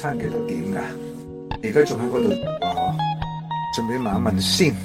差幾度點㗎？而家仲喺嗰度，哦，準備問一問先。嗯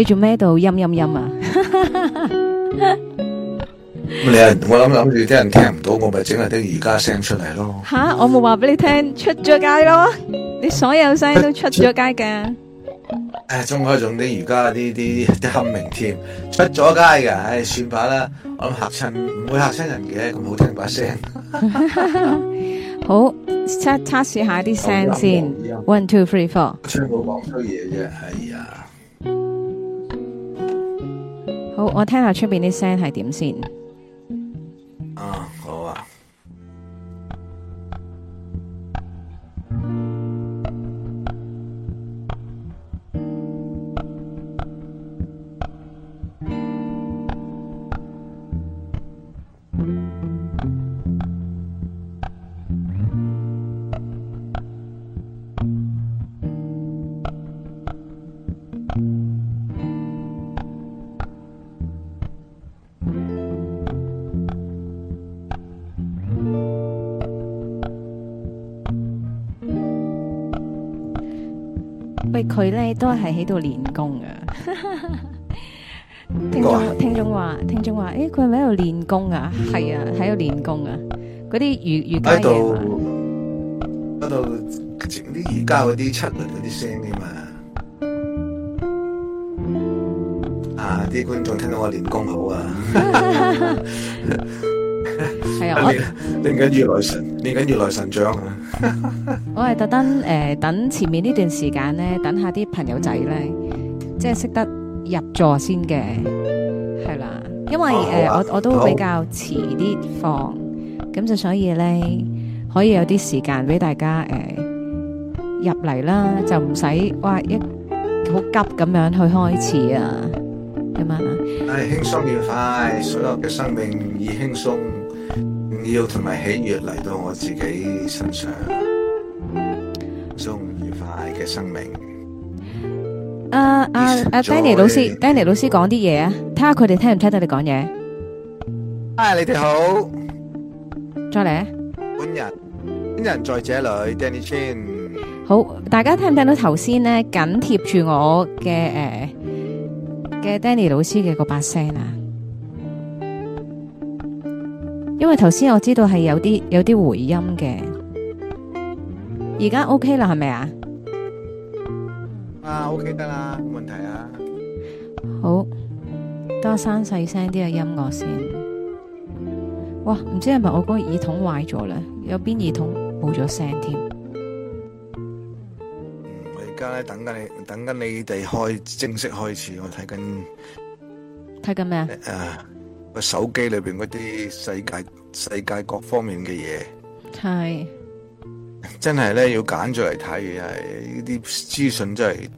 你做咩度？陰陰陰啊！你 我諗諗住啲人聽唔到，我咪整下啲瑜伽聲出嚟咯。吓、啊，我咪話俾你聽，出咗街咯。你所有聲都出咗街噶。誒，總歸仲啲瑜伽啲啲啲黑名添出咗街噶。唉，算罷啦，我諗吓親唔會吓親人嘅咁好聽把聲。 好，測測試下啲聲先。One, two, three, four。全部講咗嘢啫，係啊。我好，我聽下出邊啲聲係點先啊。Uh. 佢咧都係喺度練功噶 眾、嗯，聽眾聽眾話聽眾話，誒、欸，佢係咪喺度練功啊？係、嗯、啊，喺度練功啊，嗰啲娛娛家瑜瑜伽嘢度整啲而家嗰啲出嚟嗰啲聲添嘛，啊啲觀眾聽到我練功好啊！ 係啊，我哋練緊越來神，練緊越來神掌。我係特登誒，等前面呢段時間咧，等下啲朋友仔咧，即係識得入座先嘅，係啦。因為誒，我我都比較遲啲放，咁就所以咧，可以有啲時間俾大家誒入嚟，啦，就唔使話一好急咁樣去開始啊，咁樣啊。係輕鬆愉快，所有嘅生命以輕鬆。要同埋喜悦嚟到我自己身上，終愉快嘅生命。阿阿阿 Danny 老師，Danny 老師講啲嘢啊，睇下佢哋聽唔聽到你講嘢。Hi，你哋好。再嚟。本人本人在這裏，Danny Chan。好，大家聽唔聽到頭先呢緊貼住我嘅誒嘅 Danny 老師嘅嗰把聲啊？因為頭先我知道係有啲有啲回音嘅，而家 OK 啦，係咪啊？啊 OK 得啦，冇問題啊。好，幫我刪細聲啲嘅音樂先。哇，唔知係咪我嗰個耳筒壞咗咧？有邊耳筒冇咗聲添？我而家咧，等緊你，等緊你哋開正式開始，我睇緊睇緊咩啊？啊！個手機裏邊嗰啲世界、世界各方面嘅嘢，係是真係咧要揀咗嚟睇，呢啲資訊真係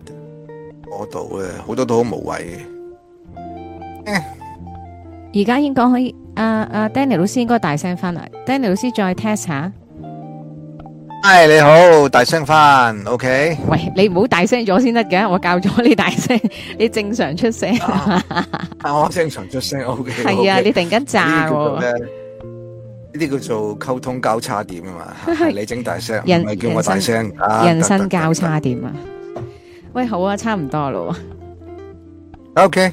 多到咧，好多都好無謂。而、啊、家應該可以，阿、啊、阿、啊、Danny 老師應該大聲翻嚟，Danny 老師再 test 吓。喂，Hi, 你好，大聲返，OK？喂，你唔好大聲咗先得嘅，我教咗你大聲，你正常出聲。我、啊 啊、正常出聲，OK？係啊，okay, 你突然間炸我。呢啲叫，叫做溝通交叉點啊嘛，係 你整大聲，唔係人叫我大聲。人，啊、人生交叉點啊！喂，好啊，差唔多咯。o、okay, k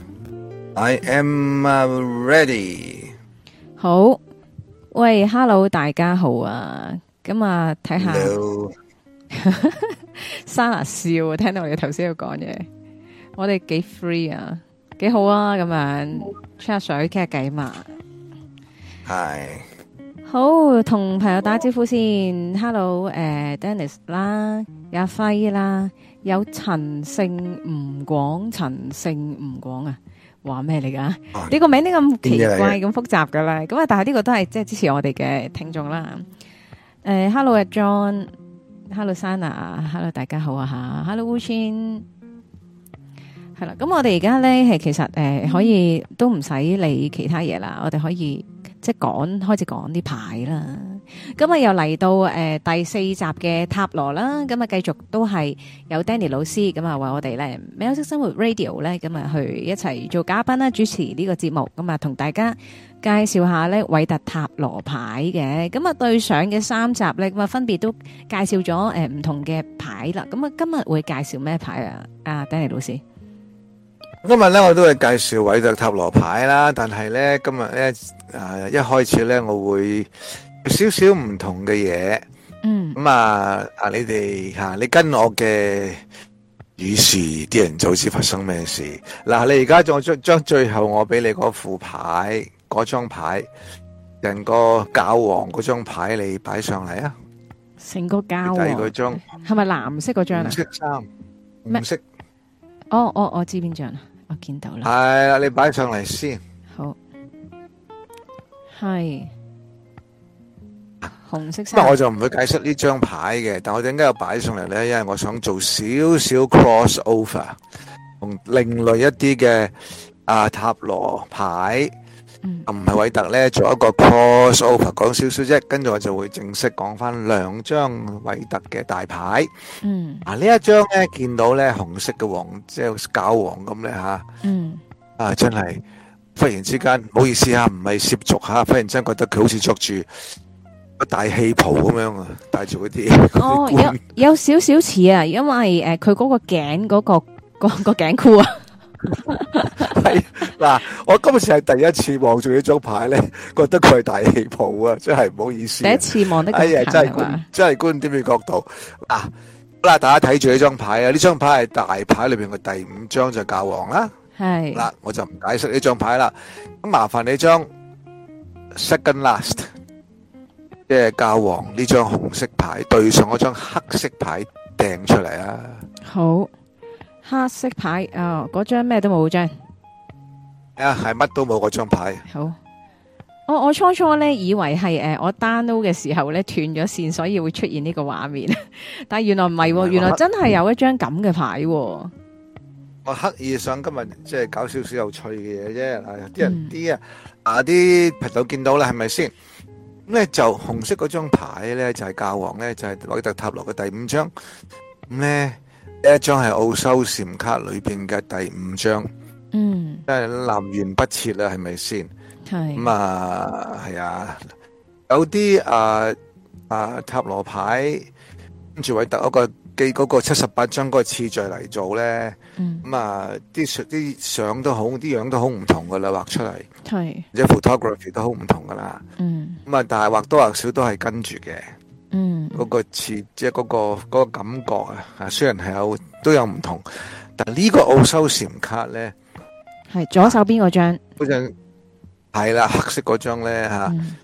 I am ready。好，喂，Hello，大家好啊。咁啊，睇下，生辣笑，聽到我哋頭先喺度講嘢，我哋幾 free 啊，幾好啊，咁樣吹下水，傾下偈嘛。係，好同朋友打招呼先，Hello，誒，Dennis 啦，有阿輝啦，有陳勝吳廣，陳勝吳廣啊，話咩嚟㗎？你個名呢咁奇怪咁複雜㗎啦，咁啊，但係呢個都係即係支持我哋嘅聽眾啦。誒，Hello，阿 John，Hello，Sana，Hello，大家好啊吓，Hello，Wu Chin，係啦，咁我哋而家咧係其實誒可以都唔使理其他嘢啦，我哋可以即係講開始講啲牌啦。咁啊，又嚟到誒第四集嘅塔羅啦，咁啊繼續都係有 Danny 老師咁啊，為我哋咧《喵式生活 Radio》咧咁啊，去一齊做嘉賓啦，主持呢個節目咁啊，同大家介紹下咧韋特塔羅牌嘅，咁啊對上嘅三集咧，咁啊分別都介紹咗誒唔同嘅牌啦，咁啊今日會介紹咩牌啊？阿 Danny 老師，今日咧我都係介紹韋特塔羅牌啦，但係咧今日咧啊一開始咧我會。少少唔同嘅嘢，嗯，咁啊，啊你哋吓，你跟我嘅於是啲人早知發生咩事。嗱，你而家仲將將最後我俾你嗰副牌，嗰張牌，人個教皇嗰張牌，你擺上嚟啊，成個教皇，第二個張係咪藍色嗰張啊？藍色衫，唔識，哦哦哦，我知邊張啦，我見到啦，係啦，你擺上嚟先，好，係。唔，不過我就唔會解釋呢張牌嘅，但我點解又擺上嚟呢？因為我想做少少 cross over，同另類一啲嘅啊塔羅牌，唔係偉特呢，做一個 cross over，講少少啫。跟住我就會正式講翻兩張偉特嘅大牌。嗯，嗱呢、啊、一張呢，見到呢紅色嘅王，即係教皇咁呢。吓、啊，嗯，啊真係忽然之間，唔好意思吓、啊，唔係涉足吓，忽然之間覺得佢好似捉住，大戲袍咁樣啊，戴住嗰啲哦，冠 有有少少似啊，因為誒，佢、呃、嗰個頸嗰、嗰個個、嗰個頸箍啊， 係嗱，我今次係第一次望住呢張牌咧，覺得佢係大戲袍啊，真係唔好意思、啊，第一次望得，哎呀，真係觀吧真係觀點嘅角度好啦，大家睇住呢張牌啊，呢張牌係大牌裏邊嘅第五張就教皇啦，係嗱是，我就唔解釋呢張牌啦，咁麻煩你張 second last。即係教皇呢張紅色牌對上嗰張黑色牌掟出嚟啊！好，黑色牌、哦、張張啊，嗰張咩都冇張啊，係乜都冇嗰張牌。好，我、哦、我初初咧以為係誒、呃、我 download 嘅時候咧斷咗線，所以會出現呢個畫面。 但係原來唔係、啊，原來真係有一張咁嘅牌、啊。我刻意想今日即係搞少少有趣嘅嘢啫。嗱、啊，啲人啲啊啊啲朋友見到啦，係咪先？咁咧、嗯、就紅色嗰張牌咧就係、是、教皇咧就係、是、韋特塔羅嘅第五張。咁咧，呢一張係奧修禪卡裏邊嘅第五張，嗯，即係、嗯、南轅北轍啦，係咪先？係咁是、嗯、啊，係啊，有啲啊啊塔羅牌跟住韋特一、嗰個。寄嗰個七十八張嗰個次序嚟做咧，咁、嗯嗯、啊啲相啲相都好，啲樣都好唔同噶啦，畫出嚟，即係是 photography 都好唔同噶啦。咁啊、嗯嗯，但係畫多或少都係跟住嘅。嗰、嗯、個次即係嗰、那個那個感覺啊，雖然係有都有唔同，但係呢個澳洲禪卡咧，係左手邊嗰張嗰張係啦，黑色嗰張咧嚇，嗯、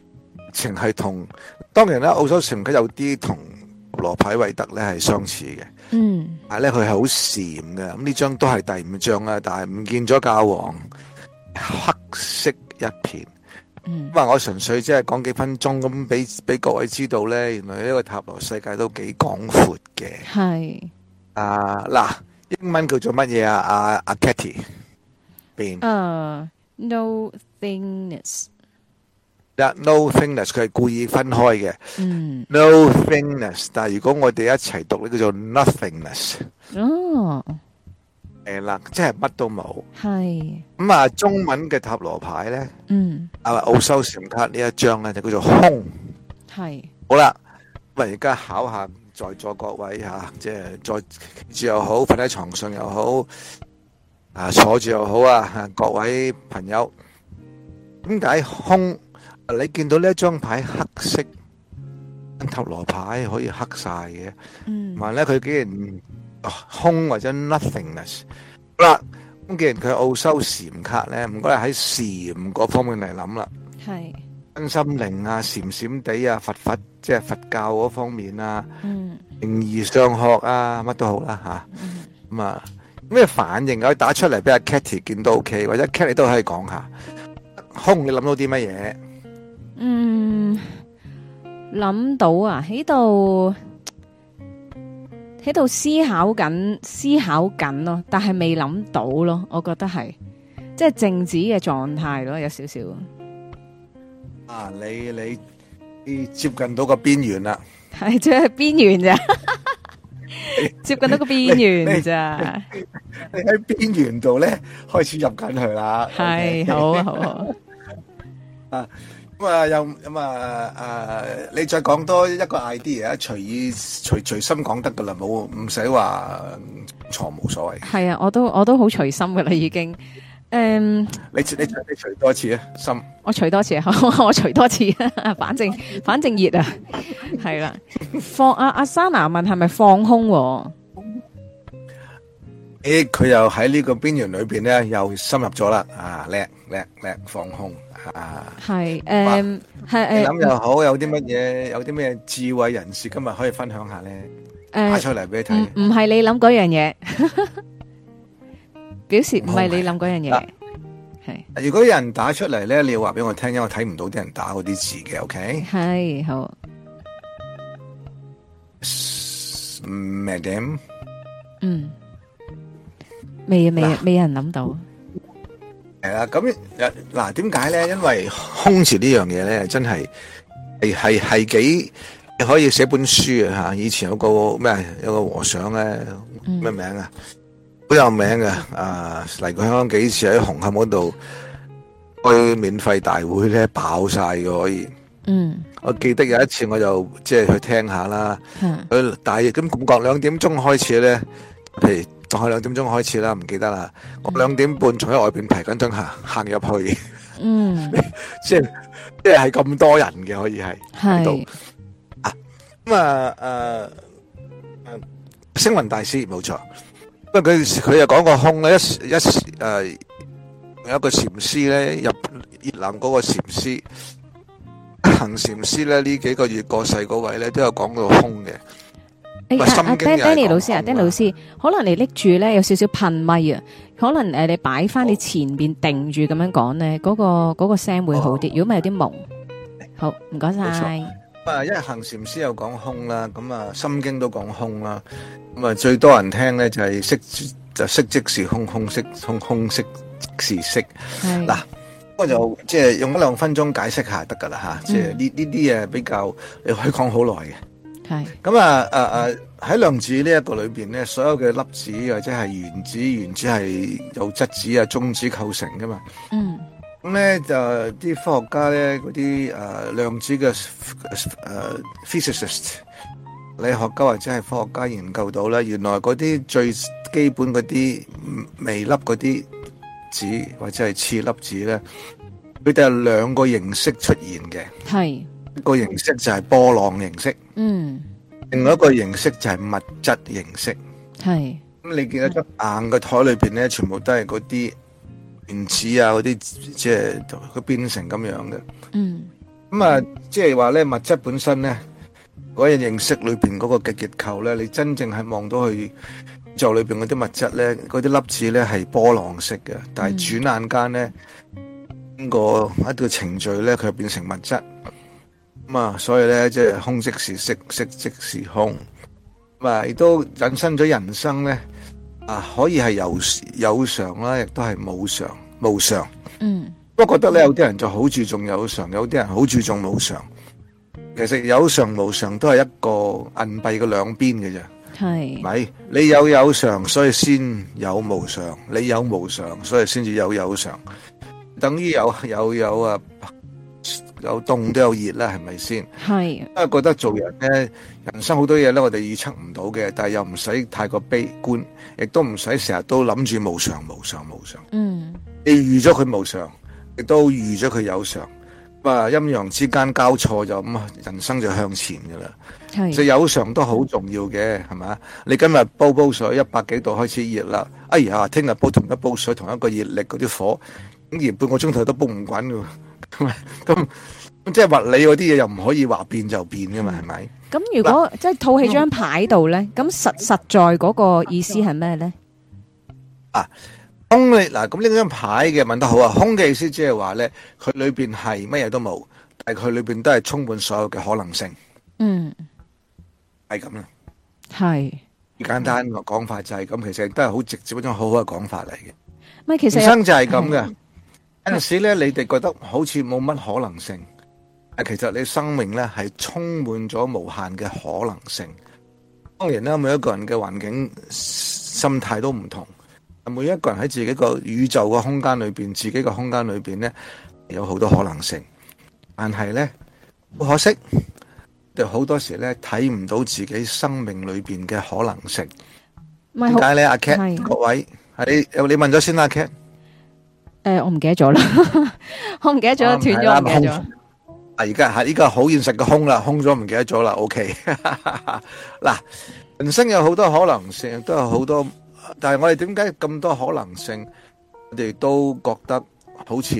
全係同當然啦，澳洲禪卡有啲同。羅牌維特咧係相似嘅，但係咧佢係好禪嘅。咁呢張都係第五張啦，但係唔見咗教皇，黑色一片。咁啊、嗯，我純粹即係講幾分鐘，咁俾俾各位知道咧，原來呢個塔羅世界都幾廣闊嘅。係是。啊嗱，英文叫做乜嘢啊？阿阿 Kitty，變啊 nothingness、uh, no That no thingness, 佢係故意分開嘅。嗯。No thingness，但係如果我哋一齊讀咧，叫做 nothingness。哦。誒啦，即係乜都冇。係。咁啊，中文嘅塔羅牌咧，嗯，啊奧修神卡呢一張咧就叫做空。係。好啦，咁啊，而家考下在座各位嚇，即係坐住又好，瞓喺床上又好，啊，坐住又好啊，各位朋友，點解空？你見到呢一張牌黑色塔羅牌可以黑晒嘅，嗯，同埋咧佢竟然、呃、空或者 nothingness，好啦，咁既然佢奧修禪卡咧，唔該喺禪嗰方面嚟諗啦，係身心靈啊，禪禪地啊，佛佛即係佛教嗰方面啊，嗯，靈異上學啊，乜都好啦吓，咁啊咩、嗯啊、反應可以打出嚟俾阿 Katie 見都 O K，到 OK，或者 Katie 都可以講下空，你諗到啲乜嘢？嗯，諗到啊，喺度喺度思考緊，思考緊咯，但係未諗到咯，我覺得係即係靜止嘅狀態咯，有少少。啊，你你接近到個邊緣啦，係即係邊緣咋？接近到個邊緣咋？你喺邊緣度咧，開始入緊去啦。係，好啊，好啊。啊！咁啊，又咁啊，誒，你再講多一個 idea，隨意隨隨心講得噶啦，冇，唔使話錯，冇所謂。係啊，我都我都好隨心噶啦，已經，誒，你你隨你隨多次啊，心，我隨多次，我我隨多次，反正反正熱啊，係啦，放阿阿莎娜問係咪放空？誒，佢又喺呢個邊緣裏邊咧，又深入咗啦，啊，叻叻叻，放空。啊，係，誒，係，誒，你諗又好，有啲乜嘢，有啲咩智慧人士今日可以分享下咧？誒，出嚟俾你睇，唔唔係你諗嗰樣嘢，表示唔係你諗嗰樣嘢，係。如果有人打出嚟咧，你要話俾我聽，因為我睇唔到啲人打嗰啲字嘅，OK？係，好。Madam，嗯，未啊，未啊，未有人諗到。係啦，咁啊嗱，點解咧？因為空前呢樣嘢咧，真係係係係幾可以寫本書嘅吓。以前有個咩啊，有個和尚咧，咩名啊，好有名嘅啊，嚟過香港幾次喺紅磡嗰度開免費大會咧，爆晒嘅可以。嗯，我記得有一次我就即係去聽下啦。嗯，佢大約咁感覺兩點鐘開始咧，係。仲係兩點鐘開始啦，唔記得啦。嗯、我兩點半從喺外邊排緊，等行行入去。嗯，即係即係係咁多人嘅，可以係喺度。啊，咁啊誒，星雲大師冇錯，因為佢佢又講個空咧，一一誒、啊、有一個禪師咧，入越南嗰個禪師行禪師咧，呢幾個月過世嗰位咧，都有講過空嘅。誒，阿阿 Danny 老師啊，Danny 老師，可能你拎住咧有少少噴咪啊，可能誒你擺翻你前邊定住咁樣講咧，嗰個嗰個聲會好啲，如果唔係有啲蒙。好，唔該晒。啊，因為一行禪師又講空啦，咁啊心經都講空啦，咁啊最多人聽咧就係、是、色就色即是空，空，空色空空色即，即是色。嗱是，我就即係用一兩分鐘解釋下得噶啦吓，啊嗯、即係呢呢啲嘢比較你可以講好耐嘅。係咁是啊！誒誒、嗯，喺、啊、量子裡呢一個裏面，咧，所有嘅粒子或者係原子、原子係有質子啊、中子構成噶嘛。嗯，咁咧就啲、啊、科學家咧嗰啲誒量子嘅誒 physicist、ph ph ph ist, 理學家或者係科學家研究到咧，原來嗰啲最基本嗰啲微粒嗰啲子或者係次粒子咧，佢哋係兩個形式出現嘅。係。一個形式就係波浪形式，嗯，另外一個形式就係物質形式，係是。咁你見到出硬嘅台裏邊咧，全部都係嗰啲原子啊，嗰啲即係佢變成咁樣嘅，嗯。咁啊、嗯，即係話咧物質本身咧，嗰、嗰個、形式裏邊嗰個嘅結構咧，你真正係望到佢做裏邊嗰啲物質咧，嗰啲粒子咧係波浪式嘅，但係轉眼間咧，經過、嗯、一個程序咧，佢又變成物質。咁啊，所以咧，即係空即是色，色即是空。咪亦都引申咗人生咧，啊，可以係有有常啦，亦都係無常，無常。嗯，mm. 不過覺得咧，有啲人就好注重有常，有啲人好注重無常。其實有常無常都係一個銀幣嘅兩邊嘅啫。係咪對？你有有常，所以先有無常；你有無常，所以先至有有常。等於有有有啊！有凍都有熱啦，係咪先？係是，因為覺得做人咧，人生好多嘢咧，我哋預測唔到嘅，但係又唔使太過悲觀，亦都唔使成日都諗住無常無常無常。嗯，你預咗佢無常，亦、嗯、都預咗佢有常。咁啊，陰陽之間交錯就咁啊，人生就向前㗎啦。即是有常都好重要嘅，係咪？你今日煲煲水一百幾度開始熱啦，哎呀，聽日煲同一煲水，同一個熱力嗰啲火，咁而半個鐘頭都煲唔滾㗎。咁咁即係物理嗰啲嘢又唔可以話變就變噶嘛係咪？咁如果即係套起張牌喺度咧，咁實實在嗰個意思係咩咧？啊，空嘅嗱，咁呢張牌嘅問得好啊，空嘅意思即係話咧，佢裏邊係乜嘢都冇，但係佢裏邊都係充滿所有嘅可能性。嗯，係咁啦，係，簡單講法就係咁，其實亦都係好直接一種好好嘅講法嚟嘅。唔係，其實人生就係咁嘅。有陣時咧，你哋覺得好似冇乜可能性，其實你生命咧係充滿咗無限嘅可能性。當然啦，每一個人嘅環境、心態都唔同，每一個人喺自己個宇宙嘅空間裏邊，自己個空間裏邊咧有好多可能性。但係咧，好可惜，就好多時咧睇唔到自己生命裏邊嘅可能性。點解咧？阿 Cat，各位，係你，你問咗先啊，Cat。誒，我唔記得咗啦，我唔記得咗，斷咗，唔記得咗。啊，而家係呢個好現實嘅空啦，空咗唔記得咗啦。OK，嗱，人生有好多可能性，都有好多，但係我哋點解咁多可能性，我哋都覺得好似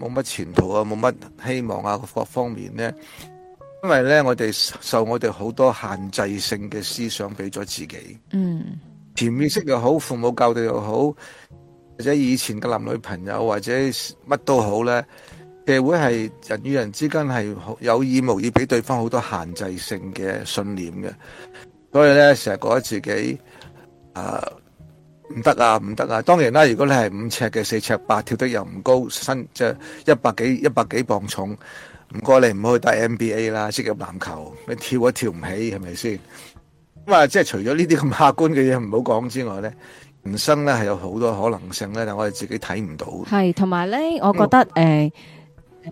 冇乜前途啊，冇乜希望啊，各方面呢，因為呢，我哋受我哋好多限制性嘅思想俾咗自己。嗯，潛意識又好，父母教導又好。或者以前嘅男女朋友，或者乜都好咧，社會係人與人之間係有意無意俾對方好多限制性嘅信念嘅，所以咧成日覺得自己啊唔得啊唔得啊！當然啦，如果你係五尺嘅四尺八，呎8，跳得又唔高，身即係一百幾一百幾磅重，唔該你唔好去打 NBA 啦，涉及籃球，你跳都跳唔起，係咪先？咁啊，即係除咗呢啲咁客觀嘅嘢唔好講之外咧。人生咧係有好多可能性咧，但我哋自己睇唔到。係，同埋咧，我覺得誒，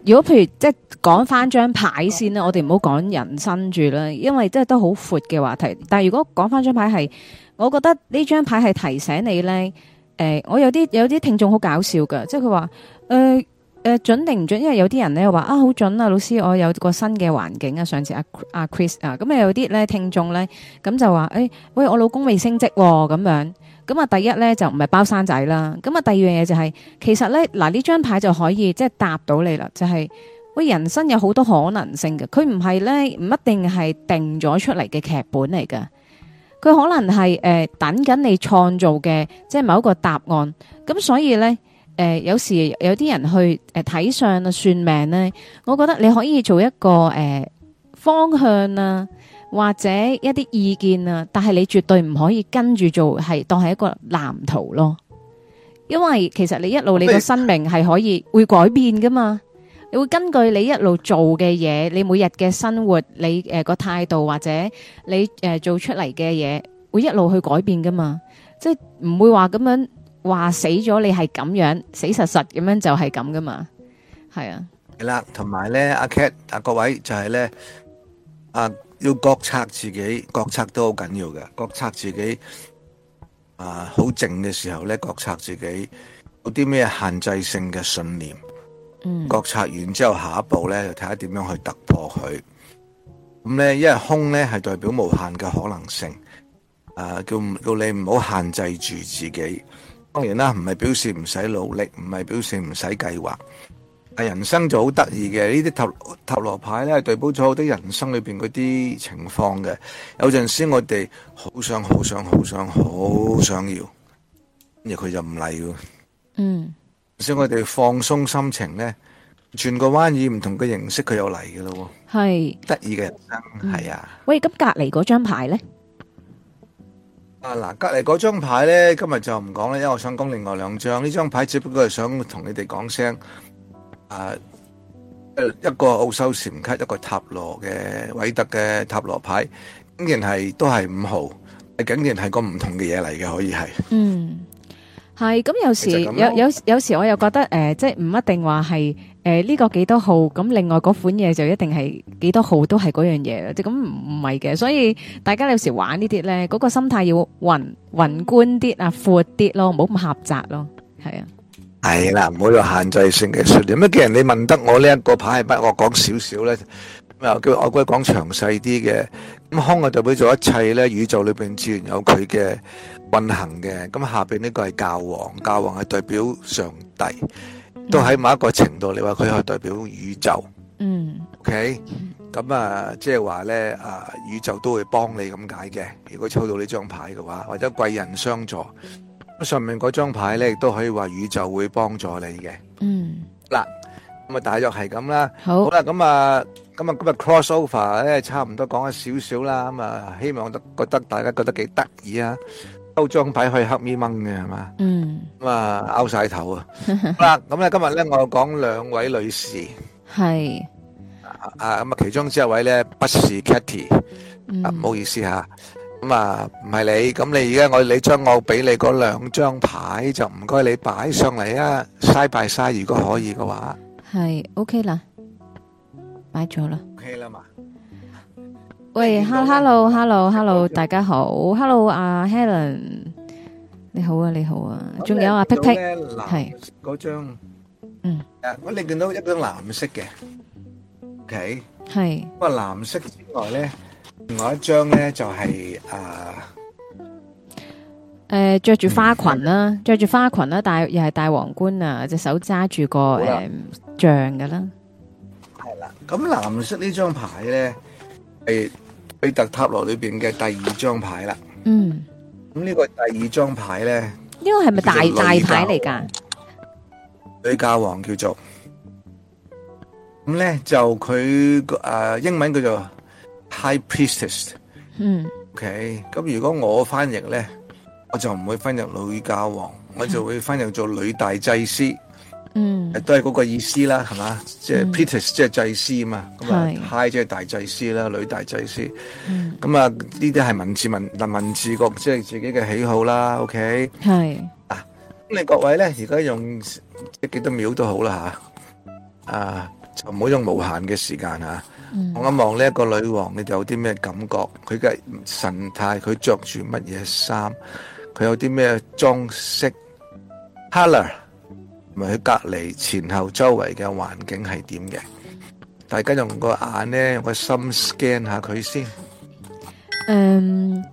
如果、嗯呃、譬如即係講翻張牌先啦，我哋唔好講人生住啦，因為即係都好闊嘅話題。但係如果講翻張牌，係我覺得呢張牌係提醒你咧。誒、呃，我有啲有啲聽眾好搞笑噶，即係佢話誒誒準定唔準？因為有啲人咧話啊好準啊，老師我有個新嘅環境啊。上次阿、啊、阿、啊、Chris 啊，咁啊有啲咧聽眾咧咁就話誒、哎、喂，我老公未升職咁、哦、樣。咁啊，第一咧就唔係包生仔啦。咁啊，第二樣嘢就係、是，其實咧嗱呢張牌就可以即係答到你啦。就係、是，喂、就是，人生有好多可能性嘅，佢唔係咧唔一定係定咗出嚟嘅劇本嚟㗎。佢可能係誒、呃、等緊你創造嘅即係某一個答案。咁所以咧誒、呃，有時有啲人去誒睇、呃、相啊算命咧，我覺得你可以做一個誒、呃、方向啊。或者一啲意見啊，但係你絕對唔可以跟住做，係當係一個藍圖咯。因為其實你一路你個生命係可以會改變噶嘛，你會根據你一路做嘅嘢，你每日嘅生活，你誒個態度或者你誒做出嚟嘅嘢，會一路去改變噶嘛。即係唔會話咁樣話死咗，你係咁樣死實實咁樣就係咁噶嘛。係啊，係啦，同埋咧，阿 Cat 阿各位就係咧，阿。要覺察自己，覺察都好緊要嘅。覺察自己，啊、呃，好靜嘅時候咧，覺察自己有啲咩限制性嘅信念。嗯，覺察完之後，下一步咧，就睇下點樣去突破佢。咁咧，因為空咧係代表無限嘅可能性，誒、呃，叫叫你唔好限制住自己。當然啦，唔係表示唔使努力，唔係表示唔使計劃。係人生就好得意嘅，羅呢啲塔塔羅牌咧，代表咗好多人生裏邊嗰啲情況嘅。有陣時我哋好想、好想、好想、好想要，跟住佢就唔嚟嘅。嗯，所以我哋放鬆心情咧，轉個彎，以唔同嘅形式，佢又嚟嘅咯。係得意嘅人生，係、嗯、啊。喂，咁隔籬嗰張牌咧？啊嗱，隔籬嗰張牌咧，今日就唔講啦，因為我想講另外兩張呢張牌，只不過係想同你哋講聲。啊，誒，一個澳洲禪級，一個塔羅嘅韋特嘅塔羅牌，竟然係都係五號，係竟然係個唔同嘅嘢嚟嘅。可以係，嗯，係，咁有時有有有時我又覺得誒，即係唔一定話係誒呢個幾多號，咁另外嗰款嘢，就一定係幾多號都係嗰樣嘢，即係咁唔唔係嘅，所以大家有時玩呢啲咧，嗰個心態要宏宏觀啲啊，闊啲咯，唔好咁狹窄咯，係啊。係啦，唔好有限制性嘅說嘅。咁既然你問得我呢一個牌，不如我講少少咧。咁啊，叫阿龜講詳細啲嘅。咁空係代表咗一切咧，宇宙裏邊自然有佢嘅運行嘅。咁下邊呢個係教皇，教皇係代表上帝，都喺某一個程度你話，佢係代表宇宙。嗯，OK。咁啊，即係話咧啊，宇宙都會幫你咁解嘅。如果抽到呢張牌嘅話，或者貴人相助。上面嗰張牌咧，亦都可以話宇宙會幫助你嘅。嗯，嗱，咁啊，大約係咁啦。好，好啦，咁啊，咁啊，今日 crossover 咧，差唔多講咗少少啦。咁啊，希望得覺得大家覺得幾得意啊。抽張牌可以黑咪掹嘅係嘛？嗯。咁、mm. 啊，拗晒頭啊。 好啦，咁咧今日咧，我講兩位女士。係。 啊，咁啊，其中之一位咧，不是 Katy 嗯。唔、mm. 啊、好意思吓。咁啊，唔係你，咁你而家我你將我俾你嗰兩張牌就唔該你擺上嚟啊，晒拜晒。如果可以嘅話，係 OK 啦，擺咗啦，OK 啦嘛？喂，哈，hello，hello，hello，大家好，hello，阿 Helen，你好啊，你好啊，仲有阿 Pik Pik，係嗰張，嗯，我你見到一張藍色嘅，OK，係，咁啊藍色之外咧。另外一張咧就係誒誒着住花裙啦，着住花裙啦，戴又係戴皇冠啊，隻手揸住個誒象噶啦。係啦，咁藍色呢張牌咧係偉特塔羅裏邊嘅第二張牌啦。嗯。咁呢個第二張牌咧？呢個係咪大大牌嚟噶？女教皇叫做咁咧，就佢誒英文叫做。High priestess，嗯，OK，咁如果我翻譯咧，我就唔會翻譯女教皇，嗯、我就會翻譯做女大祭司，嗯，都係嗰個意思啦，係嘛，即係 priestess 即係祭司嘛，咁啊、嗯、high 即係大祭司啦，女大祭司，咁、嗯、啊呢啲係文字文文文字個即係自己嘅喜好啦，OK，係、嗯，咁你、啊、各位咧，而家用幾多秒都好啦吓、啊，啊就唔好用無限嘅時間吓、啊。我一望呢一個女王，你就有啲咩感覺？佢嘅神態，佢着住乜嘢衫？佢有啲咩裝飾？Colour 咪佢隔離前後周圍嘅環境係點嘅？大家用個眼咧，用個心 scan 下佢先。誒、嗯，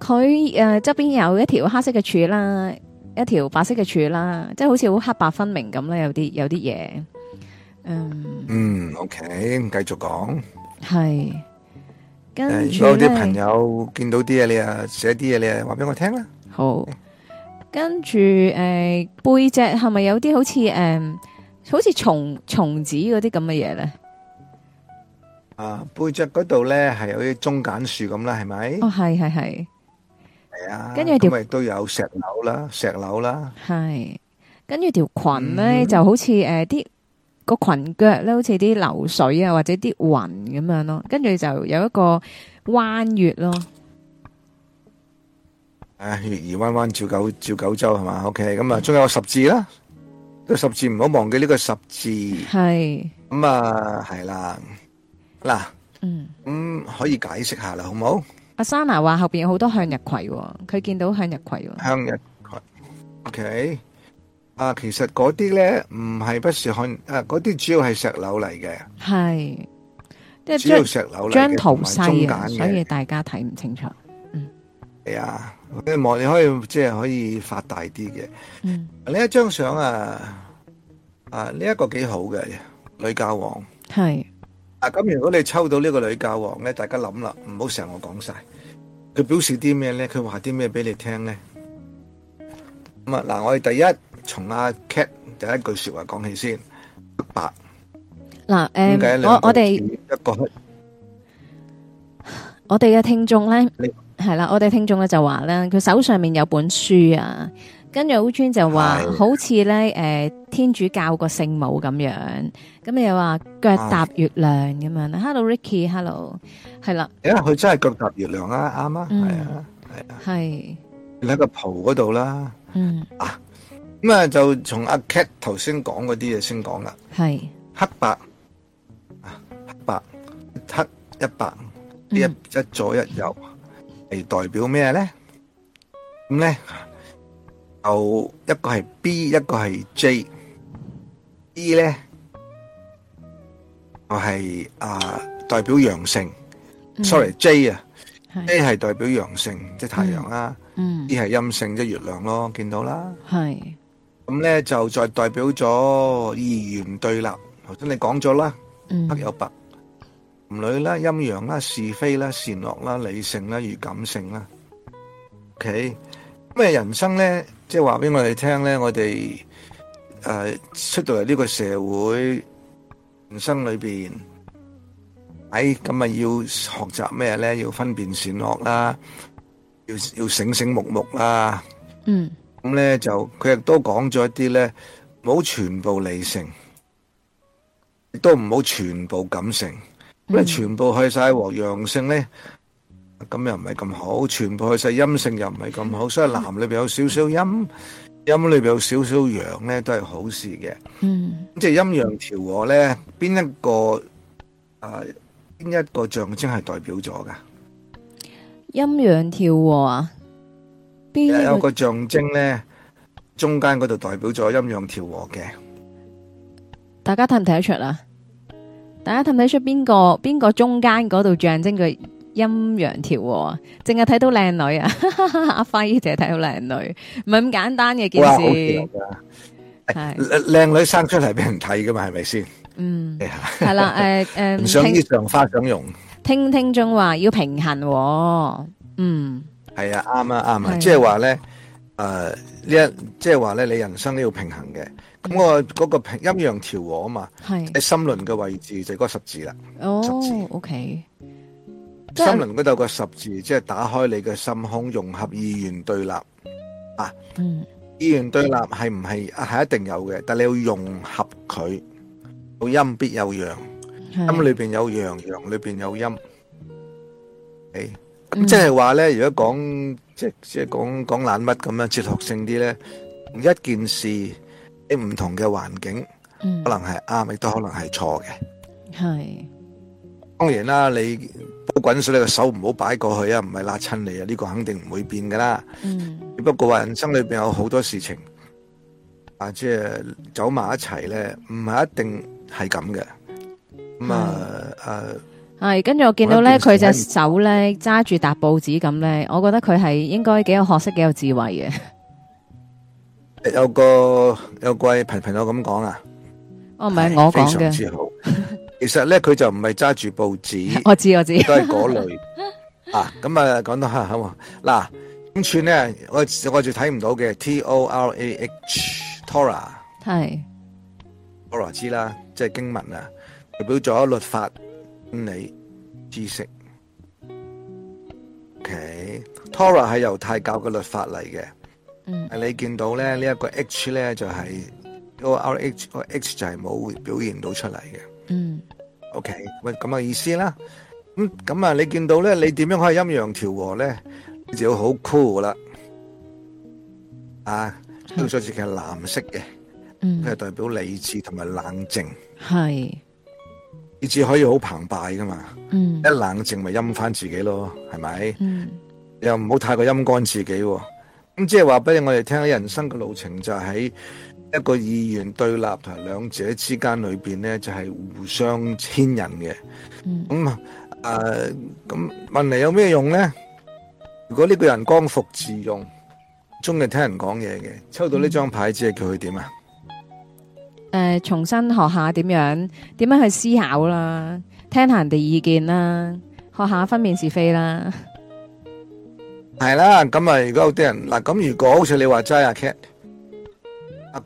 佢誒側邊有一條黑色嘅柱啦，一條白色嘅柱啦，即係好似好黑白分明咁咧。有啲有啲嘢。嗯，嗯，OK，繼續講，係，跟住咧，如果啲朋友見到啲嘢，你啊寫啲嘢，你啊話俾我聽啦。好，跟住誒背脊係咪有啲好似誒，好似松松子嗰啲咁嘅嘢咧？啊，背脊嗰度咧係有啲中間樹咁啦，係咪？哦，係係係，係啊，跟住條亦都有石柳啦，石柳啦。係，跟住條裙咧就好似誒啲。個裙腳咧，好似啲流水啊，或者啲雲咁樣咯，跟住就有一個彎月咯。誒，月兒彎彎照九照九州係嘛？OK，咁啊，仲有十字啦，個十字唔好忘記呢個十字。係。咁啊，係啦，嗱，嗯，咁可以解釋下啦，好唔好？阿莎娜話後邊有好多向日葵，佢見到向日葵喎。向日葵，OK。啊，其實嗰啲咧唔係不是看，啊嗰啲主要係石樓嚟嘅。係，即係主要石樓嚟嘅。張圖細啊，所以大家睇唔清楚，嗯，係啊，希望你可以即係可以放大啲嘅，嗯，呢一張相啊，啊呢一個幾好嘅女教皇。係，啊咁如果你抽到呢個女教皇咧，大家諗啦，唔好成日我講晒，佢表示啲咩咧？佢話啲咩俾你聽咧？咁啊嗱，我哋第一。從阿、啊、Cat 第一句説話講起先，白嗱誒、啊嗯，我我哋一個，我哋嘅聽眾咧係啦，我哋聽眾咧就話咧，佢手上面有本書啊，跟住 u n 就話好似咧誒天主教個聖母咁樣，咁你又話腳踏月亮咁樣。啊、Hello Ricky，Hello，係啦。誒，因為佢真係腳踏月亮啊，啱啊，係啊，係、嗯、啊，係你喺個袍嗰度啦，嗯啊。咁啊，就從阿 Cat 頭先講嗰啲嘢，先講啦。係黑白啊，黑白黑一白，一一左一右係代表咩咧？咁咧有一個係 B，一個係 J。E 咧就係啊，代表陽性。Sorry，J 啊，A 係代表陽性，即係太陽啦。嗯，B 係陰性，即係月亮咯，見到啦。係。咁咧就再代表咗二元對立，頭先你講咗啦，黑有白，男女啦、陰陽啦、是非啦、善惡啦、理性啦、與感性啦。OK，咁啊人生咧，即係話俾我哋聽咧，我哋誒出到嚟呢個社會人生裏邊，喺咁啊要學習咩咧？要分辨善惡啦，要要醒醒目目啦。嗯。咁咧就佢亦都講咗一啲咧，唔好全部理性，亦都唔好全部感性。嗯、因為全部去晒和陽性咧，咁又唔係咁好，全部去晒陰性又唔係咁好。所以男裏邊有少少陰，陰、嗯、裏邊有少少陽咧，都係好事嘅。嗯，即係陰陽調和咧，邊一個啊？邊一個象徵係代表咗噶？陰陽調和啊？有一個象徵咧，中間嗰度代表咗陰陽調和嘅。大家睇唔睇得出啊？大家睇唔睇出邊個邊個中間嗰度象徵佢？陰陽調和啊？淨係睇到靚女啊， 阿輝淨係睇到靚女，唔係咁簡單嘅件事。靚靚是女生出嚟俾人睇噶嘛？係咪先？嗯，係啦， 誒、呃、誒，唔、呃、想以上聽花想用，聽聽眾話要平衡，哦，嗯。係啊，啱啊，啱啊，啊即係話咧，誒、呃，即呢一即係話咧，你人生都要平衡嘅。咁我嗰個平陰陽調和啊嘛，喺、啊、心輪嘅位置就係嗰十字啦。哦，O K。心輪嗰度個十字，十字即係是打開你嘅心胸，融合二元對立啊。嗯。二元對立係唔係係一定有嘅？但係你要融合佢，有陰必有陽，陰、啊、裏邊有陽，陽裏邊有陰。誒。嗯、即係話咧，如果講即係即係講講懶乜咁樣哲學性啲咧，一件事喺唔同嘅環境，嗯、可能係啱，亦都可能係錯嘅。係是。當然啦，你煲滾水，你個手唔好擺過去啊，唔係拉親你啊，呢個肯定唔會變噶啦。嗯、不過話人生裏面有好多事情啊，即係走埋一齊咧，唔係一定係咁嘅。咁、嗯、是啊，啊係，跟住我見到咧，佢隻手咧揸住沓報紙咁咧，我覺得佢係應該幾有學識，幾有智慧嘅 有一個有貴憑憑我咁講啊？哦，唔係我講嘅，非常之好。 其實咧，佢就唔係揸住報紙，我知我知，都係嗰類。啊，咁啊，講到吓好啊。嗱，點串咧，我我仲睇唔到嘅，T O R A 係 Torah 知啦，H, Torah，是即係經文啊，代表咗律法。你知識，O.K. Torah 係猶太教嘅律法嚟嘅。嗯、啊，你見到咧呢一個 H 咧就係個 R H 個 H 就係冇表現到出嚟嘅。嗯，O.K. 喂，咁嘅意思啦。咁咁啊，你見到咧，你點樣可以陰陽調和咧就好 cool 啦。啊，呢個色係藍色嘅，嗯，佢係代表理智同埋冷靜。係。只可以好澎湃噶嘛，嗯、一冷靜咪陰翻自己咯，係咪？嗯、又唔好太過陰乾自己，咁、嗯、即係話俾我哋聽，人生嘅路程就係一個意願對立同兩者之間裏邊咧，就係、是、互相牽引嘅。咁誒、嗯，咁、嗯呃、問你有咩用咧？如果呢個人剛愎自用，中意聽人講嘢嘅，抽到呢張牌，只係叫佢點啊？嗯誒、呃，重新學下點樣，點樣去思考啦，聽下人哋意見啦，學下分辨是非啦，係啦。咁啊，如果啲人嗱，咁如果好似你話齋阿 cat，阿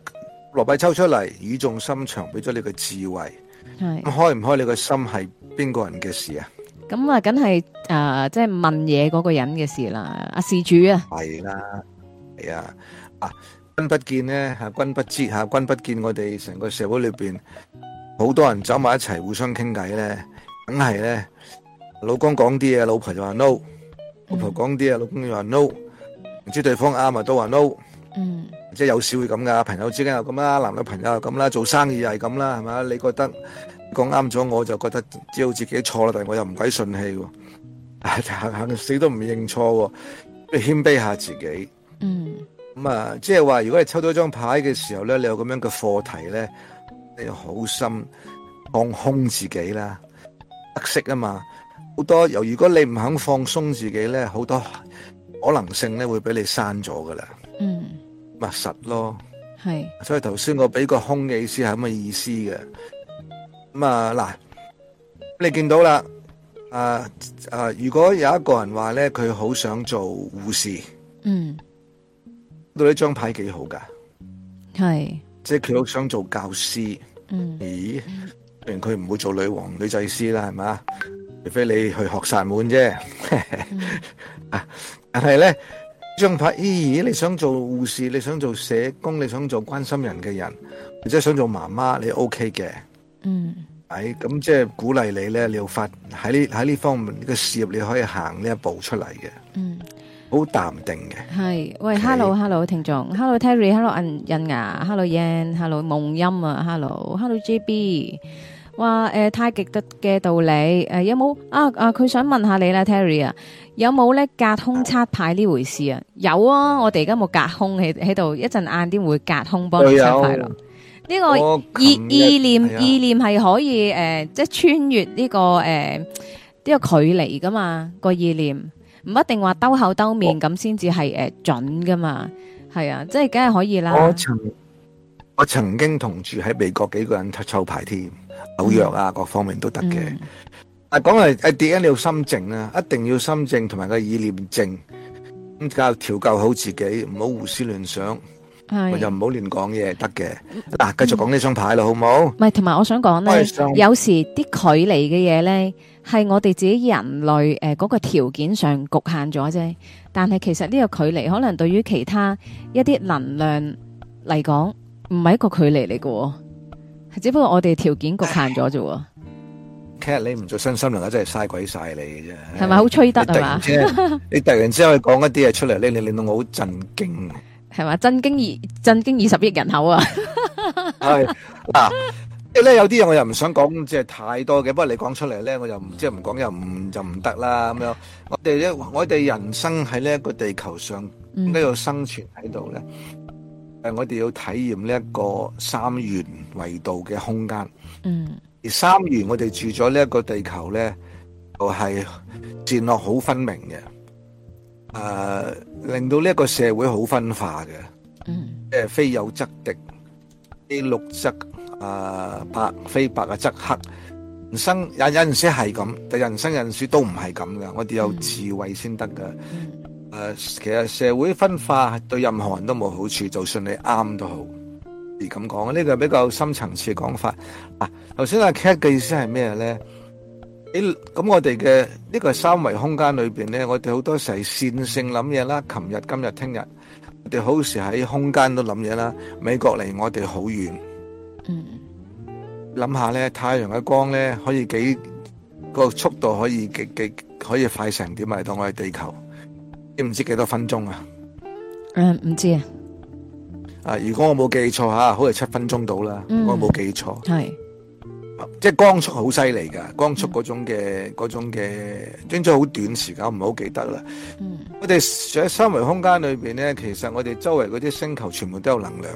羅伯抽出嚟語重心長，俾咗你個智慧，咁是、嗯、開唔開你個心係邊個人嘅事啊？咁啊，梗係誒，即、就、係、是、問嘢嗰個人嘅事啦，阿、啊、事主啊。係啦，係啊，啊。君不見咧，吓君不知吓，君不見我哋成個社會裏邊好多人走埋一齊互相傾偈咧，梗係咧，老公講啲嘢，老婆就話 no；老婆講啲嘢，老公又話 no。唔知對方啱呀都話 no。嗯，即係有時會咁噶，朋友之間又咁啦，男女朋友又咁啦，做生意又係咁啦，係咪？你覺得你講啱咗，我就覺得知道自己錯啦，但係我又唔鬼順氣，行行死都唔認錯，謙卑下自己。嗯。咁啊，即係話，如果你抽到一張牌嘅時候咧，你有咁樣嘅課題咧，你要好心放空自己啦，得色啊嘛，好多由。如果你唔肯放鬆自己咧，好多可能性咧會俾你刪咗噶啦。嗯，密實咯。係。所以頭先我俾個空嘅意思係咁嘅意思嘅。咁啊嗱，你見到啦，啊啊，如果有一個人話咧，佢好想做護士。嗯。呢張牌幾好噶，係是，即係佢想做教師。嗯，咦，佢唔會做女王、女祭司啦，係咪？除非你去學晒滿啫、。 嗯啊。但係咧，這張牌，咦，你想做護士，你想做社工，你想做關心人嘅人，或者想做媽媽，你 OK 嘅。嗯，哎，咁即係鼓勵你咧，你要發喺呢喺呢方面嘅事業，你可以行呢一步出嚟嘅。嗯。好淡定嘅係喂是，Hello Hello 聽眾，Hello Terry，Hello 印印牙，Hello Yan，Hello 夢音啊，Hello Hello JB，話誒太極德嘅道理誒，啊、有冇啊，啊佢想問下你啦 Terry 啊，有冇咧隔空測牌呢回事啊？有啊，我哋而家冇隔空喺喺度，一陣晏啲會隔空幫你測牌咯呢。有、這個我意意念意念係可以誒即係穿越呢，這個誒，呢，呃這個距離噶嘛個意念。唔一定話兜口兜面咁先至係誒準噶嘛，係啊，即係梗係可以啦。我曾我曾經同住喺美國幾個人抽牌添，紐約啊，各方面都得嘅。啊，講嚟誒，點解你要心靜啊，一定要心靜，同埋個意念靜，咁就調教好自己，唔好胡思亂想，又唔好亂講嘢，得嘅。嗱，繼續講呢張牌啦，好唔好？唔係，同埋我想講咧，有時啲距離嘅嘢咧。係我哋自己人類誒嗰、呃那個條件上局限咗啫，但係其實呢個距離可能對於其他一啲能量嚟講，唔係一個距離嚟嘅、哦，只不過我哋條件局限咗啫、哎。其實你唔做身心靈真係嘥鬼晒你嘅啫，係咪好吹得，係嘛？你突然之後講一啲嘢出嚟咧，令令到我好震驚，係嘛震驚二震驚二十億人口啊！係 啊、哎。 即係咧，有啲嘢我又唔想講，即係太多嘅。不過你講出嚟咧，我又唔即係唔講又唔就唔得啦咁樣。我哋咧，我哋人生喺呢一個地球上，點解要生存喺度咧？誒，我哋要體驗呢一個三元維度嘅空間。嗯。而三元，我哋住咗呢一個地球咧，就係戰落好分明嘅。誒，令到呢一個社會好分化嘅。嗯。即係非友則敵，非六則。啊、呃，白非白啊，則黑。人生有有陣時係咁，但人生有陣時都唔係咁噶。我哋有智慧先得噶。誒、嗯呃，其實社會分化對任何人都冇好處，就算你啱都好。而咁講呢個比較深層次嘅講法。啊，頭先阿 Cat 嘅意思係咩咧？喺、欸、咁我哋嘅呢個三維空間裏邊咧，我哋好多時係線性諗嘢啦。琴日、今日、聽日，我哋好時喺空間都諗嘢啦。美國離我哋好遠。嗯，諗下咧，太陽嘅光咧，可以幾個速度可以幾幾可以快成點啊？嚟到我哋地球，你唔知幾多分鐘啊？誒、嗯，唔知啊？啊，如果我冇記錯吓，好似七分鐘到啦，嗯、我冇記錯係。是即係光速好犀利噶，光速嗰種嘅嗰種嘅，總之好短時間，唔好記得啦。嗯、我哋在三維空間裏邊咧，其實我哋周圍嗰啲星球全部都有能量。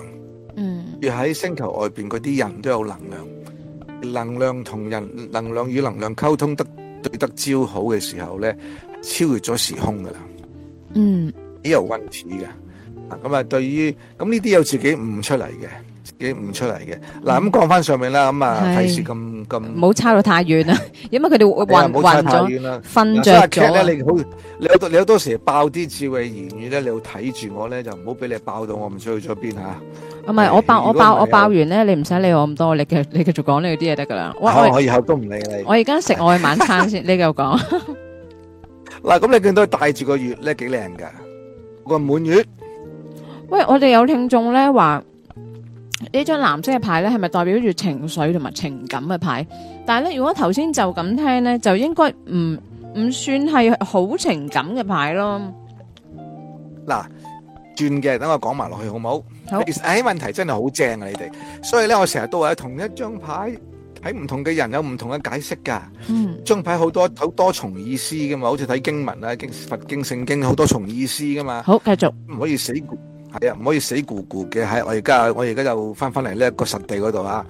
住喺星球外邊，嗰啲人都有能量，能量同人，能量與能量溝通得對得焦好嘅時候咧，超越咗時空噶啦。嗯，呢有溫恥噶，咁啊，對於，咁呢啲有自己悟出嚟嘅。自己唔出嚟嘅嗱，咁講翻上面啦，咁啊提示咁咁，唔好差到太遠啊，因為佢哋暈暈咗，瞓着咗。所以阿劇咧，你好，你有你有多時爆啲智慧言語咧，你要睇住我咧，就唔好俾你爆到我唔知去咗邊吓。唔係我爆，我爆，我爆完咧，你唔使理我咁多，你繼你繼續講呢啲嘢得噶啦。我我以後都唔理你。我而家食我嘅晚餐先，你繼續講。嗱，咁你見到佢帶住個月咧幾靚噶個滿月。喂，我哋有聽眾咧話呢張藍色嘅牌咧，係咪代表住情緒同埋情感嘅牌？但係咧，如果頭先就咁聽咧，就應該唔唔算係好情感嘅牌咯。嗱，轉嘅，等我講埋落去好唔好？好，其實，問題真係好正啊！你哋，所以咧，我成日都話同一張牌，睇唔同嘅人有唔同嘅解釋噶。嗯，張牌好多好多重意思噶嘛，好似睇經文啊、經佛經、聖經好多重意思噶嘛。好，繼續。唔可以死固。係啊，唔可以死咕咕嘅。係我而家，我而家就翻翻嚟呢個實地嗰度啊。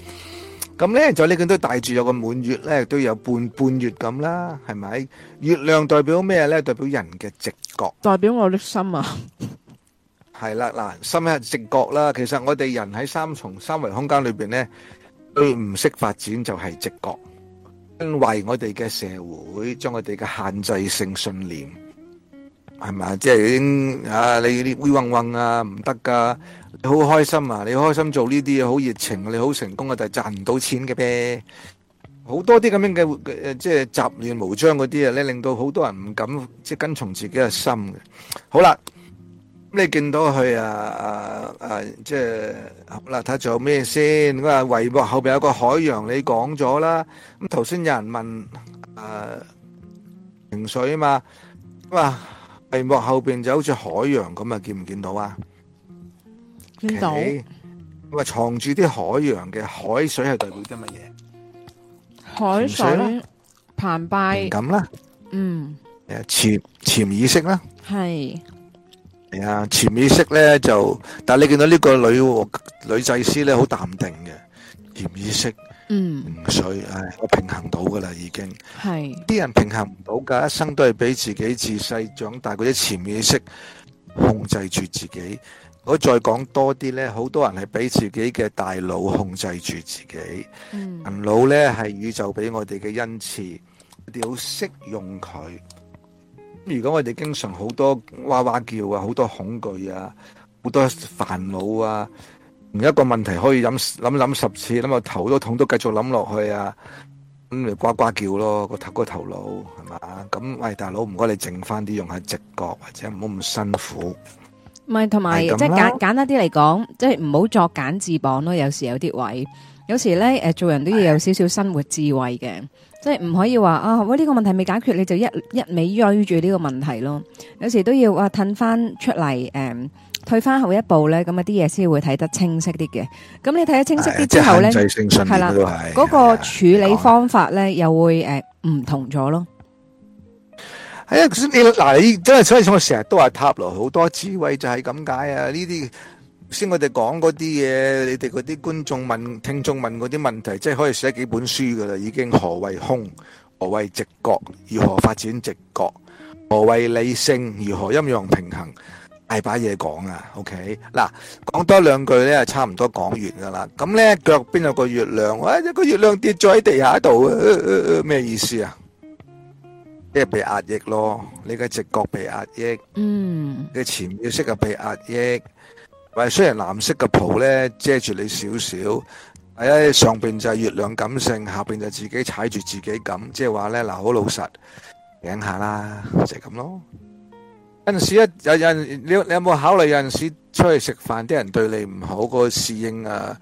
咁咧就呢件都帶住有個滿月咧，都有半半月咁啦，係咪？月亮代表咩咧？代表人嘅直覺。代表我啲心啊。係、啊、啦，嗱，心係直覺啦。其實我哋人喺三重三維空間裏邊咧，最唔識發展就係直覺，因為我哋嘅社會將我哋嘅限制性信念。係咪？即係已經啊！你啲鬱鬱啊，唔得噶！你好開心啊！你開心做呢啲嘢，好熱情，你好成功啊，但係賺唔到錢嘅噃。好多啲咁樣嘅誒，即係雜亂無章嗰啲啊，咧令到好多人唔敢即係跟從自己嘅心嘅。好啦，咁你見到佢啊啊啊！即係好啦，睇仲有咩先？我話微博後邊有個海洋，你講咗啦。咁頭先有人問誒情緒啊嘛，咁啊。屏幕後邊就好似海洋咁啊，見唔見到啊？見到咁啊，藏住啲海洋嘅海水係代表啲乜嘢？海水，水澎湃咁啦，嗯誒潛潛意識啦，係係啊，潛意識咧就是，但係你見到呢個女女祭司咧，好淡定嘅潛意識。嗯，所以、哎、我平衡到噶啦，已經。係啲是人平衡唔到噶，一生都係俾自己自細長大嗰啲潛意識控制住自己。我再講多啲呢，好多人係俾自己嘅大腦控制住自己。嗯，腦呢係宇宙俾我哋嘅恩賜，我哋好識用佢。如果我哋經常好多哇哇叫啊，好多恐懼啊，好多煩惱啊。一個問題可以諗諗諗十次，咁啊頭都痛都繼續諗落去啊，咁咪呱呱叫咯，個頭個頭腦係嘛？咁喂，大佬唔該你剩翻，啲用下直覺或者唔好咁辛苦。咪同埋即係簡簡單啲嚟講，即係唔好作繭自縛咯。有時有啲位，有時咧誒，做人都要有少少生活智慧嘅，的即係唔可以話啊，喂，這，呢個問題未解決你就一一味住呢個問題咯。有時都要吞褪翻出嚟誒。嗯退翻後一步咧，咁啊啲嘢先會睇得清晰啲嘅。咁你睇得清晰啲之後咧，係啦、啊，嗰、啊哎、個處理方法咧又會誒唔同咗咯。係啊，你嗱、呃啊、你,、啊、你真係所以我，我成日都話塔羅好多智慧就係咁解啊！呢啲先我哋講嗰啲嘢，你哋嗰啲觀眾問聽眾問嗰啲問題，即、就、係、是、可以寫幾本書噶啦，已經。何為空？何為直覺？如何發展直覺？何為理性？如何陰陽平衡？大把嘢講啊，OK 嗱，講多兩句咧，差唔多講完噶啦。咁咧腳邊有個月亮，哇、哎、一個月亮跌咗喺地下度，咩、呃呃呃、意思啊？即係被壓抑咯，你嘅直覺被壓抑，嗯，mm. 你潛意識嘅被壓抑。喂，雖然藍色嘅袍咧遮住你少少，哎上邊就係月亮感性，下邊就自己踩住自己咁，即係話咧嗱好老實，影下啦，就咁、係、咯。有陣時一有陣，你你有冇考慮，有陣時出去食飯，啲人對你唔好，個侍應啊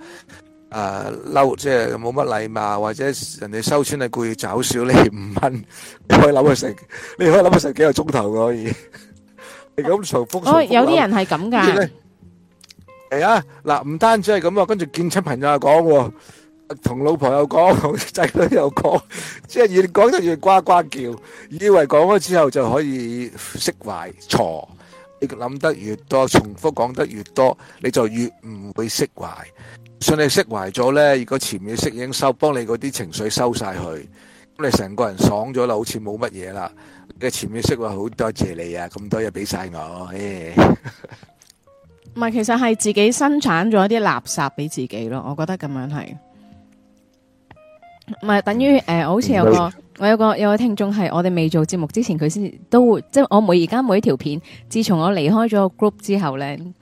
啊嬲，即係冇乜禮貌，或者人哋收錢係故意找少你五蚊，你可以諗佢食，你可以諗佢食幾個鐘頭可以。你咁重複重。哦，有啲人係咁噶。係啊，嗱，唔單止係咁啊，跟住見親朋友又講喎。同老婆又講，同仔女又講，即係越講就越呱呱叫，以為講咗之後就可以釋懷，錯。你諗得越多，重複講得越多，你就越唔會釋懷。當你釋懷咗呢，如果前面釋影收，幫你嗰啲情緒收晒去，咁你成個人爽咗啦，好似冇乜嘢啦。嘅前面釋話好多謝你啊，咁多嘢俾晒我，誒，唔係，其實係自己生產咗啲垃圾俾自己咯，我覺得咁樣係。唔係等於誒、呃，我好似有個，我有個有個聽眾係，我哋未做節目之前，佢先都會，即係我每而家，每一條片，自從我離開咗個 group 之後咧，誒、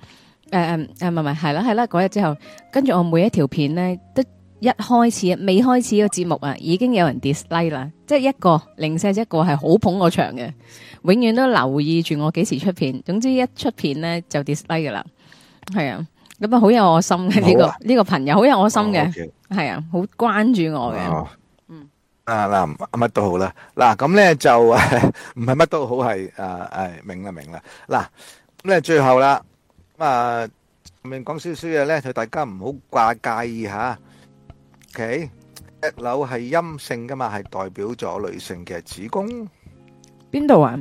呃、誒，唔係唔係，係啦係啦，嗰日之後，跟住我每一條片咧，都一開始未開始個節目啊，已經有人 dislike 啦，即係一個零舍一個係好捧我場嘅，永遠都留意住我幾時出片，總之一出片咧就 dislike 噶啦，係啊。咁啊，好有我心嘅呢個呢個朋友，好有我心嘅，係啊，好關注我嘅。嗯，啊嗱，乜都好啦。嗱，咁咧就唔係乜都好，係誒誒明啦明啦。嗱，咁咧最後啦，咁啊，咪講少少嘢咧，就大家唔好掛介意吓。OK，石榴係陰性噶嘛，係代表咗女性嘅子宮。邊度啊？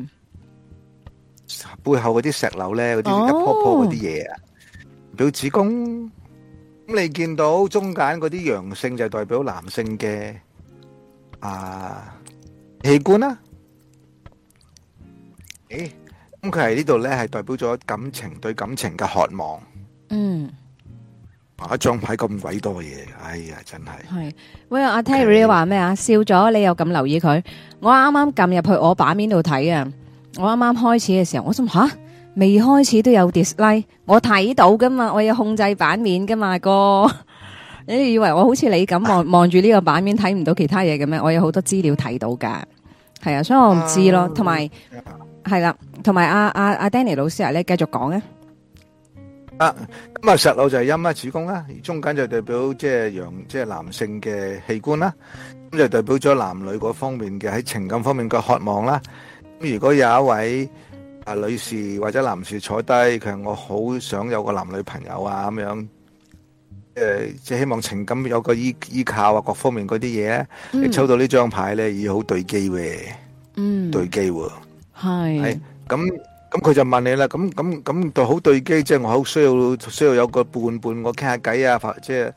背後嗰啲石榴咧，嗰啲一樖樖嗰啲嘢啊。表子宮，咁你見到中間嗰啲陽性就代表男性嘅啊器官啦。誒，咁佢喺呢度咧係代表咗感情對感情嘅渴望。嗯，把張牌咁鬼多嘢，哎呀，真係。係，喂，阿 Terry 話咩啊？笑咗，你又咁留意佢。我啱啱撳入去我版面度睇啊，我啱啱開始嘅時候，我諗吓。未開始都有 dislike，我睇到噶嘛，我有控制版面噶嘛，哥，你以為我好似你咁望望住呢個版面睇唔到其他嘢嘅咩？我有好多資料睇到噶，係啊，所以我唔知咯。同埋係啦，同埋阿阿阿 Danny 老師咧，你繼續講咧。啊，咁啊，實老就係陰啦，子宮啦，中間就代表即係陽，即係男性嘅器官啦，咁就代表咗男女嗰方面嘅喺情感方面嘅渴望啦。咁如果有一位，啊女士或者男士坐低，佢話我好想有個男女朋友啊咁樣，誒、呃、即係希望情感有個依依靠啊，各方面嗰啲嘢，嗯、你抽到這張呢張牌咧，已好對機喎，嗯，對機喎，係是，咁咁佢就問你啦，咁咁咁就好對機，即係我好需要需要有個伴伴我傾下偈啊，即係，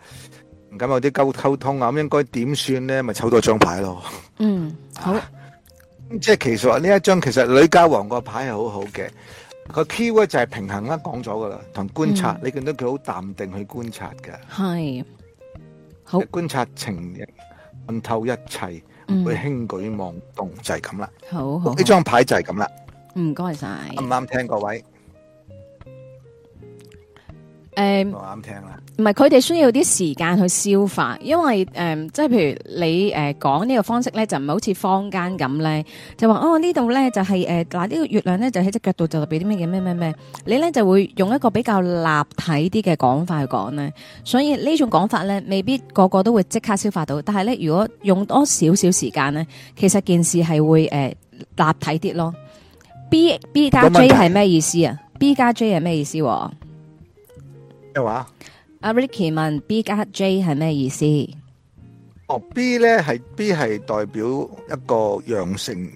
咁有啲溝溝通啊，咁應該點算咧，咪抽到張牌咯，嗯，好。啊即係其實呢一張其實女教皇個牌係好好嘅，個 key word 就係平衡啦，講咗噶啦，同觀察，嗯、你見到佢好淡定去觀察噶，係好觀察情形，看透一切，唔會輕舉妄動、嗯、就係咁啦。好，呢張牌就係咁啦。唔該晒，啱唔啱聽各位？誒，啱、嗯、聽啦。唔係，佢哋需要啲時間去消化，因為誒、嗯，即係譬如你誒講呢個方式咧，就唔係好似坊間咁咧，就話哦呢度咧就係、是、誒，嗱、呃、呢、這個月亮咧就喺隻腳度，就特別啲咩嘢咩咩咩，你咧就會用一個比較立體啲嘅講法去講咧。所以種講呢種講法咧，未必個個都會即刻消化到。但係咧，如果用多少少時間咧，其實件事係會誒、呃、立體啲咯。B B 加 J 係咩意思啊？B 加 J 係咩意思？咩話？阿、啊、Ricky 問 B 加 J 係咩意思？哦，B 咧係 B 係代表一個陽性，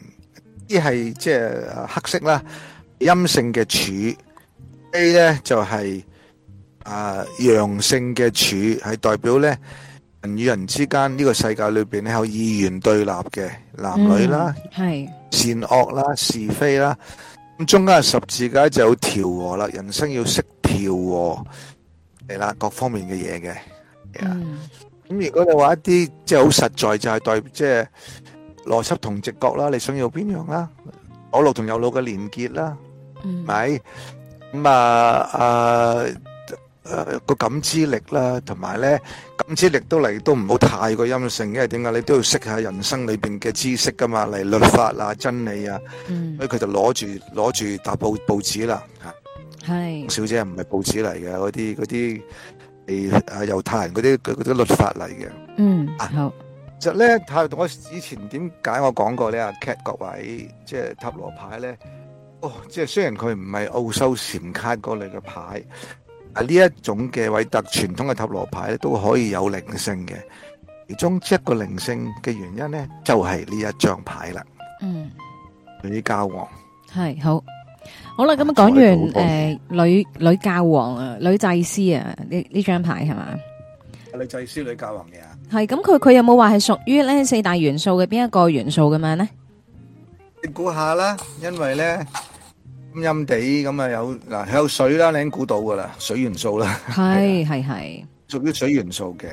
即係即係黑色啦。陰性嘅柱 A 咧就係啊陽性嘅柱，係、就是呃、代表咧人與人之間呢個世界裏邊咧有二元對立嘅男女啦，係、嗯、善惡啦，是非啦。咁中間十字架就有調和啦，人生要識調和。係啦，各方面嘅嘢嘅。咁、yeah. mm. 嗯、如果你話一啲即係好實在就，就係代即係邏輯同直覺啦。你想要邊樣啦？左腦同右腦嘅連結啦，係咪、mm.？咁、嗯、啊啊個、啊啊、感知力啦，同埋咧感知力都嚟都唔好太過陰性，因為點解？你都要識下人生裏邊嘅知識噶嘛，嚟律法啊、真理啊。Mm. 所以佢就攞住攞住搭報報紙啦。係是小姐唔係報紙嚟嘅，嗰啲嗰啲誒啊猶太人嗰啲啲律法嚟嘅。嗯，啊好。其實咧，啊，我以前點解我講過呢？阿 cat 各位即係塔羅牌咧，哦，即係雖然佢唔係澳洲閃卡嗰類嘅牌，啊呢一種嘅韋特傳統嘅塔羅牌咧都可以有靈性嘅。其中一個靈性嘅原因咧，就係、是、呢一張牌啦。嗯，女教皇。係好。好啦，咁啊，講完誒，女女教皇啊，女祭司啊，呢呢張牌係嘛？女祭司、女教皇嘅，啊，係咁，佢佢有冇話係屬於咧四大元素嘅邊一個元素咁樣咧？你估下啦，因為咧陰陰地咁，啊有嗱有水啦，你已經估到噶啦，水元素啦，係係係屬於水元素嘅。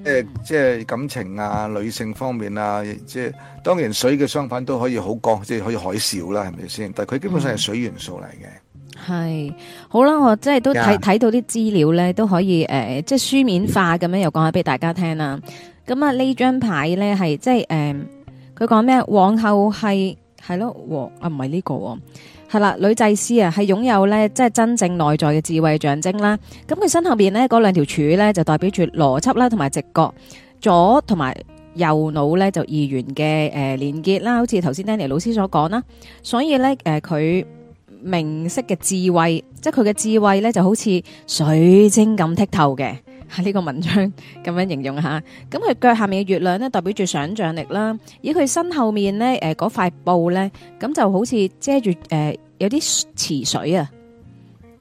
呃、即係即係感情啊，女性方面啊，即係當然水嘅相反都可以好降，即係可以海嘯啦，係咪先？但係佢基本上係水元素嚟嘅。係、嗯、好啦，我即係都睇睇 Yeah. 到啲資料咧，都可以誒、呃，即係書面化咁樣又講下俾大家聽啦。咁、呃、啊，呢張牌咧係即係誒，佢講咩？皇后係係咯，啊唔係呢個。係啦，女祭司啊，係擁有咧，即係真正內在嘅智慧象徵啦。咁佢身後邊咧嗰兩條柱咧，就代表住邏輯啦，同埋直覺，左同埋右腦咧就二元嘅誒連結啦。好似頭先 Danny 老師所講啦，所以咧誒佢明晰嘅智慧，即係佢嘅智慧咧就好似水晶咁剔透嘅。喺呢個文章咁樣形容一下，咁佢腳下面嘅月亮咧，代表住想象力啦。而佢身後面咧，誒、呃、嗰塊布咧，咁就好似遮住誒、呃、有啲池水啊，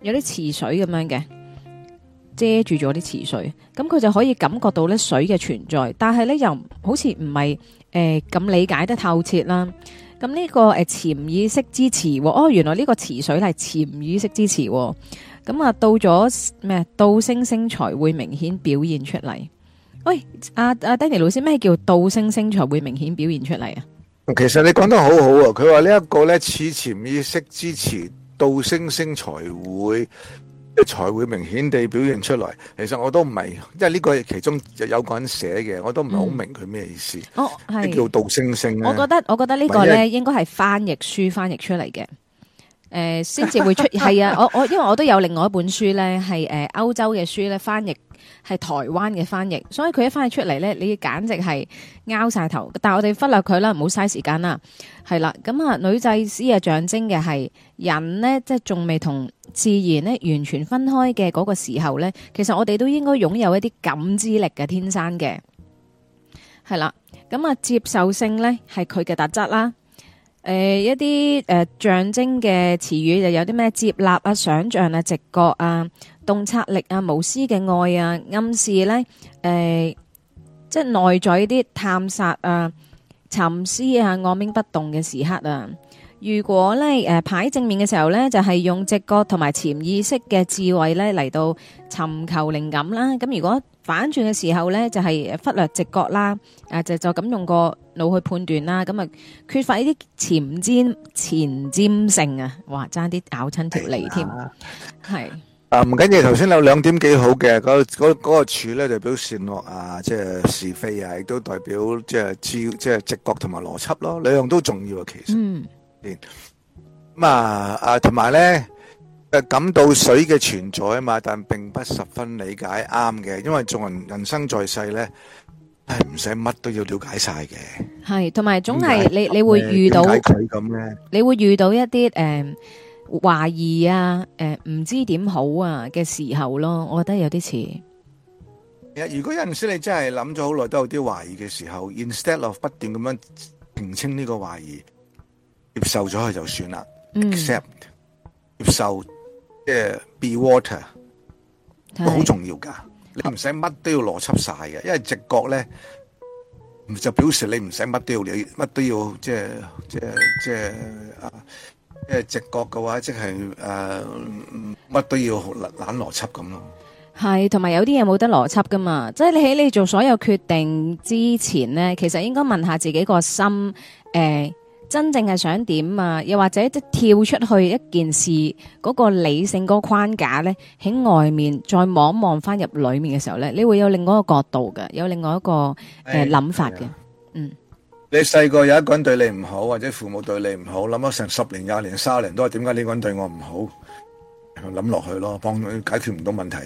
有啲池水咁樣嘅，遮住咗啲池水。咁佢就可以感覺到咧水嘅存在，但係咧又好似唔係誒咁理解得透徹啦。咁呢、這個誒、呃、潛意識之池、哦，哦，原來呢個池水係潛意識之池、哦。咁啊、嗯，到咗咩？到星星才會明顯表現出嚟。喂，阿、啊、阿、啊、Danny 老師，咩叫到星星才會明顯表現出嚟啊？其實你講得好好啊，佢話呢一個咧，此前意識支持到星星才會，才會明顯地表現出來。其實我都唔係，因為呢個其中有個人寫嘅，我都唔係好明佢咩意思。嗯、哦，係叫到星星我覺得，我覺得這個呢個咧，就是、應該係翻譯書翻譯出嚟嘅。誒，先至、呃、會出現係、嗯、 啊！我我因為我都有另外一本書咧，係誒歐洲嘅書咧，翻譯係台灣嘅翻譯，所以佢一翻譯出嚟咧，你簡直係拗晒頭。但係我哋忽略佢啦，唔好嘥時間啦。係啦，咁啊女祭司啊象徵嘅係人呢，即係仲未同自然呢完全分開嘅嗰個時候呢，其實我哋都應該擁有一啲感知力嘅天生嘅。係啦，咁啊接受性呢係佢嘅特質啦。誒、呃、一啲誒、呃、象徵嘅詞語，就有啲咩接納啊、想像啊、直覺啊、洞察力啊、無私嘅愛啊，暗示咧誒、呃，即係內在啲探索啊、沉思啊、按兵不動嘅時刻啊。如果咧誒，牌正面嘅時候咧，就係、是、用直覺同埋潛意識嘅智慧咧嚟到尋求靈感啦。咁如果反轉嘅時候咧，就係、是、忽略直覺啦，誒、啊、就就咁用個腦去判斷啦。咁啊，缺乏呢啲前瞻前瞻性啊，哇爭啲咬親條脷添。係啊，唔緊要，頭先有兩點幾好嘅，個嗰、那個柱咧就表善惡啊，即係是，是非啊，亦都代表即係即係直覺同埋邏輯咯，兩樣都重要啊，其實。嗯咁啊、嗯、啊，同埋咧，誒感到水嘅存在啊嘛，但並不十分理解啱嘅，因為做人人生在世咧，唔使乜都要了解晒嘅。係，同埋總係你你會遇到佢咁咧，你會遇到，會遇到一啲誒懷疑啊，誒、呃、唔知點好啊嘅時候咯。我覺得有啲似。如果有陣時你真係諗咗好耐，都有啲懷疑嘅時候，instead of 不斷咁樣澄清呢個懷疑。接受咗佢就算啦。Accept，、嗯、接受即係 be water，好重要噶。是你唔使乜都要邏輯晒嘅，因為直覺咧就表示你唔使乜都要，乜都要，乜都要即係即係即係啊！即係直覺嘅話，即係誒，乜、啊、都要懶邏輯咁咯。係，同埋有啲嘢冇得邏輯噶嘛。即、就、係、是、你喺你做所有決定之前咧，其實應該問下自己個心誒。欸真正係想點啊？又或者即跳出去一件事嗰個理性嗰個框架咧，喺外面再望一望翻入裏面嘅時候咧，你會有另外一個角度嘅，有另外一個誒諗法嘅。嗯，你細個有一個人對你唔好，或者父母對你唔好，諗咗成十年、廿年、卅年都係點解呢個人對我唔好，諗落去咯，幫佢解決唔到問題。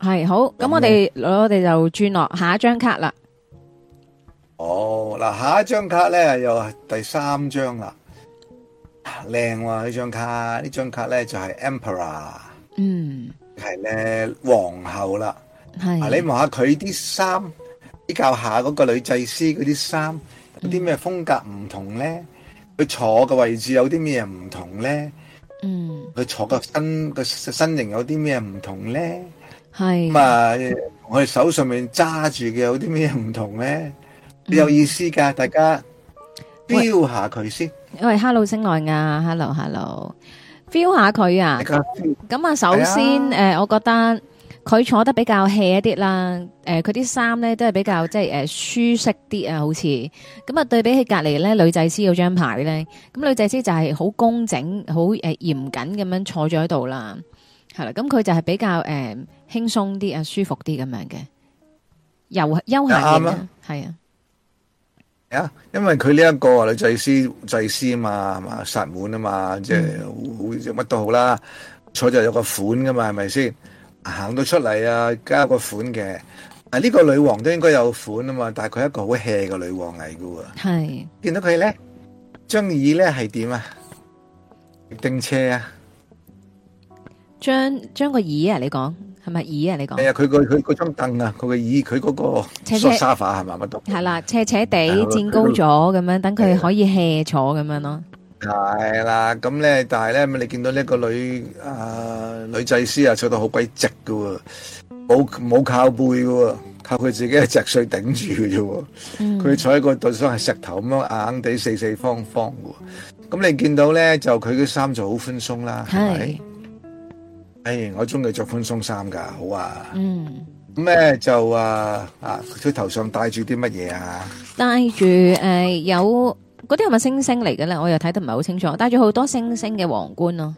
係好，咁我哋我哋就轉落下一張卡啦。哦，嗱，oh, 下一張卡咧，又第三張啦，靚喎呢張卡，張卡呢張卡咧就係 Empress，嗯，係咧皇后啦，係是、啊，你望下佢啲衫，比較下嗰個女祭司嗰啲衫，有啲咩風格唔同咧？佢、mm. 坐嘅位置有啲咩唔同咧？嗯、mm.，佢坐嘅身形身有啲咩唔同咧？係是，咁啊，我哋手上面揸住嘅有啲咩唔同咧？嗯、有意思噶，大家 feel 喂下佢先。因喂，Hello，星奈亞，Hello，Hello，feel 下佢啊。咁啊，Yeah. 首先誒 Yeah.、呃，我覺得佢坐得比較 hea 一啲啦。誒、呃，佢啲衫咧都係比較即係誒舒適啲啊，好似咁啊。對比起隔籬咧女祭司嗰張牌咧，咁女祭司就係好工整，好誒、呃、嚴謹咁樣坐咗喺度啦。係啦，咁佢就係比較誒輕鬆啲啊，舒服啲咁樣嘅，又休閒啲，係啊 Yeah. 的。啊，因為佢呢一個女祭司祭司啊嘛，係嘛殺滿啊嘛，即係乜都好啦，坐就有個款噶嘛，係咪先？行到出嚟啊，加個款嘅。啊呢個女王都應該有款啊嘛，但係佢係一個好 hea 嘅女王嚟噶喎。係見是到佢咧，張椅咧係點啊？丁車啊？張張個椅啊？你講？係咪椅啊？你講係啊，佢個佢張凳啊，佢個椅，佢嗰個 sofa 係咪？乜都係啦，斜斜地墊高咗咁樣，等佢的可以卸坐咁樣咯。係啦，咁咧，但係咧，你見到呢個女啊女祭司啊坐到好鬼直噶，冇冇靠背噶，靠佢自己一隻碎頂住嘅啫。佢坐喺個凳上係石頭咁樣硬地四四方方噶。咁你見到咧就佢啲衫就好寬鬆啦，係咪的？是哎，我中意着寬鬆衫噶，好啊。嗯，咩就啊啊，佢頭上戴住啲乜嘢啊？戴住誒，有嗰啲係咪星星嚟嘅咧？我又睇得唔係好清楚。戴住好多星星嘅皇冠咯。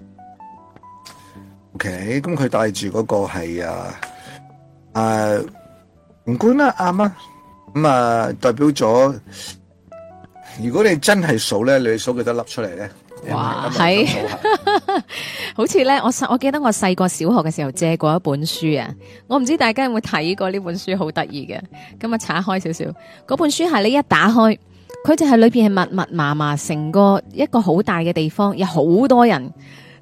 OK，咁佢戴住嗰個係啊啊皇冠啦，啱啊。咁啊，代表咗。如果你真係數咧，你數幾多粒出嚟咧？ 哇，係， 好似咧，我我記得我細個小學嘅時候借過一本書啊，我唔知大家有冇睇過呢本書，好得意嘅。今日拆開少少，嗰本書係你一打開，佢就係裏邊係密密麻麻，成個一個好大嘅地方，有好多人，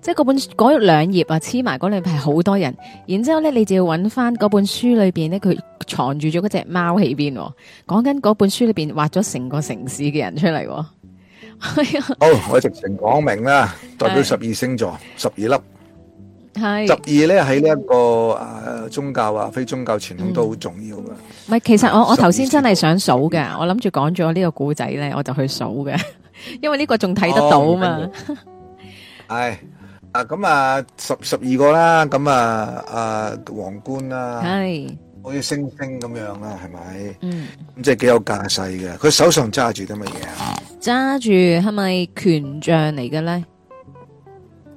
即係嗰本嗰兩頁啊，黐埋嗰兩係好多人。然之後咧，你就要搵翻嗰本書裏邊咧，佢藏住咗嗰隻貓喺邊，講緊嗰本書裏邊畫咗成個城市嘅人出嚟，哦。係啊！好，我直情講明啦，代表十二星座，十二粒，係十二咧喺呢一個誒宗教啊，非宗教傳統都好重要噶。唔係，其實我我頭先真係想數嘅，我諗住講咗呢個古仔咧，我就去數嘅，因為呢個仲睇得到啊嘛。係啊，咁啊十十二個啦，咁啊啊皇冠啦。好似星星咁樣啦，係咪？嗯，咁即係幾有架勢嘅。佢手上揸住啲乜嘢啊？揸住係咪權杖嚟嘅咧？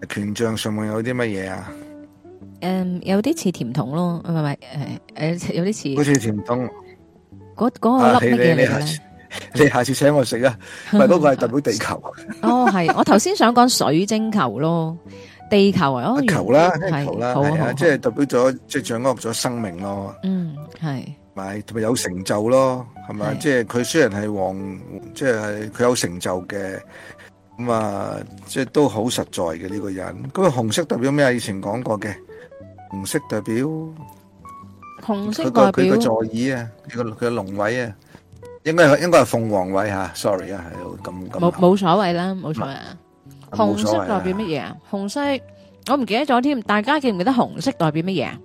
權杖上面有啲乜嘢啊？嗯，有啲似甜筒咯，唔係唔係，誒誒，有啲似，好似甜筒。嗰嗰個粒乜嘢咧，你下次你下次請我食啊！唔係嗰個係代表地球。哦，係，我頭先想講水晶球咯。地球啊，球啦，球啦，係啊，即係代表咗，即係掌握咗生命咯。嗯，係。咪同埋有成就咯，係咪？即係佢雖然係黃，即係佢有成就嘅。咁啊，即係都好實在嘅呢個人。咁紅色代表咩啊？以前講過嘅，紅色代表紅色代表佢個佢個座椅啊，佢個佢個龍位啊，應該應該係鳳凰位吓。Sorry 啊，係咁咁。冇冇所謂啦，冇所謂啊。紅色代表乜嘢啊？紅色我唔記得咗添，大家記唔記得紅色代表乜嘢啊？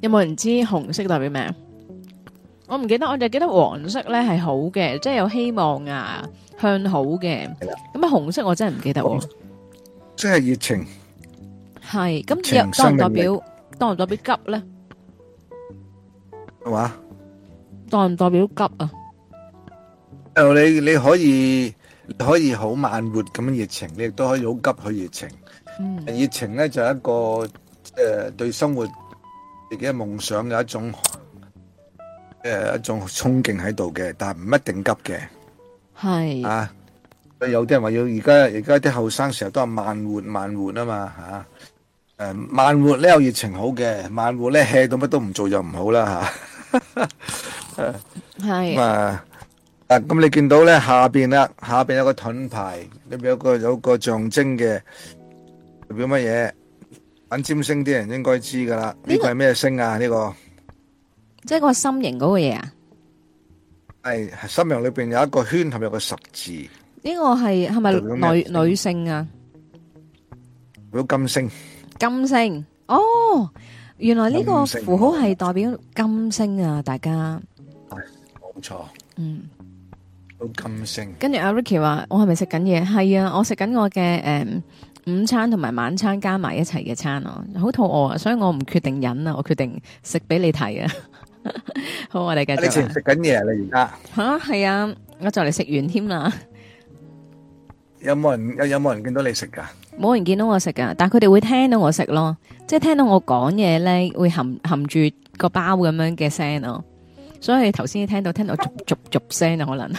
有冇人知紅色代表咩啊？我唔記得，我就記得黃色咧係好嘅，即係有希望啊，向好嘅。咁啊，紅色我真係唔記得喎。即係熱情。係，咁又當唔代表，當唔代表急咧？係嘛？代唔代表急啊？哦、呃，你你可以你可以好慢活咁樣熱情，你亦都可以好急去熱情。嗯，熱情咧就係、一個誒、呃，對生活自己嘅夢想嘅一種誒、呃、一種憧憬喺度嘅，但係唔一定急嘅。係是啊，有啲人話要而家而家啲後生成日都係慢活慢活啊嘛吓。誒，慢活咧有熱情好嘅，慢活咧 hea 到乜都唔做就唔好啦吓。啊係咁 啊！咁、啊啊、你見到咧下邊啦，下邊有個盾牌，裏邊有個有個象徵嘅，代表乜嘢？玩占星啲人應該知噶啦，呢、這個係咩星啊？呢、這個即係嗰個心形嗰個嘢啊？係心形裏邊有一個圈，係咪有個十字。呢個係係咪女女性啊？如金星，金星哦。原來呢個符號係代表金星啊！星大家係冇錯，錯嗯，都金星。跟住阿、啊、Ricky 話：我係咪食緊嘢？係啊，我食緊我嘅誒、嗯、午餐同埋晚餐加埋一齊嘅餐哦、啊，好肚餓啊！所以我唔決定忍啊，我決定食俾你睇啊！ 好，我哋繼續你食緊嘢、啊。你食緊嘢你而家吓係啊！我就嚟食完添啦。有冇人有沒有冇人見到你食㗎？冇人見到我食噶，但係佢哋會聽到我食咯，即係聽到我講嘢咧，會含含住個包咁樣嘅聲咯。所以頭先聽到聽到逐逐逐聲啊，可能。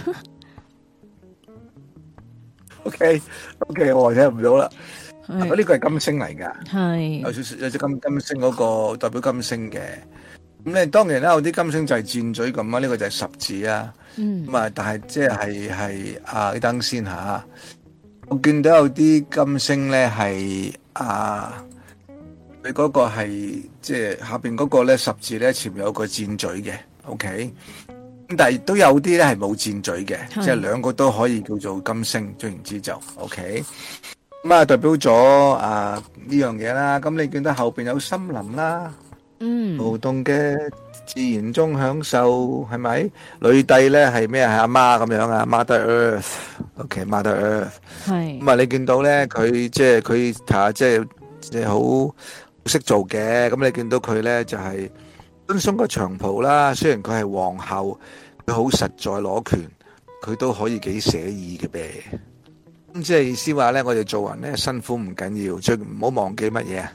OK OK，我聽唔到啦。我呢個係金星嚟噶，有少少有隻金金星嗰個代表金星嘅。咁咧當然啦，有啲金星就係箭嘴咁啦，呢個就係十字啊。咁啊，但係即係係啊，等先吓。我見到有啲金星咧係啊，你嗰個係即係下邊嗰個咧，十字咧前面有個箭嘴嘅，OK，咁但係都有啲咧係冇箭嘴嘅，即係兩個都可以叫做金星，總言之就 OK，咁啊代表咗啊呢樣嘢啦。咁你見到後邊有森林啦，嗯，流動嘅。自然中享受係咪？女帝咧係咩？係阿媽咁樣啊，Mother Earth，OK，Mother Earth。係咁啊！你見到咧，佢即係佢嚇，即係好識做嘅。咁、嗯、你見到佢咧，就係端上個長袍啦。雖然佢係皇后，佢好實在攞權，佢都可以幾寫意嘅唄。咁、嗯、即係意思話咧，我哋做人咧辛苦唔緊要，最唔好忘記乜嘢啊！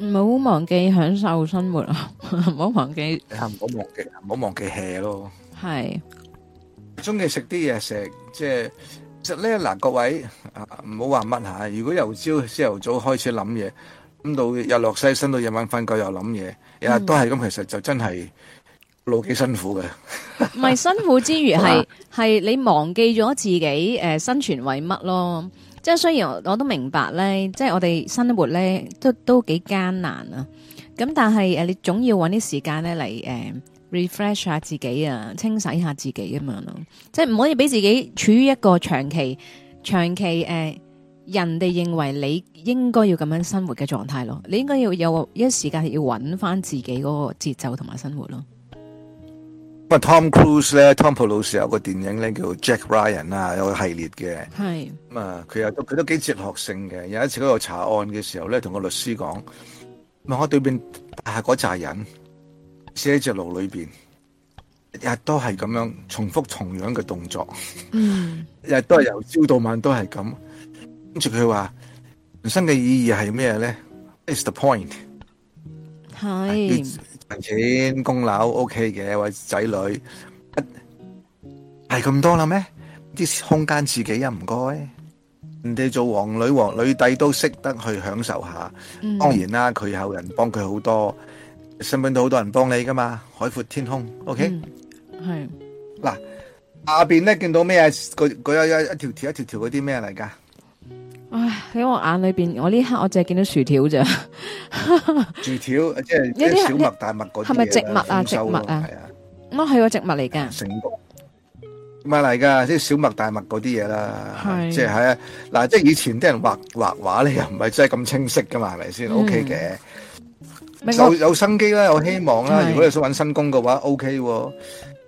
唔好忘記享受生活啊！唔 好忘記唔好 忘記唔好忘記吃咯。係中意食啲嘢食，即係其實咧嗱，各位唔好話乜吓。如果由朝朝頭早開始諗嘢，諗、嗯、到日落西山到夜晚瞓覺又諗嘢，日日、嗯、都係咁，其實就真係老幾辛苦嘅。唔 係辛苦之餘，係係 你忘記咗自己誒、呃、生存為乜咯？即係雖然我，我都明白咧，即係我哋生活咧都都幾艱難啊！咁但係你總要搵啲時間咧嚟誒、呃、refresh、啊、下自己啊，清洗下自己咁樣咯。即係唔可以俾自己處於一個長期長期誒、呃、人哋認為你應該要咁樣生活嘅狀態咯。你應該要有一時間要搵翻自己嗰個節奏同埋生活咯。Tom Cruise 咧，Tom Cruise Tom 有個電影咧叫《Jack Ryan》啊，有個系列嘅。係是。咁啊、嗯，佢又都佢都幾哲學性嘅。有一次嗰度查案嘅時候咧，同個律師講，我對面大嗰扎人死喺隻爐裏邊，日日都係咁樣重複同樣嘅動作。日日、嗯、都係由朝到晚都係咁。跟住佢話人生嘅意義係咩咧？It's the point 是。係、啊。搵錢供樓，O K 嘅，或者仔女係咁多啦咩？啲空間自己又唔該，人哋做皇女皇女帝都識得去享受下。當然啦，佢有人幫佢好多，身邊都好多人幫你噶嘛，海闊天空。O K 係嗱下邊咧見到咩？個一條條一條條一條條嗰啲咩嚟噶？唉，喺我眼裏邊，我呢刻我淨係見到薯條咋。 薯條即係即小麥大麥嗰啲，係咪植物啊？植物啊？我係個植物嚟噶、啊。成谷咪嚟噶，即係小麥大麥嗰啲嘢啦。是即係係啊，嗱，即係以前啲人畫畫畫咧，又唔係真係咁清晰噶嘛，係咪先？O K 嘅，有、okay、的國有生機啦，我希望啦。是如果你想揾新工嘅話，O K。Okay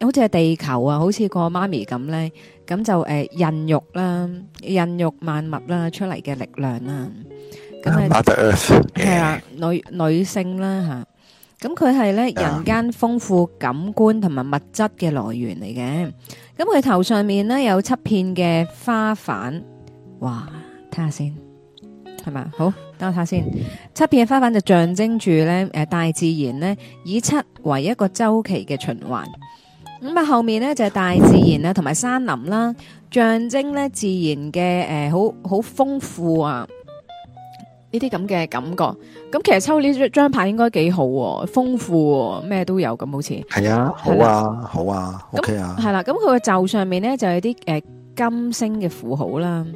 好似係地球啊，好似個媽咪咁咧，咁就誒、呃、孕育啦，孕育萬物啦，出嚟嘅力量啦，咁係啦，Mother Earth，啊、女女性啦吓，咁佢係咧人間豐富感官同埋物質嘅來源嚟嘅。咁佢頭上面咧有七片嘅花瓣，哇，睇下先係咪？好，等我睇下先。七片嘅花瓣就象徵住咧，誒、呃、大自然咧以七為一個周期嘅循環。咁啊，後面咧就係、是、大自然啦，同埋山林啦，象徵咧自然嘅誒，好好豐富啊！呢啲咁嘅感覺。咁其實抽呢張牌應該幾好、啊，豐富咩、啊、都有咁，好似係啊，好啊，啦好啊，好啊那，OK 啊，係啦。咁佢嘅袖上面咧就有啲誒、呃、金星嘅符號啦，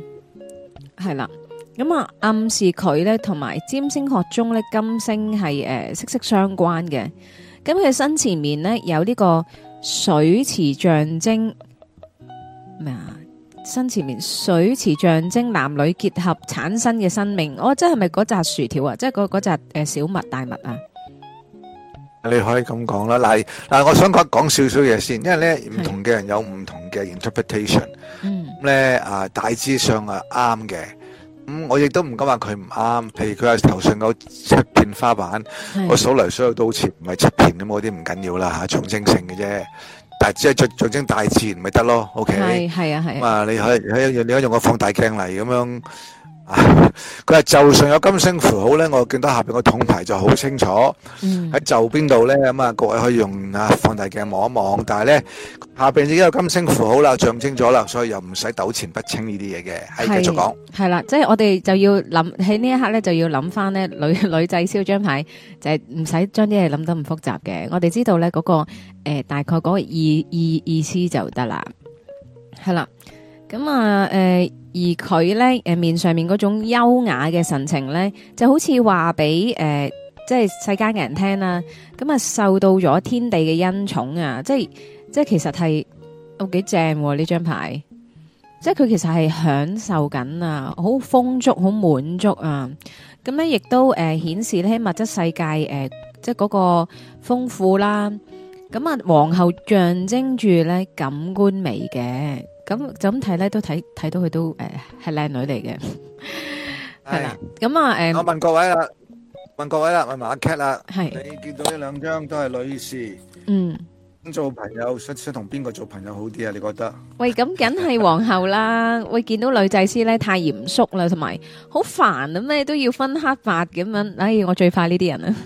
係啦。咁啊暗示佢咧同埋占星學中咧金星係誒、呃、息息相關嘅。咁佢身前面咧有呢、這個。水池象徵咩啊？身前面水池象徵男女結合產生嘅生命。哦，即係咪嗰扎薯條啊？即係嗰嗰扎誒小麥大麥啊？你可以咁講啦。嗱嗱，我想講講少少嘢先，因為咧唔同嘅人有唔同嘅 interpretation 的。嗯，咧啊、呃、大致上係啱嘅。咁、嗯、我亦都唔敢話佢唔啱，譬如佢啊頭上嗰七片花瓣，是我數嚟數去都好似唔係七片咁，嗰啲唔緊要啦吓，象徵性嘅啫。但係只係象象徵大自然咪得咯，OK。係係啊係啊、嗯。你可可用你可以用個放大鏡嚟咁樣。啊！佢話就上有金星符號咧，我見到下邊個桶牌就好清楚。喺就邊度咧？咁啊各位可以用啊放大鏡望一望，但係咧下邊已經有金星符號啦，象徵咗啦，所以又唔使糾纏不清呢啲嘢嘅。係繼是續講，係啦，即係我哋就要諗喺呢一刻咧，就要諗翻咧女女仔燒張牌就係唔使將啲嘢諗得咁複雜嘅。我哋知道咧嗰、那個、呃、大概嗰個意意意思就得啦。係啦。咁啊，誒、嗯呃，而佢咧，誒，面上面嗰種優雅嘅神情咧，就好似話俾，誒、呃，即係世間嘅人聽啦、啊。咁、嗯、啊，受到咗天地嘅恩寵啊，即係，即係其實係，都、哦、幾正喎呢張牌。即係佢其實係享受緊啊，好豐足，好滿足啊。咁、嗯、咧，亦都，誒、呃，顯示咧物質世界，誒、呃，即係嗰個豐富啦。咁、嗯、啊，皇后象徵住咧感官美嘅。咁就咁睇咧，都睇睇到佢都誒係靚女嚟嘅，係啦。咁啊，誒，我問各位啦，問各位啦，問埋阿 Cat 啦，係你見到呢兩張都係女士。嗯，咁做朋友想想同邊個做朋友好啲啊？你覺得？喂，咁梗係皇后啦。喂，見到女祭師咧，太嚴肅啦，同埋好煩啊，咩都要分黑白咁樣。哎，我最快呢啲人啊。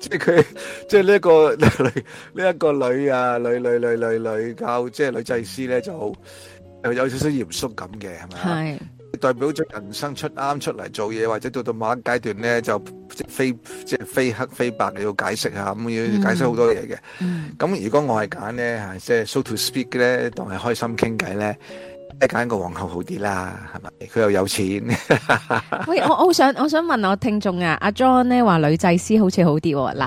即係佢，即係呢一個女，呢、這、一個女啊，女女女女女教，即係女祭司咧，就好又有少少嚴肅感嘅，係咪啊？係是代表咗人生出啱出嚟做嘢，或者到到某一階段咧，就非即非即係非黑非白，你要解釋下，咁要解釋好多嘢嘅。咁、嗯、如果我係揀咧，即、就、係、是、so to speak 咧，當係開心傾偈咧。揀個皇后好啲啦，係咪？佢又有錢。 喂，我好想，我想問我聽眾啊，阿 John 咧話女祭司好似好啲啊。嗱，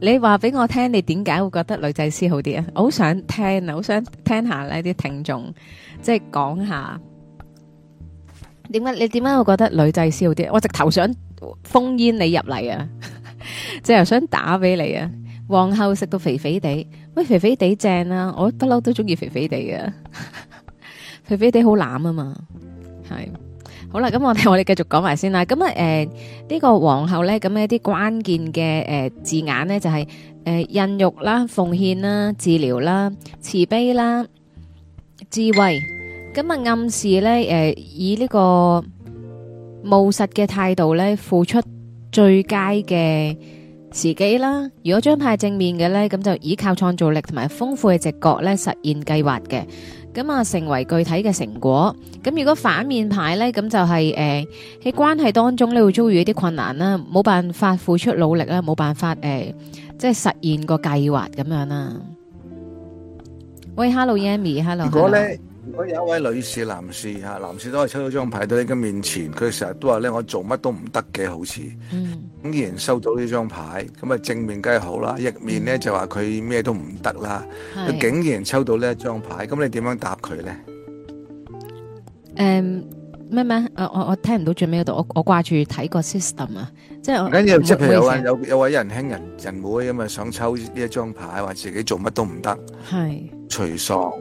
你話俾我聽，你點解會覺得女祭司好啲啊？我好想聽，好想聽下咧啲聽眾，即係講下點解，你點解會覺得女祭司好啲？我直頭想封煙你入嚟啊，即係想打俾你啊！皇后食到肥肥哋，喂肥肥哋正啦，啊，我不嬲都中意肥肥哋嘅。佢飛啲好懶啊嘛，係好啦，咁我哋我哋繼續講埋先啦。咁啊誒呢個皇后咧，咁一啲關鍵嘅誒字眼咧，就係誒孕育啦、奉獻啦、治療啦、慈悲啦、智慧。咁啊暗示咧誒以呢個務實嘅態度咧，付出最佳嘅時機啦。如果張牌正面嘅咧，咁就依靠創造力同埋豐富嘅直覺咧，實現計劃嘅。咁啊，成為具體嘅成果。咁如果反面牌咧，咁就係誒喺關係當中你會遭遇一啲困難啦，冇辦法付出努力啦，冇辦法誒、呃、即係實現個計劃咁樣啦。喂，Hello，Yamy，Hello。Hello, emi, Hello, 如果咧？如果有一位女士、男士嚇，男士都係抽到張牌到你嘅面前，佢成日都話咧，我做乜都唔得嘅，好似，嗯、竟然收到呢張牌，咁啊正面梗係好啦，逆面咧就話佢咩都唔得啦，佢是竟然抽到呢一張牌，咁你點樣答佢咧？誒咩咩？我我我聽唔到最尾嗰度，我我掛住睇個 system 啊，即係唔該。即係譬如話有有位年輕人人會啊嘛，想抽呢一張牌，話自己做乜都唔得，係是，除喪。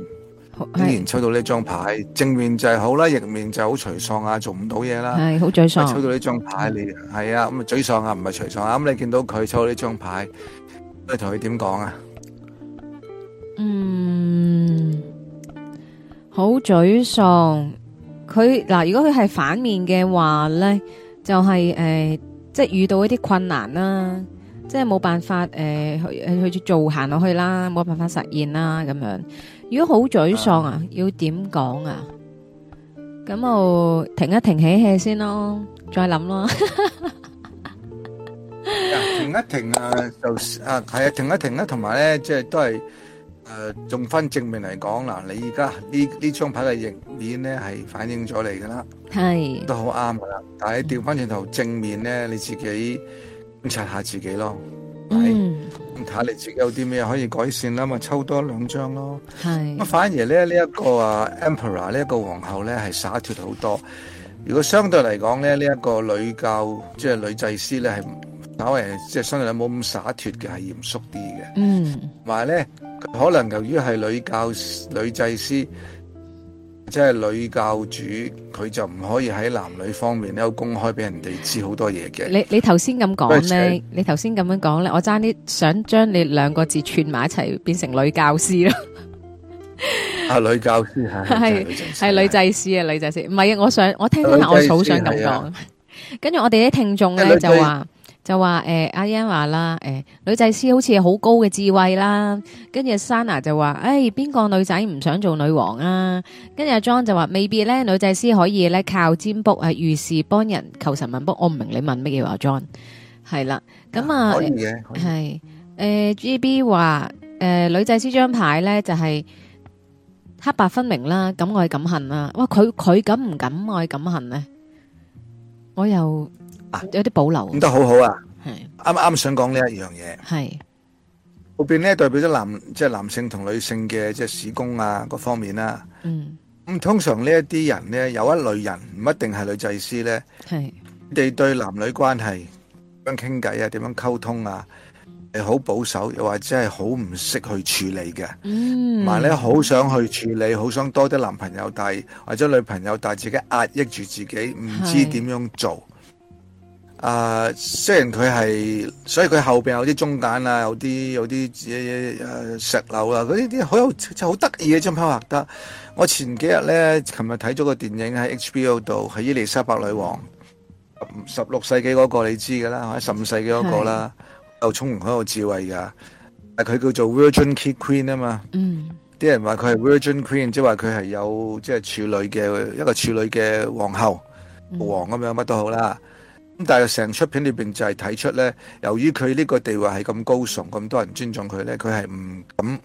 竟然抽到呢張牌是正，正面就係好啦，逆面就好沮喪啊，做唔到嘢啦，係好沮喪。抽到呢張牌你係啊，咁啊沮喪啊，唔係沮喪啊。咁你見到佢抽呢張牌，你同佢點講啊？嗯，好沮喪。佢嗱，如果佢係反面嘅話咧，就係、是、誒，即、呃、係、就是、遇到一啲困難啦、啊。即係冇辦法誒去去住做行落去啦，冇辦法實現啦咁樣。如果好沮喪啊，要點講啊？咁我停一停起氣先咯，再諗咯。停一停啊，就啊係啊，停一停啦。同埋咧，即係都係誒，仲翻正面嚟講啦，你而家呢呢張牌嘅逆面咧係反映咗你噶啦，係都好啱噶啦。但係調翻轉頭正面咧，你自己。觀察下自己咯，睇下、mm. 你自己有啲咩可以改善啦，咪抽多兩張咯。係是，咁反而咧呢一、這個啊 Emperor 呢一個皇后咧係灑脫好多。如果相對嚟講咧呢一、這個女教即係、就是、女祭司咧係稍為即係相對諗冇咁灑脫嘅係嚴肅啲嘅。嗯、mm.，同埋咧佢可能由於係女教女祭司。即係女教主，佢就唔可以喺男女方面都公開俾人哋知好多嘢嘅。你頭先呢是你頭先咁講咧，你頭先咁樣講咧，我爭啲想將你兩個字串埋一齊，變成女教師咯。啊，教是女教師吓，係係女祭司啊是，女祭司。唔係啊，我想我聽聽下，我好想咁講。跟住、啊、我哋啲聽眾咧就話。.就話誒，阿英話啦，誒、欸，女祭司好似好高嘅智慧啦。跟住 Sana 就話，誒、欸，邊個女仔唔想做女王啊？跟住 John 就話未必咧，女祭司可以咧靠占卜誒，遇事幫人求神問卜。我唔明你問乜嘢阿 John 係啦。咁啊，係誒、啊欸、，GB 話誒、呃，女祭司張牌咧就係、是、黑白分明啦，敢愛敢恨啦。哇，佢佢敢唔敢愛敢恨呢。我又。啊、有啲保留，得好好啊，係是，啱啱想講這一是呢一樣嘢，係，後邊咧代表咗男，即、就、係、是、男性同女性嘅即係市工啊，各方面啦、啊，嗯，咁通常這些人呢一啲人咧，有一類人唔一定係女祭司咧，係是，佢哋對男女關係點樣傾偈啊，點樣溝通啊，係好保守，又或者係好唔識去處理嘅，嗯，咧好想去處理，好想多啲男朋友帶，帶或者女朋友帶，帶自己壓抑住自己，唔知點樣做。啊，uh, 雖然佢係，所以佢後邊有啲鐘錶啊，有啲有啲誒、呃、石樓啊，嗰啲啲好有好得意嘅張畫得。我前幾日咧，琴日睇咗個電影喺 HBO 度，係伊利沙伯女王十六世紀嗰個你知㗎啦，喺十五世紀嗰個啦，又是聰明又有智慧㗎。佢叫做 Virgin Key Queen 啊嘛，啲、嗯、人話佢係 Virgin Queen，即係話佢係有即係處女嘅一個處女嘅皇后、嗯、王咁樣乜都好啦。咁但係成出片裏邊就係睇出咧，由於佢呢個地位係咁高崇，咁多人尊重佢咧，佢係唔敢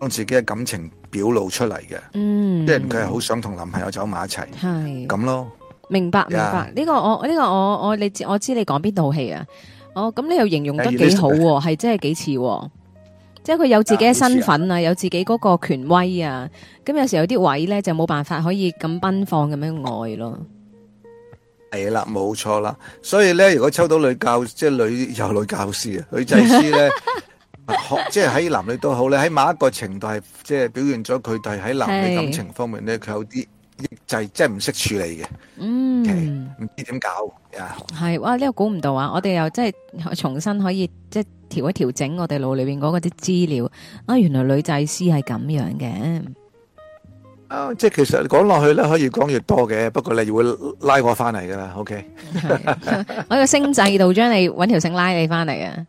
將自己嘅感情表露出嚟嘅。嗯，即係佢係好想同男朋友走埋一齊，係咁係咯。明白明白，呢 Yeah、呢個我呢、呢個我我你我知你講邊套戲啊？哦，咁你又形容得幾好喎、啊，係真係幾似，即係佢、啊、有自己嘅身份啊，啊啊有自己嗰個權威啊，咁有時有啲位咧就冇辦法可以咁奔放咁樣愛咯。係啦，冇錯啦，所以咧，如果抽到女教，即係女有女教師啊，女祭司咧， 即係喺男女都好咧，喺某一個程度係，即係表現咗佢哋喺男女感情方面咧，佢有啲抑制，即係唔識處理嘅，嗯的，okay, 唔知點搞啊，係、yeah、哇，呢、呢個估唔到啊，我哋又即係重新可以即係調一調整我哋腦裏邊嗰個啲資料，啊，原來女祭司係咁樣嘅。即係其實講落去咧，可以越講越多嘅。不過你要會拉我翻嚟，噶啦，OK？我個星制度將你搵條繩拉你翻嚟啊！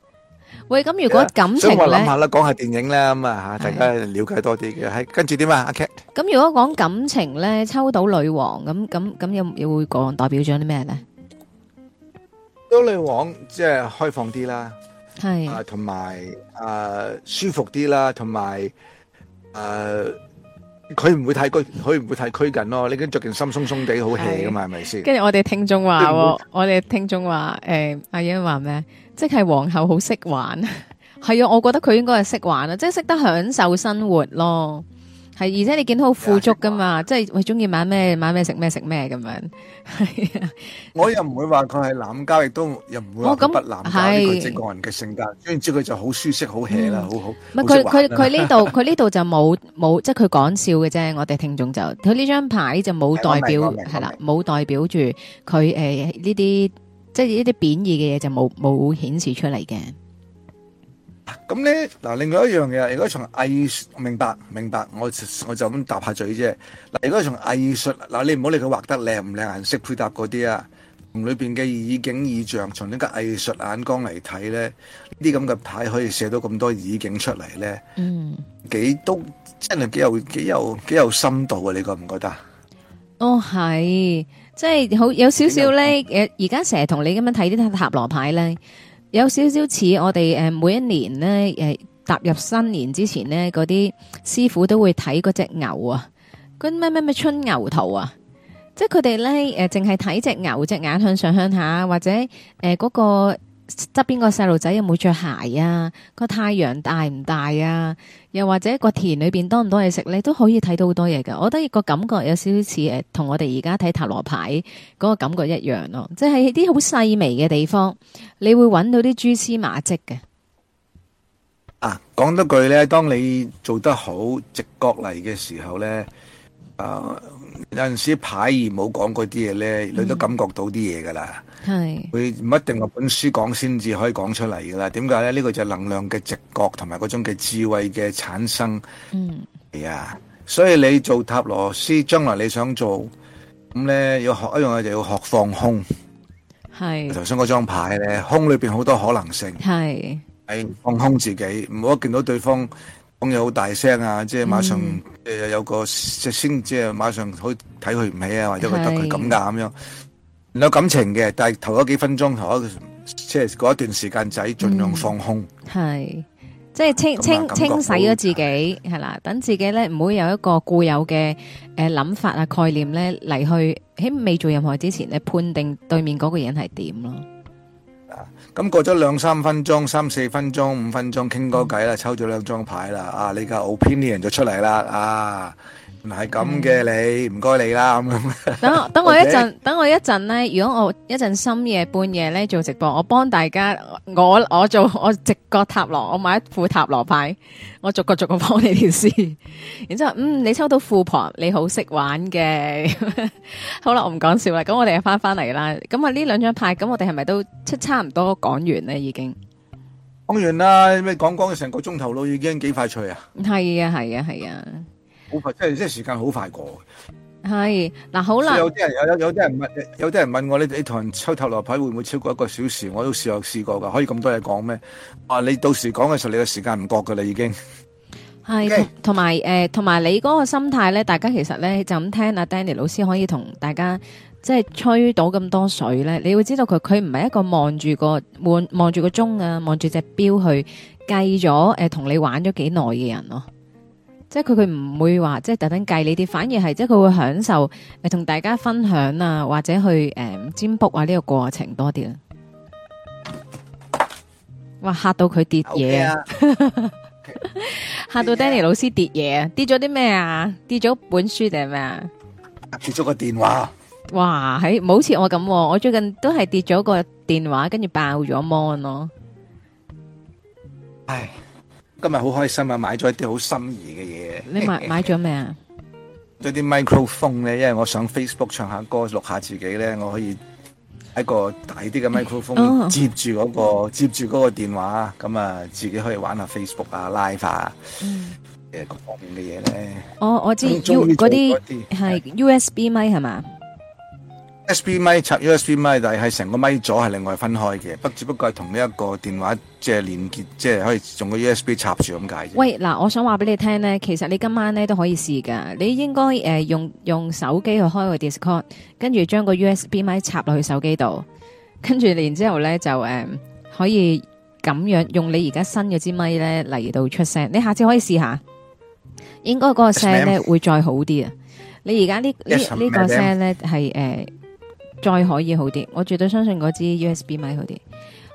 喂，咁如果感情咧，我諗下啦，講下電影啦，咁啊吓，大家了解多啲嘅。係跟住點啊，阿 Cat？咁如果講感情咧，抽到女王咁咁咁有又會講代表咗啲咩咧？當女王即係開放啲啦，係啊，同埋啊舒服啲啦，同埋誒。佢唔會太拘，佢唔會太拘謹咯。鬆鬆哦、你跟着件衫鬆鬆地好 hea 噶嘛，係咪先？跟住我哋聽眾話，我哋聽眾話，誒，阿英話咩？即係皇后好識玩，係 啊，我覺得佢應該係識玩啊，即係識得享受生活咯。係，而且你見到好富足，噶嘛，即係佢中意買咩買咩食咩食咩咁樣。啊， 我又唔會話佢係濫交，亦都又唔會話不濫交，佢即、哦嗯、個，個人嘅性格。跟住之後佢就好舒適，好 hea 啦，好好。佢佢佢呢度佢呢度就冇冇，即係佢講笑嘅啫。我哋聽眾就佢呢張牌就冇代表係啦，冇代表住佢誒呢啲即係呢啲貶義嘅嘢就冇冇顯示出嚟嘅。咁咧，嗱，另外一樣嘢，如果從藝術，明白明白，我我就咁答下嘴啫。嗱，如果從藝術，嗱，你唔好理佢畫得靚唔靚，顏色配搭嗰啲啊，裏邊嘅意境意象，從呢個藝術眼光嚟睇咧，呢啲咁嘅牌可以寫到咁多意境出嚟咧，嗯，幾都真係幾有幾有幾有深度啊！你覺唔覺得？哦，係，即係好有少少咧。誒有，而家成日同你咁樣睇啲塔羅牌咧。有少少似我哋誒，每一年咧誒，踏入新年之前咧，嗰啲師傅都會睇嗰隻牛啊，佢咩咩咩春牛圖啊，即係佢哋咧誒，淨係睇隻牛隻眼向上向下，或者誒嗰、呃嗰個。側邊個細路仔有冇着鞋啊？個太陽大唔大啊？又或者個田裏邊多唔多嘢食？你都可以睇到好多嘢噶。我覺得個感覺有少少似誒，同我哋而家睇塔羅牌嗰個感覺一樣咯。即係啲好細微嘅地方，你會揾到啲蛛絲馬迹嘅。啊，講多句呢，當你做得好直覺嚟嘅時候呢，誒、啊，有陣時牌而冇講嗰啲嘢呢，你都感覺到啲嘢噶啦。係，佢唔是一定係本書講先至可以講出嚟噶啦。點解咧？呢個就係能量嘅直覺同埋嗰種嘅智慧嘅產生。嗯，係啊。所以你做塔羅師，將來你想做咁咧，要學一樣嘢，就要學放空。係是。頭先嗰張牌咧，空裏邊好多可能性。係是。係放空自己，唔好見到對方講嘢好大聲啊，即係馬上誒有個、嗯、即係先即係馬上可以睇佢唔起啊，或者覺得佢咁噶咁樣。有感情嘅，但係頭嗰幾分鐘，頭嗰即係嗰一段時間仔，盡量放空，係即係清清清洗咗自己，係啦，等自己咧唔會有一個固有嘅誒諗法啊、概念咧，嚟去喺未做任何之前咧判定對面嗰個人係點咯。咁過咗兩三分鐘，三四分鐘，五分鐘，傾多偈啦，抽咗兩張牌啦，啊，你嘅 opinion 就出嚟啦，啊。係咁嘅你，唔該、嗯、你啦咁樣。等 等我一陣，等我一陣咧 Okay?。如果我一陣深夜半夜咧做直播，我幫大家，我我做我直覺塔羅，我買一副塔羅牌，我逐個逐個幫你條詩。然之後，嗯，你抽到富婆，你好識玩嘅。 好啦，我唔講笑啦。咁我哋又翻翻嚟啦。咁啊，呢兩張牌，咁我哋係咪都差唔多講完咧？已經講完啦，咩講講成個鐘頭咯，已經幾快脆啊！係啊，係啊，係啊。好快，即係即係時間好快過。係嗱，好、啊、啦。有啲人有有啲人問，有啲人問我，你你同人抽塔羅牌會唔會超過一個小時？我都試有試過噶，可以咁多嘢講咩？啊，你到時講嘅時候，你嘅時間唔覺噶啦，已經係同埋誒，同埋是 Okay、呃、你嗰個心態咧，大家其實咧就咁聽阿、啊、Danny 老師可以同大家即係吹到咁多水咧，你會知道佢佢唔係一個望住個望住個鐘啊，望住隻表去計咗誒，同、呃、你玩咗幾耐嘅人咯、啊。即係佢佢唔會話即係特登計你啲，反而係即係佢會享受誒同大家分享啊，或者去誒占卜啊呢個過程多啲啦。哇吓，到佢跌嘢，嚇到 Danny 老師跌嘢，跌咗啲咩啊？跌咗本書定係咩啊？跌咗個電話。哇，係好似我咁，我最近都係跌咗個電話，跟住爆咗 mon 咯。係。今日好開心啊！買咗一啲好心意嘅嘢。你買買咗咩啊？啲 microphone 咧，因為我想 Facebook 唱下歌，錄下自己咧，我可以一個大啲嘅 microphone 接住嗰、嗰個，哦、接住嗰個電話，咁啊，自己可以玩下 Facebook 啊，live 啊，誒各方面嘅嘢咧。我我知嗰啲係 USB 咪，係嘛？USB 咪插 USB 咪，但係成個咪左係另外分開嘅，不只不過係同呢一個電話即係連結，即係可以用個 USB 插住咁解。喂，嗱，我想話俾你聽咧，其實你今晚咧都可以試噶。你應該誒、呃、用用手機去開個 Discord，跟住將個 USB 咪插落去手機度，跟住然之後咧就誒、嗯、可以咁樣用你而家新嘅支咪咧嚟到出聲。你下次可以試下，應該嗰個聲咧、yes, ma' 會再好啲啊！你而家、yes, ma' 呢呢呢個聲咧係誒。再可以好啲，我絕對相信嗰支 USB 咪好啲。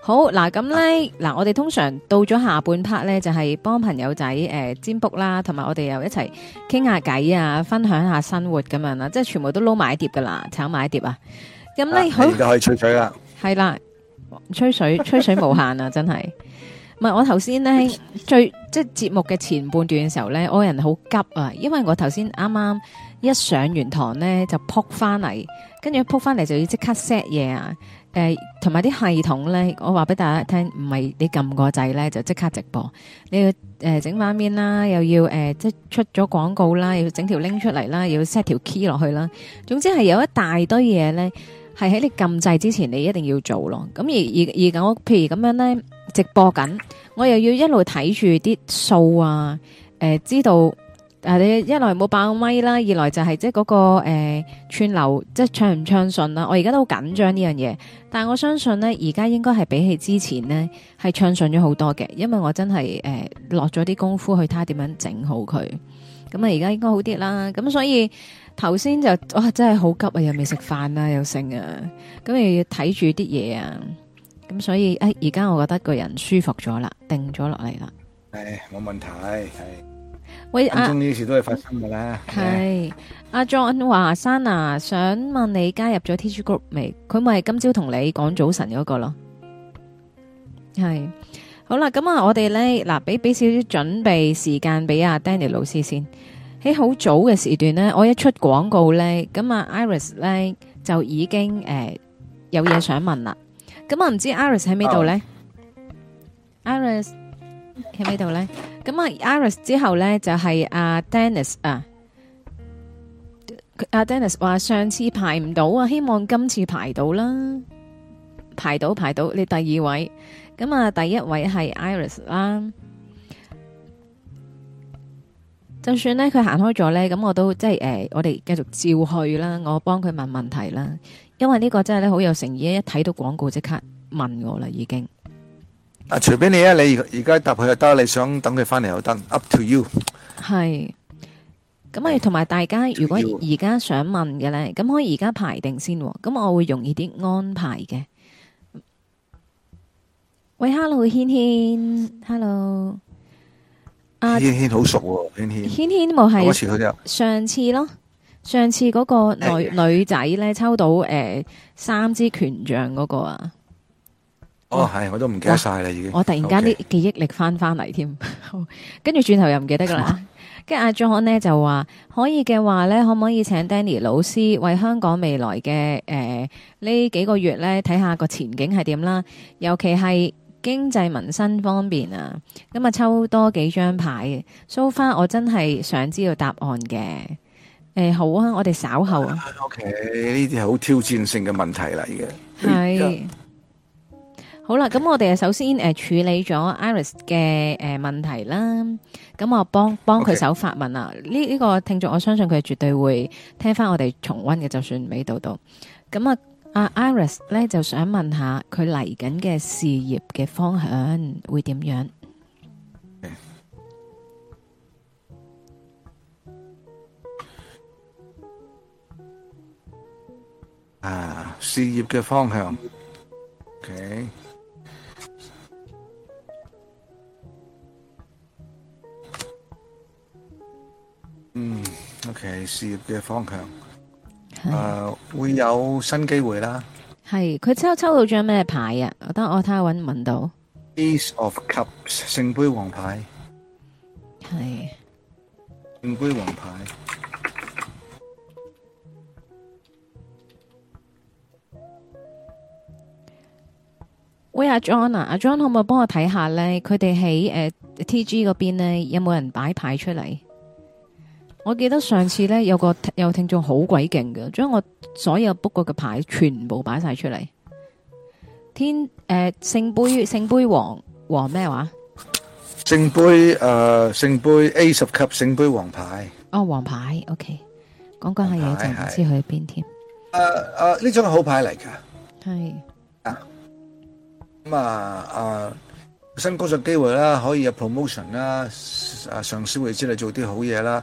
好嗱，咁、啊、呢，嗱、啊，我哋通常到咗下半 part 呢，就係、是、幫朋友仔誒、呃、占卜啦，同埋我哋又一齊傾下偈啊，分享下生活咁樣啦，即係全部都撈埋一碟噶啦，炒埋一碟、嗯、啊。咁呢好，佢而家開始吹水啦。係啦，吹水吹水無限啊，真係。唔係 我頭先呢，最即係節目嘅前半段嘅時候呢，我人好急啊，因為我頭先啱啱一上完堂呢，就撲翻嚟。跟住撲翻嚟就要即刻 set 嘢啊！誒同埋啲系統咧，我話俾大家聽，唔係你撳個掣咧就即刻直播，你要誒、呃、整畫面啦，又要、呃、即出咗廣告啦，要整條拎出嚟啦，又要 set 條 key 落去啦。總之係有一大堆嘢咧，係喺你撳掣之前，你一定要做咯。咁而而而我譬如咁樣咧直播緊，我又要一路睇住啲數啊、呃，知道。啊！但你一來冇爆咪啦，二來就係即嗰個、呃、串流，即係暢唔暢順啦。我而家都好緊張呢樣嘢，但我相信呢，而家應該係比起之前呢，係暢順咗好多嘅，因為我真係誒落咗啲功夫去睇下點樣整好佢。咁啊，而家應該好啲啦。咁所以頭先就哇，真係好急 啊！又未食飯啊，又剩啊，咁又要睇住啲嘢啊。咁所以誒，而、呃、家我覺得個人舒服咗啦，定咗落嚟啦。係冇、哎、問題。哎喂，阿 John 呢件事都係發生噶啦。係阿 John 華山啊，John, Sana, 想問你加入咗 Teacher Group 未？佢咪係今朝同你講早晨嗰個咯。係好啦，咁啊，我哋咧嗱，俾俾少少準備時間俾阿 Danny 老師先。喺好早嘅時段咧，我一出廣告咧，咁啊，Iris 咧就已經誒、呃、有嘢想問啦。咁啊，唔、嗯、知、啊、Iris 喺邊度咧？Iris。喺呢度呢，咁啊，Iris 之後呢，就係、是、阿、uh, Dennis 啊，阿 Dennis 話上次排唔到啊，希望今次排到啦，排到排到，你第二位，咁啊，uh, 第一位係 Iris 啦，就算呢，佢行開咗呢，咁我都即係誒、呃，我哋繼續照去啦，我幫佢問問題啦，因為呢個真係咧好有誠意，一睇到廣告即刻問我啦，已經。啊，隨便你啊！你而家搭佢又得，你想等佢翻嚟又得，up to you。係，咁啊，同埋大家如果而家想問嘅咧，咁、yeah, to 可以而家排定先，咁我會容易啲安排嘅。喂，hello，軒軒，hello。阿軒軒好熟喎，哦，軒軒。軒軒冇係，上次嗰上次咯，上次嗰個女 Yeah. 女仔咧，抽到誒、呃、三支權杖嗰個啊。哦，係，我都唔記得晒啦，啊、已經。我突然間啲記憶力翻翻嚟添，跟住 Okay 轉頭又唔記得噶啦。跟住阿 John 呢就話，可以嘅話呢，可唔可以請 Danny 老師為香港未來嘅誒呢幾個月呢睇下個前景係點啦？尤其係經濟民生方面啊，咁啊抽多幾張牌 show 翻我真係想知道答案嘅。誒、呃，好啊，我哋稍後啊。O K，呢啲係好挑戰性嘅問題嚟嘅。係。好啦，咁我哋啊，首先誒、呃、處理咗 Iris 嘅誒、呃、問題啦。咁我幫幫佢手發問啦。呢呢 Okay. 個聽眾，我相信佢絕對會聽翻我哋重溫嘅，就算尾度度。咁啊，阿、啊、Iris 咧，就想問下佢嚟緊嘅事業嘅方向會點樣？Okay. 啊，事業嘅方向，OK。嗯、mm,，OK，事業嘅方向，誒、uh,， 會有新機會啦。係，佢抽抽到張咩牌啊？等我睇下，搵唔搵到。Ace of Cups，聖杯王牌。係。聖 是杯王牌。喂，阿 John 啊，阿 John 可唔可以幫我睇下咧？佢哋喺誒 T G 嗰邊咧，有冇人擺牌出嚟？我記得上次咧有個有聽眾好鬼勁嘅，將我所有 book 過嘅牌全部擺晒出嚟。天誒，聖、呃、杯聖杯王王咩話？聖杯誒，聖、呃、杯 A 十級聖杯王牌。哦，王牌，OK，講講下嘢就唔知去邊添。誒誒，呢張係好牌嚟噶。係。啊，咁是啊，誒、啊，新工作機會啦，可以有 promotion 啦，啊，上司會知你做啲好嘢啦。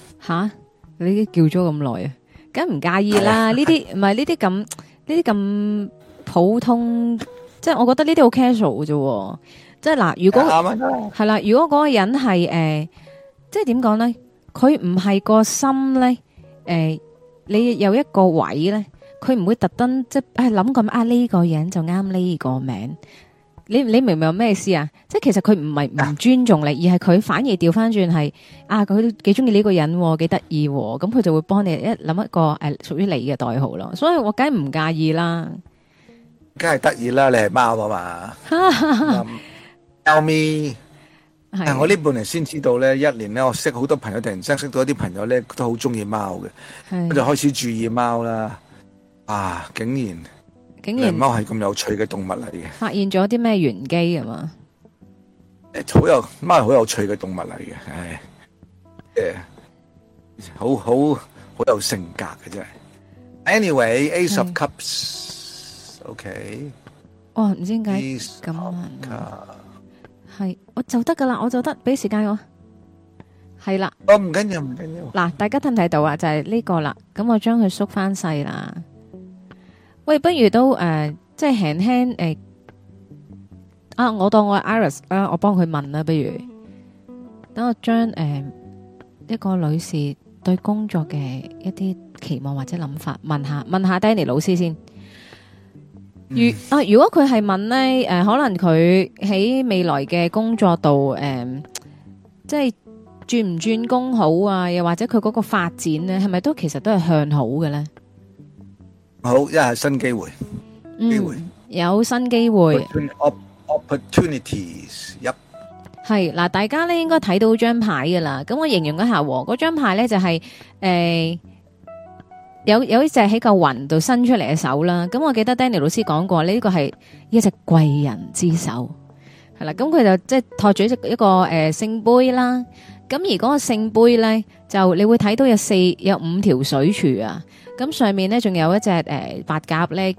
吓你叫咗咁耐啊，梗唔介意啦。呢啲唔係呢啲咁呢啲咁普通，即係我覺得呢啲好 casual 嘅啫。即係嗱，如果係啦，如果嗰個人係誒，即係點講咧？佢唔係個心咧，誒，你有一個位咧，佢唔會特登，即係諗咁啊，呢個人就啱呢個名。你你明唔明咩意思啊？即係其實佢唔係唔尊重你，啊、而係佢反而調翻轉係啊！佢都幾中意呢個人，啊，幾得意咁，佢就會幫你一諗一個誒，屬於你嘅代號咯，啊。所以我梗係唔介意啦，梗係得意啦！你係貓啊嘛 Tell me 但我呢半年先知道咧，一年咧，我識好多朋友，突然間識到一啲朋友咧，都好中意貓嘅，我是就開始注意貓啦。啊，竟然！竟然貓係咁有趣嘅動物嚟嘅，發現咗啲咩玄機啊嘛？誒，好有貓係好有趣嘅動物嚟嘅，唉，誒，好好好有性格嘅真係。Anyway，Ace of Cups，OK。哇，唔知點解咁啊？係，我就得噶啦，我就得，俾時間我。係啦。我唔緊要，唔緊要。嗱，大家睇唔睇到啊？就係呢個啦。咁我將佢縮翻細啦。喂，不如都誒、呃，即係輕輕誒、呃、啊！我當我係 Iris 啦、啊，我幫佢問啦。不如，等我將誒、呃、一個女士對工作嘅一啲期望或者諗法問下，問下 Danny 老師先。如、嗯、啊，如果佢係問呢，誒、呃，可能佢喺未來嘅工作度，誒、呃，即係轉唔轉工好啊？又或者佢嗰個發展呢，係咪都其實都係向好嘅咧？好，一係新機會，機會、嗯、有新機會。Opportun opportunities 一係嗱，大家咧應該睇到張牌噶啦。咁我形容一下，嗰張牌咧就係、是、誒、欸、有有一隻喺個雲度伸出嚟嘅手啦。咁我記得 Danny 老師講過，呢、這個係一隻貴人之手，係啦。咁佢就即係、就是、托住一隻一個誒聖、呃、杯啦。咁而嗰個聖杯咧，就你會睇到有四有五條水柱啊。咁上面咧，仲有一隻誒、呃、白鴿咧，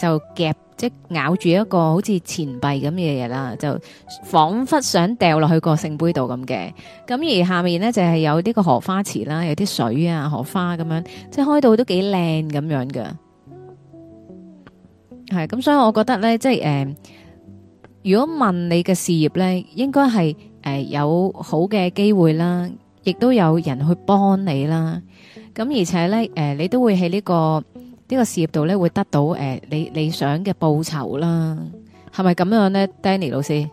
就夾即係咬住一個好似錢幣咁嘅嘢啦，就仿佛想掉落去個聖杯度咁嘅。咁而下面咧就係、是、有呢個荷花池啦，有啲水啊，荷花咁樣，即係開到都幾靚咁樣嘅。係咁，所以我覺得咧，即係誒、呃，如果問你嘅事業咧，應該係誒有好嘅機會啦。亦都有人去幫你啦，咁而且咧，誒你都會喺呢個呢個事業度咧，會得到誒你你想嘅報酬啦，係咪咁樣咧，Danny 老師？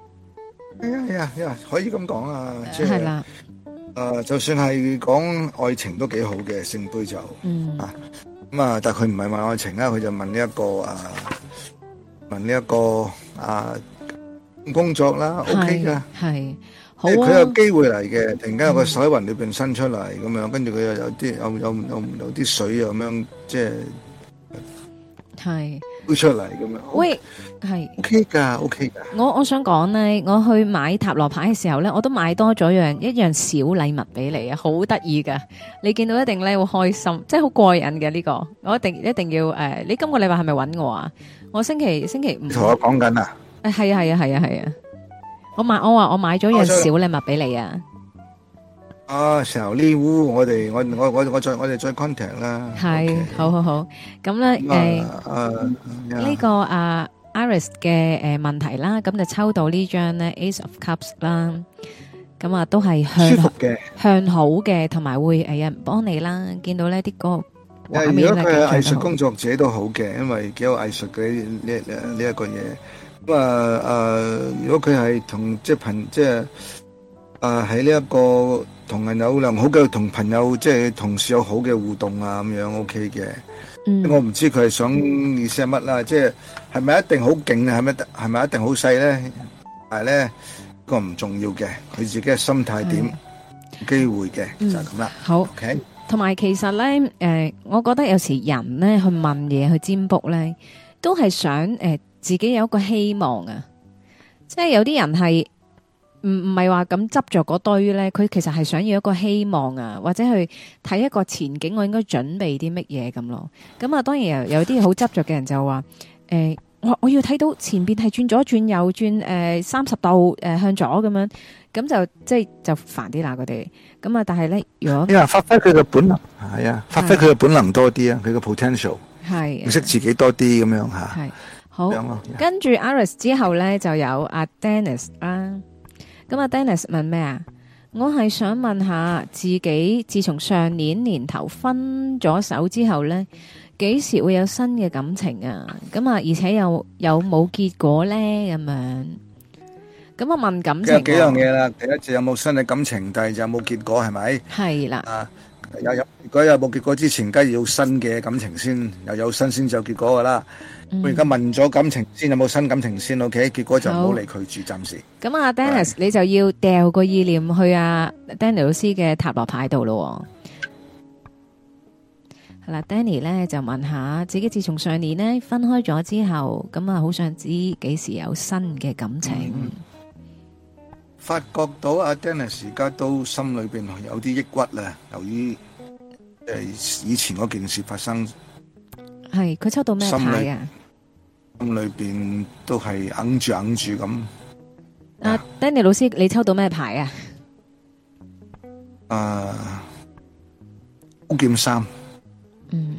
係啊係啊，可以咁講啊，即係誒，就算係講愛情都幾好嘅聖杯酒，嗯啊，咁啊，但係佢唔係問愛情啦，佢就問呢一個啊，問呢一個啊工作啦，OK 噶，係。佢有機會嚟嘅，突然間有個水雲裏邊伸出嚟咁樣，跟住佢又有啲有有有有啲水咁樣，即係係會出嚟咁樣。喂，係 OK 噶，OK 噶。我我想講咧，我去買塔羅牌嘅時候咧，我都買多咗樣一樣小禮物俾你啊，好得意噶！你見到一定咧會開心，即係好過癮嘅呢個。我一定一定要誒，你今個禮拜係咪揾我啊？我星期星期五同我講緊啊！誒係啊係啊係啊係啊！我買我話我買咗樣小禮物俾你啊！啊，時候呢壺我哋我我我我再我哋再 contact 啦。係，好好好。咁咧，誒，呢個阿 Iris 嘅誒問題啦，咁就抽到呢張咧 Ace of Cups 啦。咁啊，都係向，舒服嘅，向好嘅，同埋會誒有人幫你啦。見到咧啲個畫面嘅藝術工作者都好嘅，因為幾有藝術嘅呢呢呢一個嘢。咁啊誒，如果佢係同即係朋即係誒，喺呢一個同人有良好嘅同朋友即係同事有好嘅互動啊，咁樣 O K 嘅。我唔知佢係想意思係乜啦，即係係咪一定好勁啊？係咪得？係咪一定好細咧？係咧個唔重要嘅，佢自己嘅心態點？機會嘅就係咁啦。好，O K。同埋其實咧誒，我覺得有時人咧去問嘢去占卜咧，都係想誒。自己有一個希望啊，即係有啲人係唔唔係話咁執着嗰堆咧，佢其實係想要一個希望啊，或者去睇一個前景，我應該準備啲乜嘢咁咯。咁啊，當然有有啲好執着嘅人就話：誒，我我要睇到前邊係轉左轉右轉，誒三十度，誒向左咁樣，咁就即係就煩啲啦。佢哋咁啊，但係咧，如果發揮佢嘅本能，係啊，發揮佢嘅本能多啲啊，佢嘅 potential，係認識自己多啲咁樣吓。好，Yeah. 跟住 Aris 之後咧，就有阿、啊、Dennis 啦。咁啊，Dennis 問咩啊？我係想問下自己，自從上年年頭分咗手之後咧，幾時會有新嘅感情啊？咁啊，而且又有冇結果咧，咁樣。咁我問感情，有幾樣嘢啦。第一次有冇新嘅感情，第二就有冇結果係咪？係啦。啊，又有如果有冇結果之前，梗係要有新嘅感情先，又有，有新先有結果噶啦。佢而家問咗感情先，有冇新感情先？OK，結果就唔好理佢住，暫時。咁啊，Dennis，你就要掉個意念去阿、啊、Danny 老師嘅塔羅牌度咯、哦。係啦、嗯，Danny 咧就問下自己，自從上年呢分開咗之後，咁啊好想知幾時有新嘅感情、嗯。發覺到阿 Dennis 而家都心裏邊有啲抑鬱啦，由於誒、呃、以前嗰件事發生。係，佢抽到咩牌啊？心裏邊都係硬住硬住咁。阿 Danny 老師，你抽到咩牌啊？啊，寶劍三。嗯，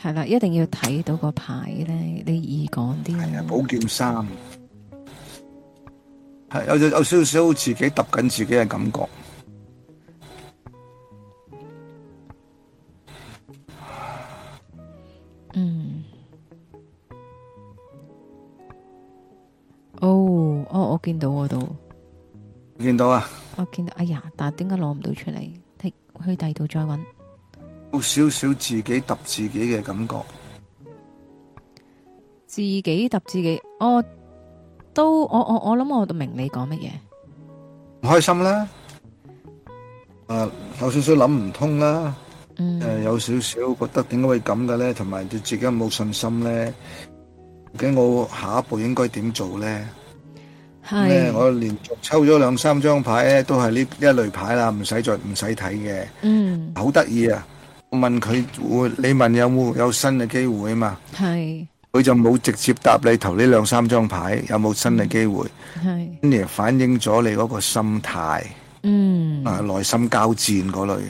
係啦，一定要睇到個牌咧，你易講啲。係啊，寶劍三，係有有有少少自己揼緊自己嘅感覺。嗯。哦，我我見到我都見到啊！我見到，哎呀，但係點解攞唔到出嚟？睇去第二度再搵，有少少自己揼自己嘅感覺，自己揼自己，我都我我我諗我都明你講乜嘢，唔開心啦，誒，有少少諗唔通啦，誒，有少少覺得點解會咁嘅咧？同埋對自己冇信心咧。究竟我下一步應該點做呢？係我連續抽咗兩三張牌咧，都係呢一類牌啦，唔使再唔使睇嘅。嗯，好得意啊！問佢，你問有冇有新嘅機會啊嘛？係佢就冇直接答你頭，呢兩三張牌有冇新嘅機會？係，咁亦反映咗你嗰個心態。嗯，啊，內心交戰嗰類。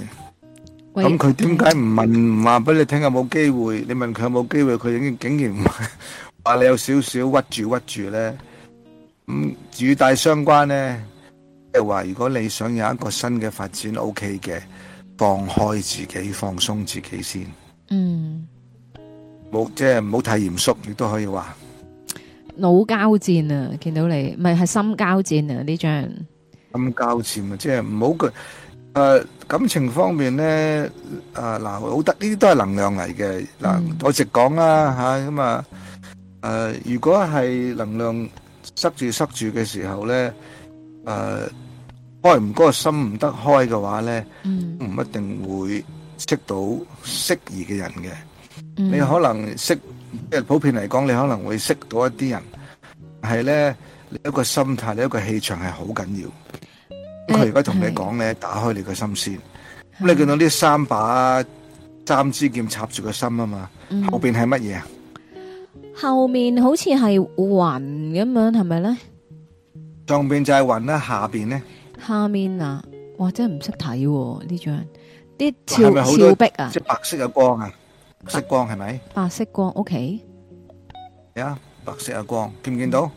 咁佢點解唔問？唔話俾你聽有冇機會？你問佢有冇機會，佢已經竟然唔係。話、啊、你有少少屈住屈住咧，咁語帶相關咧，即係話如果你想有一個新嘅發展，O K 嘅，放開自己，放鬆自己先。嗯，冇即係唔好太嚴肅，亦都可以話。腦交戰啊，見到你，唔係係心交戰啊呢張。心交戰啊，即係唔好佢誒，感情方面咧，啊、呃、嗱，好得呢啲都係能量嚟嘅。嗱，我直講啦吓，咁啊。啊誒、呃，如果係能量塞住塞住嘅時候咧，誒、呃，開唔開心唔得開嘅話咧，唔、mm. 一定會識到適宜嘅人嘅。Mm. 你可能識，即係普遍嚟講，你可能會識到一啲人，但係咧，你一個心態，你一個氣場係好緊要。佢而家同你講咧，mm. 打開你個心先。咁、mm. 你見到呢三把三支劍插住個心啊嘛，mm hmm. 後邊係乜嘢啊？後面好似係雲咁樣，係咪咧？上邊就係雲啦，下邊咧？下面啊，哇，真係唔識睇喎！呢張啲峭峭壁啊，即係白色嘅光啊，白，白色光係咪？是不是白色光，OK。係啊，白色嘅光，見唔見到？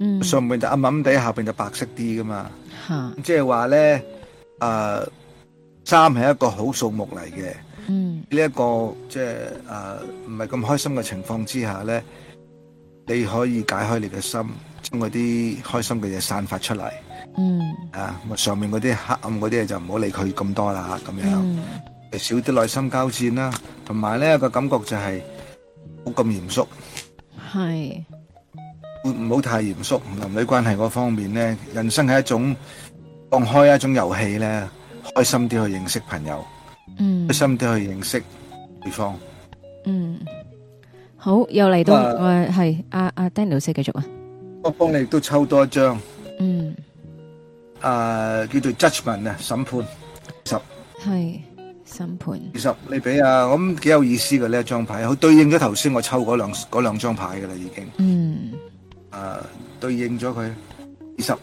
嗯，上邊就暗暗哋，下邊就白色啲噶嘛。吓哈，即係話咧，誒、呃，三係一個好數目嚟嘅。嗯，呢一個即係誒唔係咁開心嘅情況之下咧，你可以解開你嘅心，將嗰啲開心嘅嘢散發出嚟。嗯啊，上面嗰啲黑暗嗰啲嘢就唔好理佢咁多啦，咁樣少啲內心交戰啦。同埋呢個感覺就係冇咁嚴肅，係唔好太嚴肅。男女關係嗰方面咧，人生係一種放開一種遊戲咧，開心啲去認識朋友。嗯，心啲去認識對方。嗯，好，又嚟到誒，係阿阿 Danny 老師繼續啊。我幫你亦都抽多一張。嗯。誒，叫做 Judgement 啊，審判十。係審判二十，你俾啊，我諗幾有意思噶呢一張牌，佢對應咗頭先我抽嗰兩嗰兩張牌噶啦，已經。嗯。誒，對應咗佢二十審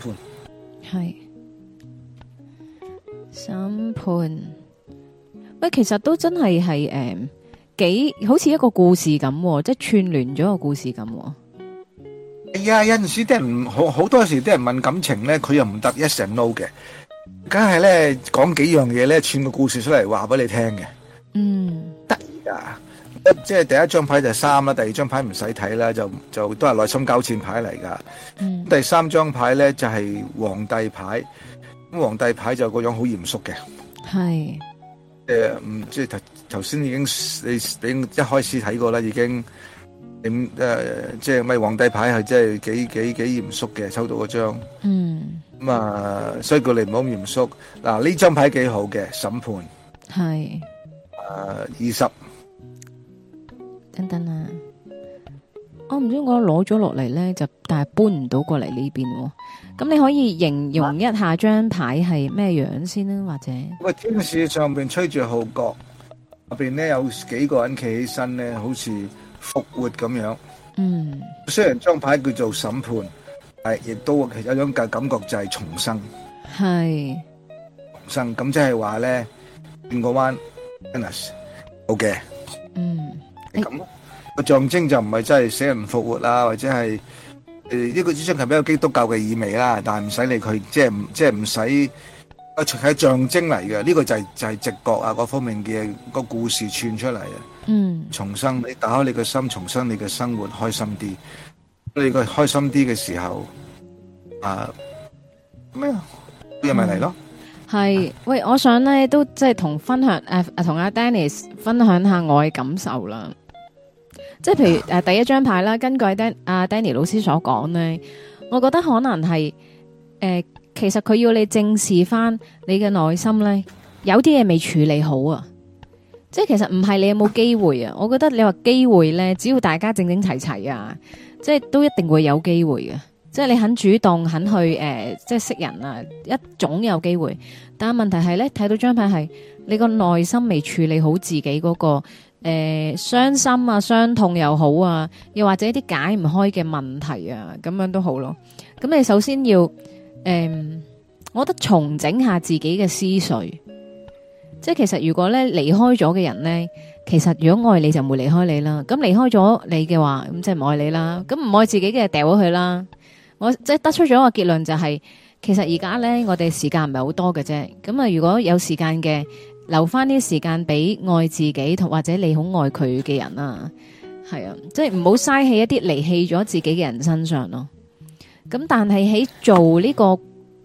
判。係審判。喂，其實都真係係誒，幾好似一個故事咁，即係串聯咗個故事咁。哎呀，有時啲人好好多時，啲人問感情咧，佢又唔答 yes and no 嘅，梗係咧講幾樣嘢咧，串個故事出嚟話俾你聽嘅。嗯，得意噶，即係第一張牌就係三啦，第二張牌唔使睇啦，就就都係內心交戰牌嚟噶。嗯、第三張牌咧就係、是、皇帝牌，咁皇帝牌就個樣好嚴肅嘅。係。誒，唔即係頭頭先已經你已經一開始睇過啦，已經點誒，即係咪皇帝牌係即係幾幾幾嚴肅嘅抽到嗰張，嗯，咁啊，所以叫你唔好咁嚴肅。嗱，呢張牌幾好嘅審判，係，誒，二十，等等啊。我唔知我攞咗落嚟咧，就但係搬唔到過嚟呢邊。咁你可以形容一下張牌係咩樣先啦，或者喂，天使上邊吹住號角，入邊咧有幾個人企起身咧，好似復活咁樣。嗯，雖然張牌叫做審判，係亦都其實有種嘅感覺就係重生。係重生，咁即係話咧，轉個彎，嗯，OK，好嘅。嗯，你咁咯。個象徵就唔係真係死人復活啦，或者係誒呢個象徵係比較基督教嘅意味啦。但係唔使理佢，即係唔即係唔使啊，係象徵嚟嘅。呢、這個就係、是、就係、是、直覺啊，各方面嘅、那個故事串出嚟啊。嗯，重生你打開你嘅心，重生你嘅生活，開心啲。你個開心啲嘅時候啊咩又咪嚟咯？係、嗯啊、喂，我想咧都即係同分享誒，同、呃、阿 Dennis 分享下我嘅感受啦。即係譬如誒第一張牌啦，根據 Danny 老師所講呢，我覺得可能係誒、呃、其實佢要你正視翻你嘅內心呢，有啲嘢未處理好啊！即係其實唔係你有冇機會啊？我覺得你話機會呢，只要大家整整齊齊啊，即係都一定會有機會嘅。即係你肯主動肯去誒、呃，即係識人啊，一總有機會。但係問題係呢，睇到張牌係你個內心未處理好自己嗰、嗰個。誒，傷心啊，傷痛又好啊，又或者一啲解唔開嘅問題啊，咁樣都好咯。咁你首先要，誒，我覺得重整下自己嘅思緒。即係其實如果咧離開咗嘅人呢，其實如果愛你就唔會離開你啦。咁離開咗你嘅話，咁即係唔愛你啦。咁唔愛自己嘅掉咗佢啦。我即係得出咗一個結論就係，其實而家呢，我哋時間唔係好多嘅啫。咁啊，如果有時間嘅。留翻啲時間俾愛自己同或者你好愛佢嘅人啦，係啊，即係唔好嘥氣一啲離棄咗自己嘅人身上咯。咁但係喺做呢個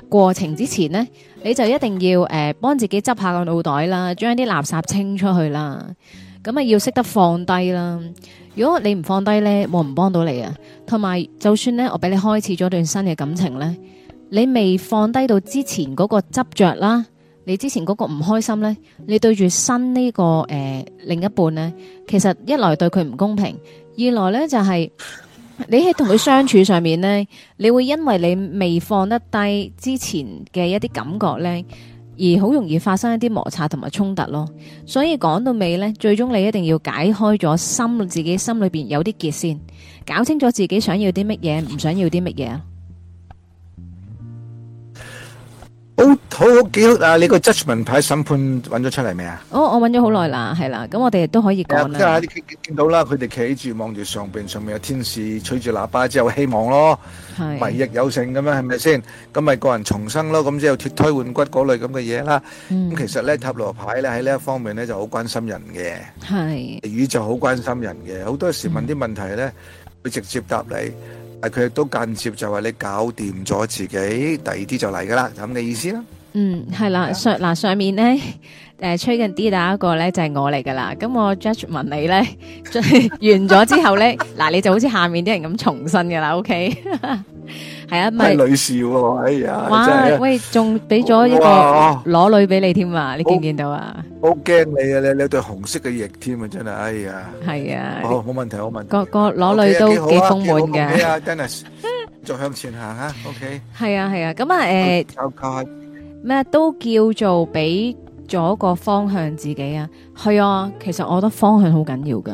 過程之前呢，你就一定要誒、呃、幫自己執下個腦袋啦，將啲垃圾清出去啦。咁啊要識得放低啦。如果你唔放低呢，我唔幫到你啊。同埋就算呢，我俾你開始咗段新嘅感情呢，你未放低到之前嗰個執着啦。你之前嗰個唔開心呢，你對住新呢、這個誒、呃、另一半呢，其實一來對佢唔公平，二來呢就係、是、你喺同佢相處上面呢，你會因為你未放得低之前嘅一啲感覺呢，而好容易發生一啲摩擦同埋衝突咯。所以講到尾呢，最終你一定要解開咗心自己心裏邊有啲結先，搞清楚自己想要啲乜嘢，唔想要啲乜嘢啊！好好好幾好啊！你個 judgment 牌審判揾咗出嚟未啊？哦，我揾咗好耐啦，係啦，咁我哋都可以講啦。即係見見到啦，佢哋企住望住上邊，上面有天使吹住喇叭，之後有希望咯，是迷亦有勝咁樣，係咪先？咁咪個人重生咯，咁之後脫胎換骨嗰類咁嘅嘢啦。咁其實咧塔羅牌咧喺呢一方面咧就好關心人嘅，係宇宙好關心人嘅，好多時問啲問題咧會直接答你。啊！佢都間接就話你搞掂咗自己，第二啲就嚟噶啦，咁嘅意思啦。嗯，係啦，上嗱上面咧，誒吹緊 D 打一個咧就係、是、我嚟噶啦。咁我 Judge 問你咧，完咗之後咧，嗱你就好似下面啲人咁重申噶啦，OK。 係啊，唔係女士喎，哎呀！哇，喂，仲俾咗一個裸女俾你添啊？你見唔見到啊？好驚你啊！你你對紅色嘅翼添啊！真係，哎呀！係啊，好冇問題，冇問題。個個裸女都幾豐滿嘅。OK 啊，Dennis，再向前行啊，OK。係啊係啊，咁啊誒，咩都叫做俾咗個方向自己啊。係啊，其實我覺得方向好緊要噶。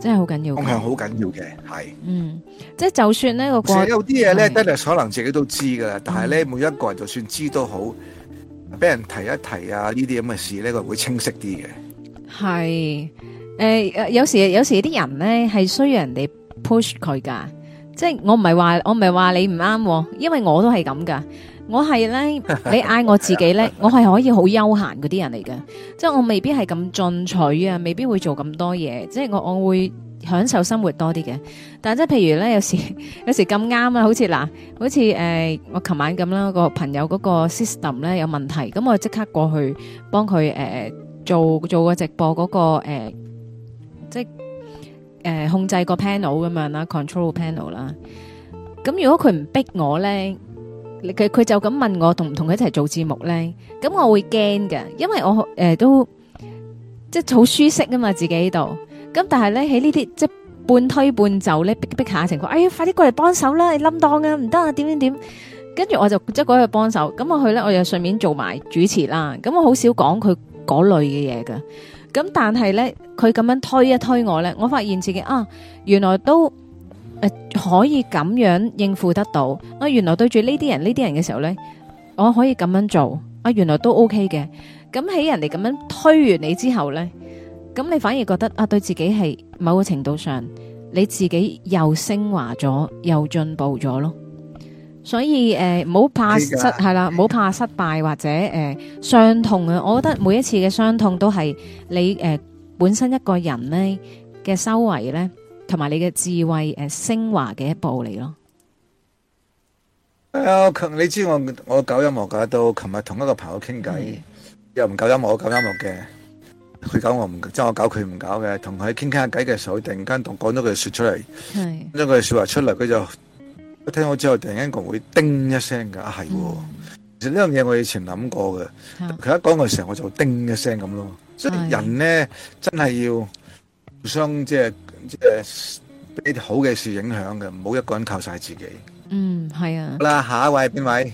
真係好緊要的、嗯，方向好緊要嘅係。是嗯，即係就算呢個卦，國有啲嘢咧，今日是可能自己都知噶啦。但係咧，嗯、每一個人就算知都好，俾人提一提啊，這些這呢啲咁嘅事咧，佢會清晰啲嘅。係，誒、呃，有時有時啲人咧係需要人哋 push 佢噶，即係我唔係話我唔係話你唔啱、啊，因為我都係咁噶。我係咧，你嗌我自己咧，我係可以好悠閒嗰啲人嚟嘅，即係我未必係咁進取啊，未必會做咁多嘢，即係我我會享受生活多啲嘅。但係即係譬如咧，有時有時咁啱啊，好似嗱，好似誒我琴晚咁啦，我個朋友嗰個 system 咧有問題，咁我即刻過去幫佢誒做做個直播嗰個誒，即係誒控制個 panel 咁樣啦，control panel 啦。咁如果佢唔逼我咧？佢佢就咁問我同唔同佢一齊做節目咧？咁我會驚㗎，因為我誒都即係好舒適啊嘛，自己呢度。咁但係咧喺呢啲即係半推半就咧逼逼下情況，哎呀快啲過嚟幫手啦！你冧檔啊，唔得啊點點點。跟住我就即係過去幫手。咁我去咧，我又順便做埋主持啦。咁我好少講佢嗰類嘅嘢㗎。咁但係咧，佢咁樣推一推我咧，我發現自己啊，原來都。誒、呃，可以咁樣應付得到。啊，原來對住呢啲人，呢啲人嘅時候呢，我可以咁樣做。啊，原來都 OK 嘅。咁喺人哋咁樣推完你之後呢，咁你反而覺得啊，對自己係某個程度上，你自己又昇華咗，又進步咗咯。所以誒，唔、呃、好怕失係啦，唔好怕失敗或者誒、呃、傷痛啊。我覺得每一次嘅傷痛都係你誒、呃、本身一個人呢嘅修為呢。同埋你嘅智慧，誒、uh, 昇華嘅一步嚟咯。係啊，你知我我搞音樂噶，到琴日同一個朋友傾偈，是又唔搞音樂，我搞音樂嘅。佢搞我唔，即係我搞佢唔搞嘅。同佢傾傾下偈嘅時候，突然間同講咗句説出嚟，講咗句説話出嚟，佢就我聽咗之後，突然間會叮一聲嘅。啊，係喎、哦！嗯、其實呢樣嘢我以前諗過嘅，佢、啊、一講嘅時候我就叮一聲咁咯。是所以人咧真係要互相即係。就是即係俾啲好嘅事影響嘅，唔好一個人靠晒自己。嗯，係啊。啦，下一位係邊位？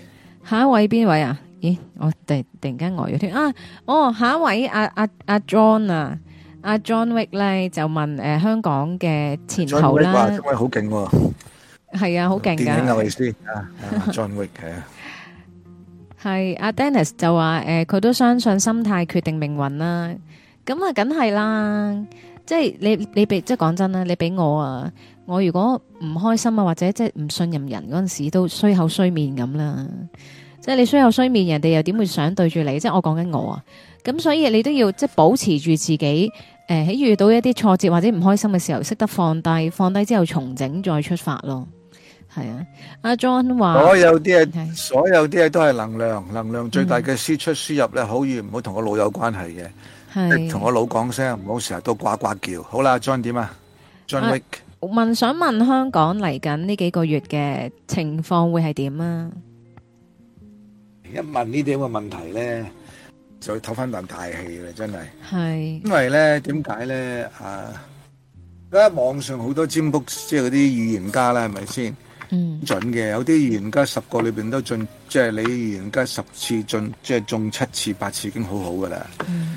下一位邊位啊？咦，我突突然間呆咗添啊！哦，下一位阿阿阿 John 啊，阿 John Wick 咧就問誒香港嘅前途啦。你話中文好勁喎？係啊，好勁噶。電影嘅意思啊，John Wick 係啊。係阿 Dennis 就話誒，佢都相信心態決定命運啦。咁啊，梗係啦。即係你你俾即係講真啦，你俾我啊，我如果唔開心啊，或者即係唔信任人嗰陣時，都衰口衰面咁啦。即係你衰口衰面，人哋又點會想對住你？即係我講緊我啊。咁所以你都要即係保持住自己誒，喺、呃、遇到一啲挫折或者唔開心嘅時候，識得放低，放低之後重整再出發咯。係啊，阿、啊、John 話，所有啲嘢，是所有啲嘢都係能量，能量最大嘅輸出輸入咧，好易唔好同個腦有關係嘅。同是、欸、我老講聲，唔好成日都呱呱叫。好啦，John 點啊？John，Wick, 啊問想問香港嚟緊呢幾個月嘅情況會係點啊？一問呢啲咁嘅問題咧，就唞翻啖大氣啦，真係。係是因為咧，點解咧？啊，而家網上好多占卜，即係嗰啲預言家啦，係咪先？嗯，準嘅有啲預言家十個裏邊都中，即係你預言家十次中，即係中七次八次已經好好噶啦。嗯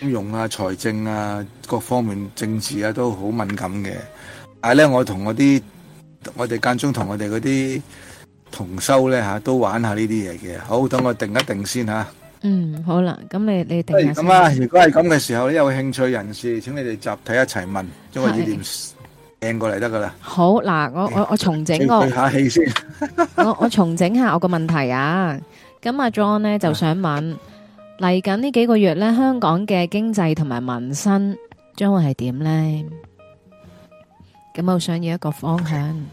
金融啊、財政啊、各方面政治啊都好敏感嘅，但係咧，我同我啲我哋間中同我哋嗰啲同修咧嚇、啊、都玩下呢啲嘢嘅。好，等我定一定先嚇、啊。嗯，好啦，咁你你定一下先。咁啊，如果係咁嘅時候，有興趣人士，請你哋集體一齊問，將個議題掟過嚟得噶啦。好，嗱，我我我重整下氣先。我我重整下我個問題啊。咁阿、 啊、John 咧就想問。啊嚟緊呢幾個月咧，香港嘅經濟同埋民生將會係點咧？咁我想要一個方向。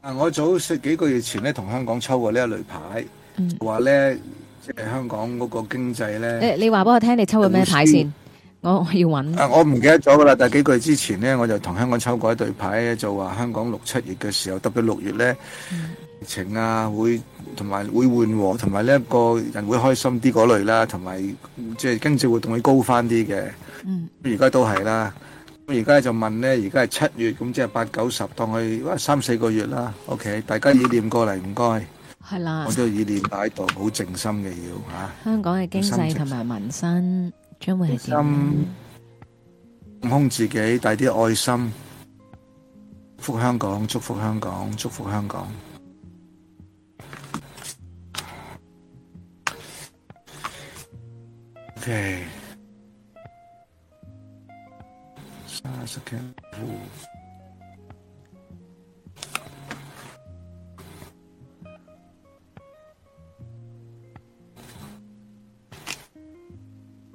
啊，我早幾個月前咧，同香港抽過呢一類牌，話咧即係香港嗰個經濟咧。你你話俾我聽，你抽過咩牌先？我要揾。啊，我唔記得咗噶啦。但幾個月之前咧，我就同香港抽過一對牌，就話香港六七月嘅時候，特別六月咧疫情啊會。同埋會緩和，同埋呢一個人會開心啲嗰類啦，同埋即係經濟活動會高返啲嘅。嗯，而家都係啦。咁而家就問呢，而家係七月，咁即係八九十當佢三四個月啦。OK，大家意念過嚟，唔該。係啦。我都意念喺度，好靜心嘅要嚇。香港嘅經濟同埋民生將會係點？心空自己，帶啲愛心，祝福香港，祝福香港，祝福香港。O.K.，卅幾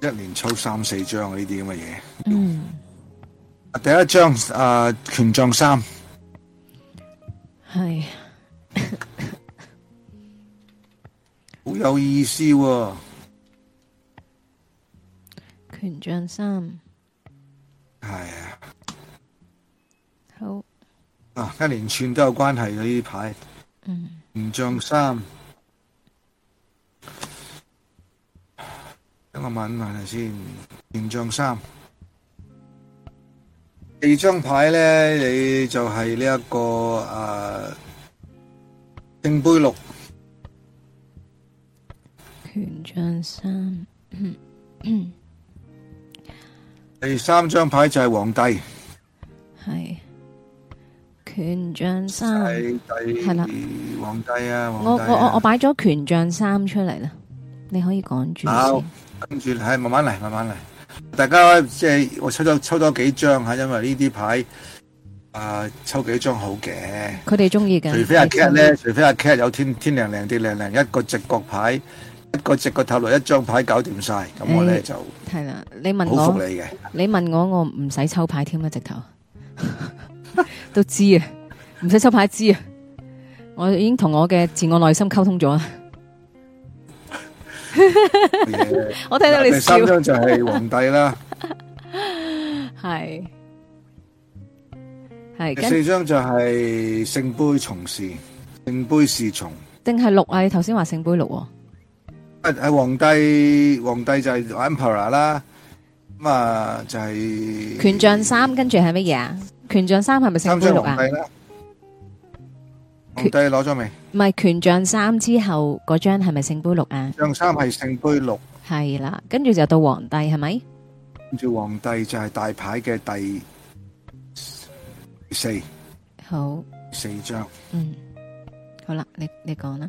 年，一年抽三四張啊！呢啲咁嘅嘢。嗯。啊，第一張啊，權杖三。係。好有意思喎！權杖三，係啊，好啊，一連串都有關係嘅呢啲牌。嗯，權杖三，等我問下先。權杖三，第二張牌呢，你就係呢一個誒，聖杯六。權杖三。第三張牌就係皇帝，係權杖三，係啦，皇帝啊，皇帝，我我我擺咗權杖三出嚟啦，你可以講住先，跟住係慢慢嚟，慢慢嚟，大家即係我抽咗抽咗幾張吓，因為呢啲牌啊抽幾張好嘅，佢哋中意嘅，除非阿 cat 咧，除非阿 cat 有天天靈靈、地靈靈，一個直角牌。一個直個頭落一張牌搞掂晒，咁我咧就係啦，hey。你問我服你嘅，你問我我唔使抽牌添啦，直頭 都知啊，唔使抽牌知啊。我已經同我嘅自我內心溝通咗啊。 我睇到你 第三張就係皇帝啦，係係。四張就係聖杯從事。聖杯侍從，定係六啊？你頭先話聖杯六。係皇帝，皇帝就係 emperor 啦。咁啊，就係權杖三，跟住係乜嘢啊？權杖三係咪聖杯六啊？三張皇帝啦。皇帝攞咗未？唔係權杖三之後嗰張係咪聖杯六啊？權杖三係聖杯六。係啦，跟住就到皇帝係咪？跟住皇帝就係大牌嘅第四。好。四張。嗯。好啦，你你講啦。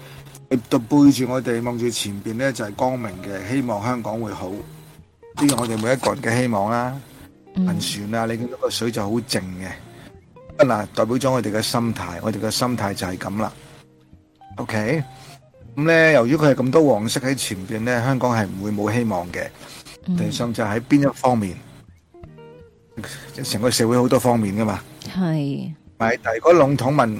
就背住我哋望住前邊咧，就係光明嘅，希望香港會好，呢個我哋每一個人嘅希望啦。行船啊，你見到個水就好靜嘅，嗱代表咗我哋嘅心態，我哋嘅心態就係咁啦。OK，咁咧由於佢係咁多黃色喺前邊咧，香港係唔會冇希望嘅，但係想就喺邊一方面，成個社會好多方面噶嘛。係，咪第個籠統問？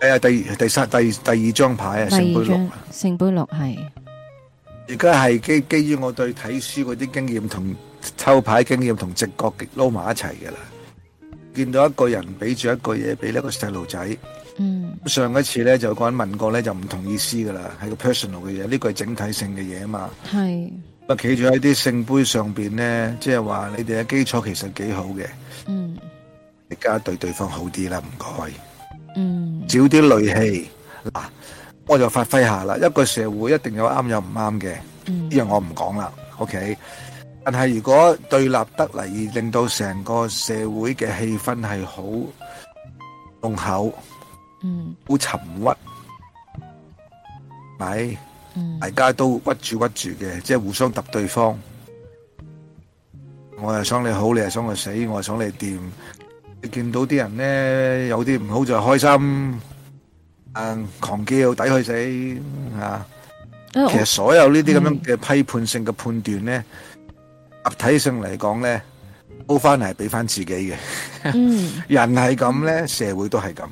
啊、哎，第第三第第，張第二張牌啊，聖杯六，聖杯六係。而家係基基於我對睇書嗰啲經驗同抽牌經驗同直覺極撈埋一齊噶啦。見到一個人俾住一個嘢俾一個細路仔，嗯，上一次咧就嗰陣問過咧就唔同意思噶啦，係個 personal 嘅嘢，呢、呢個係整體性嘅嘢啊嘛。係是。企住喺啲聖杯上邊咧，即係話你哋嘅基礎其實幾好嘅。嗯。而家對對方好啲啦，唔該。嗯，少啲戾氣嗱，我就發揮下啦。一個社會一定有啱有唔啱嘅，呢樣我唔講啦，OK。但係如果對立得嚟，令到成個社會嘅氣氛係好濃厚，嗯，好沉鬱，咪，嗯，大家都屈住屈住嘅，即係互相揼對方。我又想你好，你又想我死，我又想你掂。見到啲人咧，有啲唔好就開心，啊，狂叫抵佢死、啊啊、其實所有呢啲咁樣嘅批判性嘅判斷咧，嗯、合體性嚟講咧，煲翻嚟係俾翻自己嘅。 嗯、人係咁咧，社會都係咁。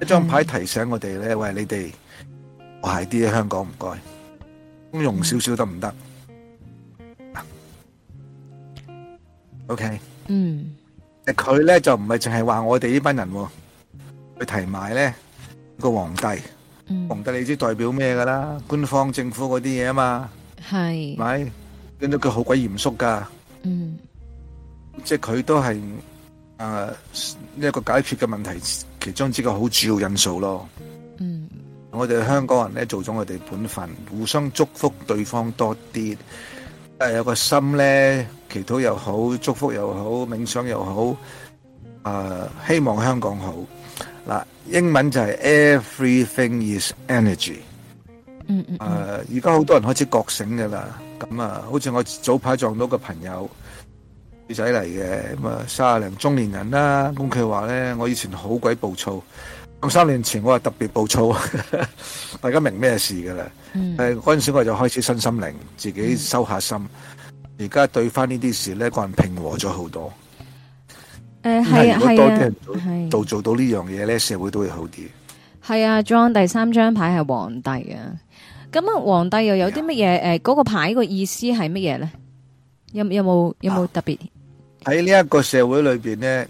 一張牌提醒我哋咧，嗯、喂，你哋我係啲，香港唔該，寬容少少得唔得？OK。嗯。Okay. 嗯佢咧就唔係淨係話我哋呢班人，哦，佢提埋咧、個皇帝，嗯、皇帝你知代表咩噶啦？官方政府嗰啲嘢啊嘛，係咪？跟到佢好鬼嚴肅噶，嗯，即係佢都係誒、呃、一個解決嘅問題，其中之一個好主要因素咯。嗯，我哋香港人咧做咗我哋本分，互相祝福對方多啲。誒，有個心咧，祈禱又好，祝福又好，冥想又好，誒，希望香港好。嗱，英文就係 Everything is energy。嗯嗯。誒，而家好多人開始覺醒噶啦，咁啊，好似我早排撞到個朋友女仔嚟嘅，咁啊，卅零中年人啦，咁佢話咧，我以前好鬼暴躁。咁三年前我係特別暴躁， 大家明咩事噶啦？嗰陣、嗯欸、時我就開始身心靈，自己收下心。而家、嗯、對翻呢啲事呢，個人平和咗好多。誒、呃，係啊係啊，到做到呢樣嘢呢，社會都會好啲。係啊，John，第三張牌係皇帝啊。咁啊，皇帝又有啲乜嘢？誒、啊、嗰、呃那個牌個意思係乜嘢呢？有有冇有冇特別？喺呢一個社會裏邊呢，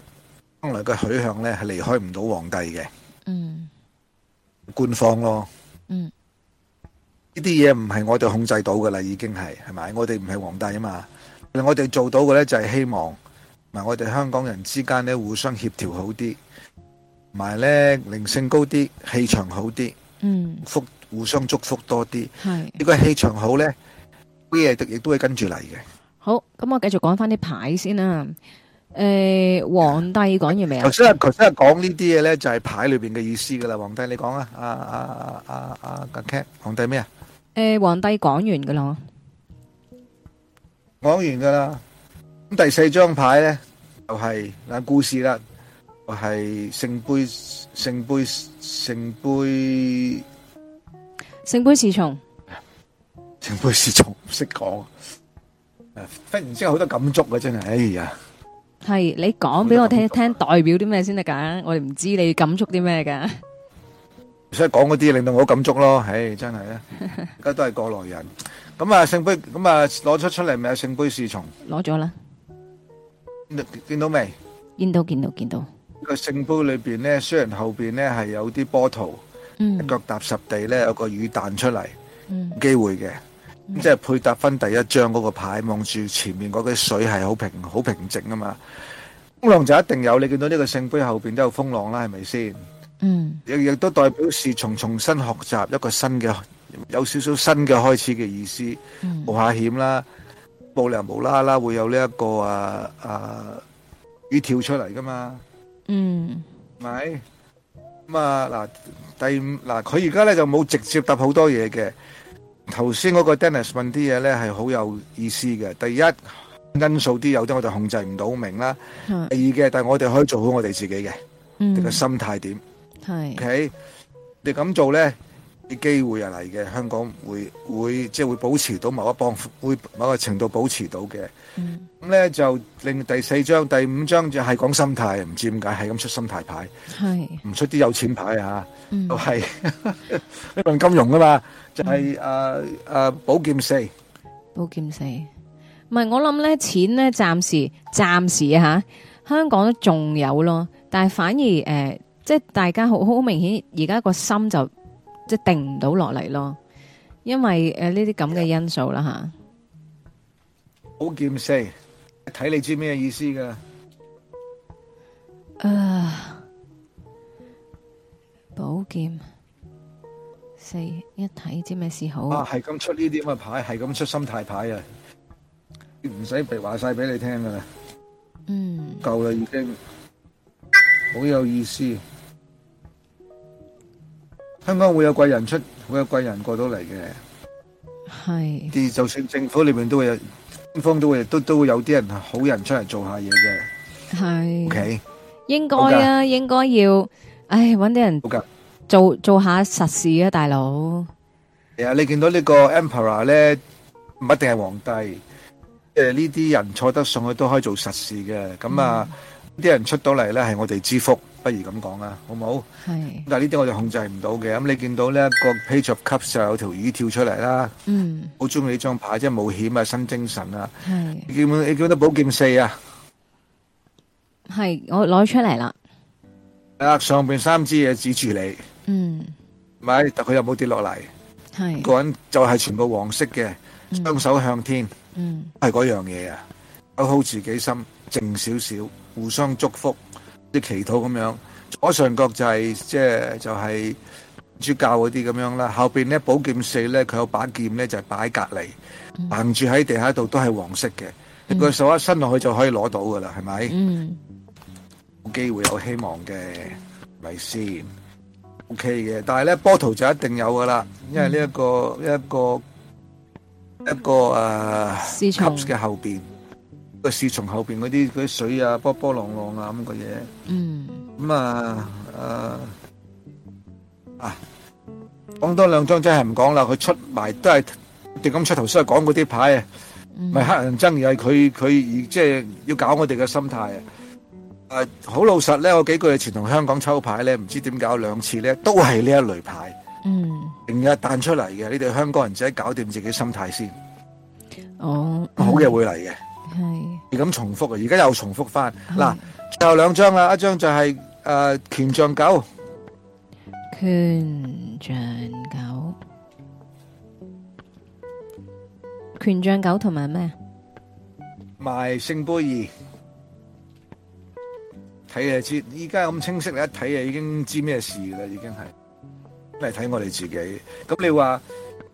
將來嘅取向呢，係離開唔到皇帝嘅。嗯，官方咯，嗯，呢啲嘢唔係我哋控制到噶啦，已經係，係咪？我哋唔係皇帝啊嘛，我哋做到嘅咧就係、是、希望，係我哋香港人之間咧互相協調好啲，同埋咧靈性高啲，氣場好啲，嗯，福互相祝福多啲，係是。呢個氣場好咧，啲嘢亦都會跟住嚟嘅。好，咁、嗯、我繼續講返啲牌先啦。誒，皇帝講完未啊？頭先啊，頭先啊，講呢啲嘢咧就係牌裏邊嘅意思噶啦。皇帝，你講啊，阿阿阿阿阿 Gat，皇帝咩啊？誒，皇帝講完噶啦，講完噶啦。咁第四張牌咧，就係嗱故事啦，就係聖杯聖杯聖杯聖杯侍從，聖杯侍從唔識講，忽然之間好多感觸啊！真係，哎呀～係，你講俾我聽聽代表啲咩先得噶？我哋唔知你要感觸啲咩噶。所以講嗰啲令到我好感觸咯，唉，真係 啊。而家都係過來人。咁啊聖杯，咁啊攞出出嚟咪有聖杯侍從。攞咗啦見。見到未？見到見到見到。個聖杯裏邊咧，雖然後邊咧係有啲波濤，嗯，腳踏實地咧有個雨彈出嚟，嗯，機會嘅。嗯、即係配搭翻第一張嗰個牌，望住前面嗰啲水係好平好、嗯、平靜啊嘛，風浪就一定有。你見到呢個聖杯後邊都有風浪啦，係咪先？嗯，亦亦都代表是從重，重新學習一個新嘅，有少少新嘅開始嘅意思，冒、嗯、下險啦，暴力無啦啦會有呢一個啊啊魚跳出嚟噶嘛，嗯，係咪？咁啊嗱，第五嗱，佢而家咧就冇直接答好多嘢嘅。頭先嗰個 Dennis 問啲嘢咧係好有意思嘅。第一因素啲有啲我哋控制唔到明啦。是第二嘅，但係我哋可以做好我哋自己嘅。嗯，個心態點？係是。OK，你咁做咧？啲機會又嚟嘅，香港會會即係會保持到某一幫，會某個程度保持到嘅。咁咧、嗯、就令第四張第五張就係講心態，唔知點解係咁出心態牌，係唔是出啲有錢牌啊？都係、嗯就是、 你問金融啊嘛，就係誒誒寶劍四，寶劍四唔係我諗咧，錢咧暫時暫時嚇、啊、香港都仲有咯，但係反而誒、呃、即係大家好好明顯而家個心就。即定唔到落嚟咯，因為誒呢啲咁嘅因素啦吓。寶劍四，睇你知咩意思噶？啊，寶劍四一睇知咩事好。啊，係咁出呢啲咁嘅牌，係咁出心態牌啊！唔使被話晒俾你聽噶啦，嗯、mm.，夠啦已經，好有意思。香港會有貴人出，會有貴人過到嚟嘅。係是，而就算政府裏面都會有，官方都會都都會有啲人係好人出嚟做下嘢嘅。係是，OK，應該啊，的應該要，唉、哎，搵啲人做的做，做下實事啊，大佬。係、yeah, 你見到這個呢個 Emperor 咧，唔一定係皇帝。誒、呃，呢啲人坐得上去都可以做實事嘅。咁、嗯、啊，啲人出到嚟咧，係我哋之福。不如咁講啊，好唔好？係是。但係呢啲我哋控制唔到嘅。咁你見到呢個 Page of Cups 就有條魚跳出嚟啦。嗯。好中意呢張牌，即係冒險啊、新精神啊。係是。你見唔見？你見唔見得寶劍四啊？係，我攞出嚟啦。啊！上邊三支嘢指住你。嗯。咪？但佢又冇跌落嚟。係是。個人就係全部黃色嘅，雙手向天。嗯。係嗰樣嘢啊！好好自己心，靜少少，互相祝福。.啲祈禱咁樣，左上角就係、是、即係就係、是、主教嗰啲咁樣啦。後邊咧寶劍四咧，佢有把劍咧就係擺隔離，橫住喺地下度都係黃色嘅。佢個、嗯、手一伸落去就可以攞到噶啦，係咪？嗯，有機會有希望嘅，咪先？O K 嘅，但係咧波圖就一定有噶啦，因為呢、這個嗯、一個一個一個啊，市、呃、嘅長後邊。個侍從後邊嗰啲嗰啲水啊，波波浪浪啊咁嘅嘢。嗯。咁啊，誒啊，講多兩張真係唔講啦。佢出埋都係正咁出頭先，係講嗰啲牌啊，唔係黑人憎，而係佢佢而即係要搞我哋嘅心態啊。誒，好老實咧，我幾個月前同香港抽牌咧，唔知點搞兩次咧都係呢一類牌。嗯。成日彈出嚟嘅，你哋香港人自己搞掂自己心態先。哦，好嘢會嚟嘅。係。而咁重複啊！而家又重複翻。嗱，最後兩張啦，一張就係誒權杖九，權杖九，權杖九同埋咩？賣聖杯二，睇下知。依家咁清晰，你一睇啊已經知咩事啦，已經係。都係睇我哋自己。咁你話？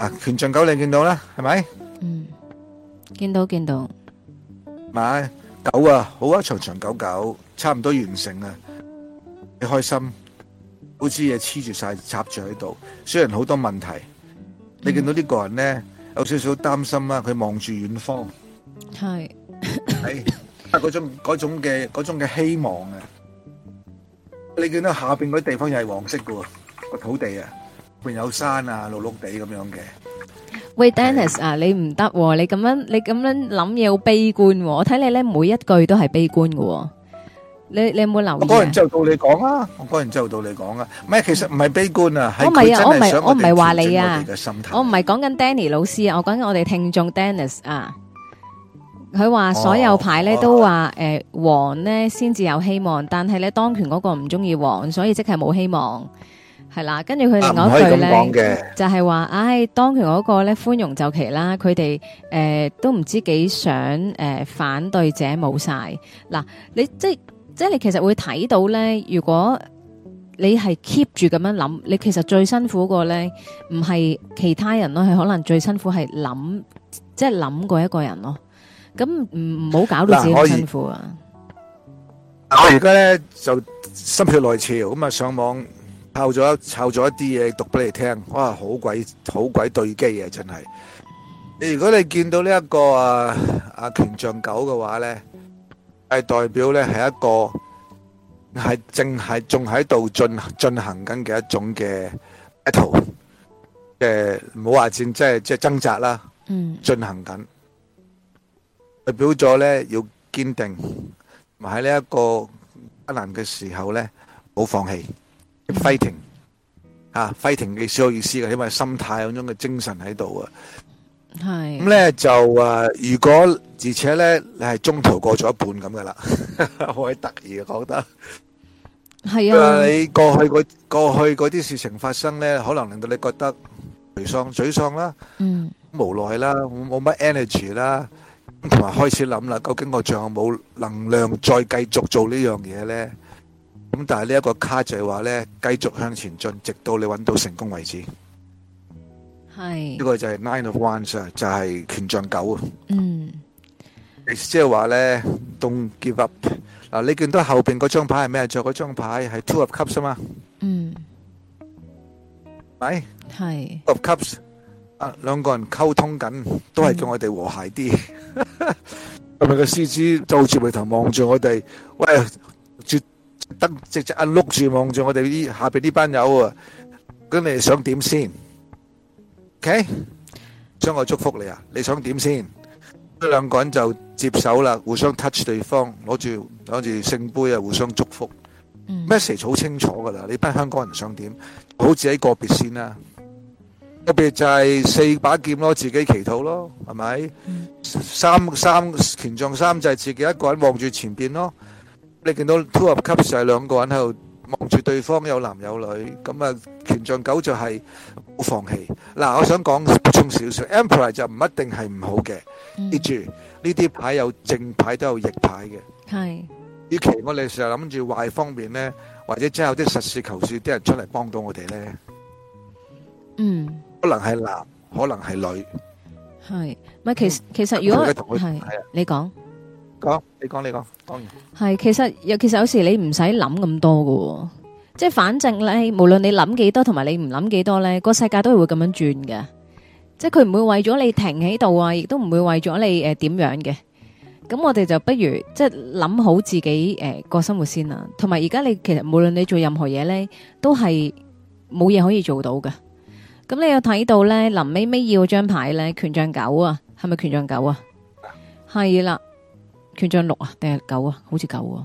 啊！長長九你見到啦，係咪？嗯，見到見到。咪、啊、狗啊，好啊！長長久久，差唔多完成啊！你開心，好似嘢黐住晒，插住喺度。雖然好多問題，嗯、你見到呢個人咧有少少擔心啊。佢望住遠方。係是。係。 啊，嗰種嘅嗰種嘅希望啊！你見到下邊嗰啲地方又係黃色嘅喎，個土地啊！邊有山啊，碌碌地咁樣嘅。喂，Dennis 啊，你唔得，你咁樣，你咁樣諗嘢好悲觀。我睇你咧，每一句都係悲觀嘅。你你有冇留意啊？我嗰陣就到你講啦，我嗰陣就到你講啦。唔係，其實唔係悲觀啊。我唔係話你啊。我唔係講緊 Danny 老師啊，我講緊我哋聽眾 Dennis 啊。佢話所有牌咧都話，誒，黃咧先至有希望，但係咧當權嗰個唔中意黃，所以即係冇希望。係啦，跟住佢另外一句咧，啊、就係話，唉、哎，當佢嗰個咧寬容就期啦，佢哋誒都唔知幾想誒、呃、反對者冇晒。嗱、啊，你即係即係你其實會睇到咧，如果你係 keep 住咁樣諗，你其實最辛苦個咧，唔係其他人咯，係可能最辛苦係諗，即係諗過一個人咯。咁唔唔好搞到自己、啊、好辛苦啊！我而家咧就心血來潮咁啊，上網。抄咗一抄咗一啲嘢讀俾你聽，哇，好鬼好鬼對機啊！真係你如果你見到呢、這、一個啊啊，權杖九嘅話咧，係代表咧係一個係正係仲喺度進進行緊嘅一種嘅 battle 唔好話戰即係即係掙扎啦，進、嗯、行緊，代表咗咧要堅定，喺呢一個艱難嘅時候咧，冇放棄。Fighting，啊 Fighting 嘅所有意思嘅，起碼心態嗰種嘅精神喺度啊。係。咁咧就誒，如果而且咧，你係中途過咗一半咁噶啦，好得意啊，我覺得。係啊。你過去嗰過去嗰啲事情發生咧，可能令到你覺得沮喪、沮喪啦，嗯，無奈啦，冇冇乜 energy 啦，咁同埋開始諗啦，究竟我仲有冇能量再繼續做呢樣嘢咧？咁但係呢一個卡就係話咧，繼續向前進，直到你搵到成功為止。係呢個就係 Nine of Wands，就係權杖九啊。嗯，即係話咧，don't give up。嗱，你見到後邊嗰張牌係咩？最後嗰張牌係 Two of Cups 嘛？嗯，係。係 Two of Cups。啊，兩個人溝通緊，都係叫我哋和諧啲。係咪個獅子皺住眉頭望住我哋，喂，絕！得直接啊，look 住望住我哋呢下邊呢班友啊，咁你哋想點先？OK，將我祝福你啊，你想點先？呢兩個人就接手啦，互相 touch 對方，攞住攞住聖杯啊，互相祝福。message 好清楚噶啦，呢班香港人想點？好自己個別先啦，個別就係四把劍咯，自己祈禱咯，係咪？三三權杖三就係自己一個人望住前邊咯。你見到 two of cups 係兩個人喺度望住對方，有男有女，咁啊權杖九就係冇放棄。嗱，我想講補充少少，emperor 就唔一定係唔好嘅，記住呢啲牌有正牌都有逆牌嘅。係，與其我哋成日諗住壞方面咧，或者真係有啲實事求是啲人出嚟幫到我哋咧，嗯，可能係男，可能係女。係，咪其實其實如果係你講。講你講你講，講完係其實尤其係有時你唔使諗咁多嘅、哦，即係反正咧，無論你諗幾多同埋你唔諗幾多咧，個世界都係會咁樣轉嘅。即係佢唔會為咗你停喺度啊，亦都唔會為咗你誒點、呃、樣嘅。咁我哋就不如即係諗好自己誒個、呃、生活先啦。同埋而家你其實無論你做任何嘢咧，都係冇嘢可以做到嘅。咁你有睇到咧，林尾尾要張牌咧，權杖九啊，係咪權杖九啊？係啦、啊。權杖六啊，定係九啊？好似九喎。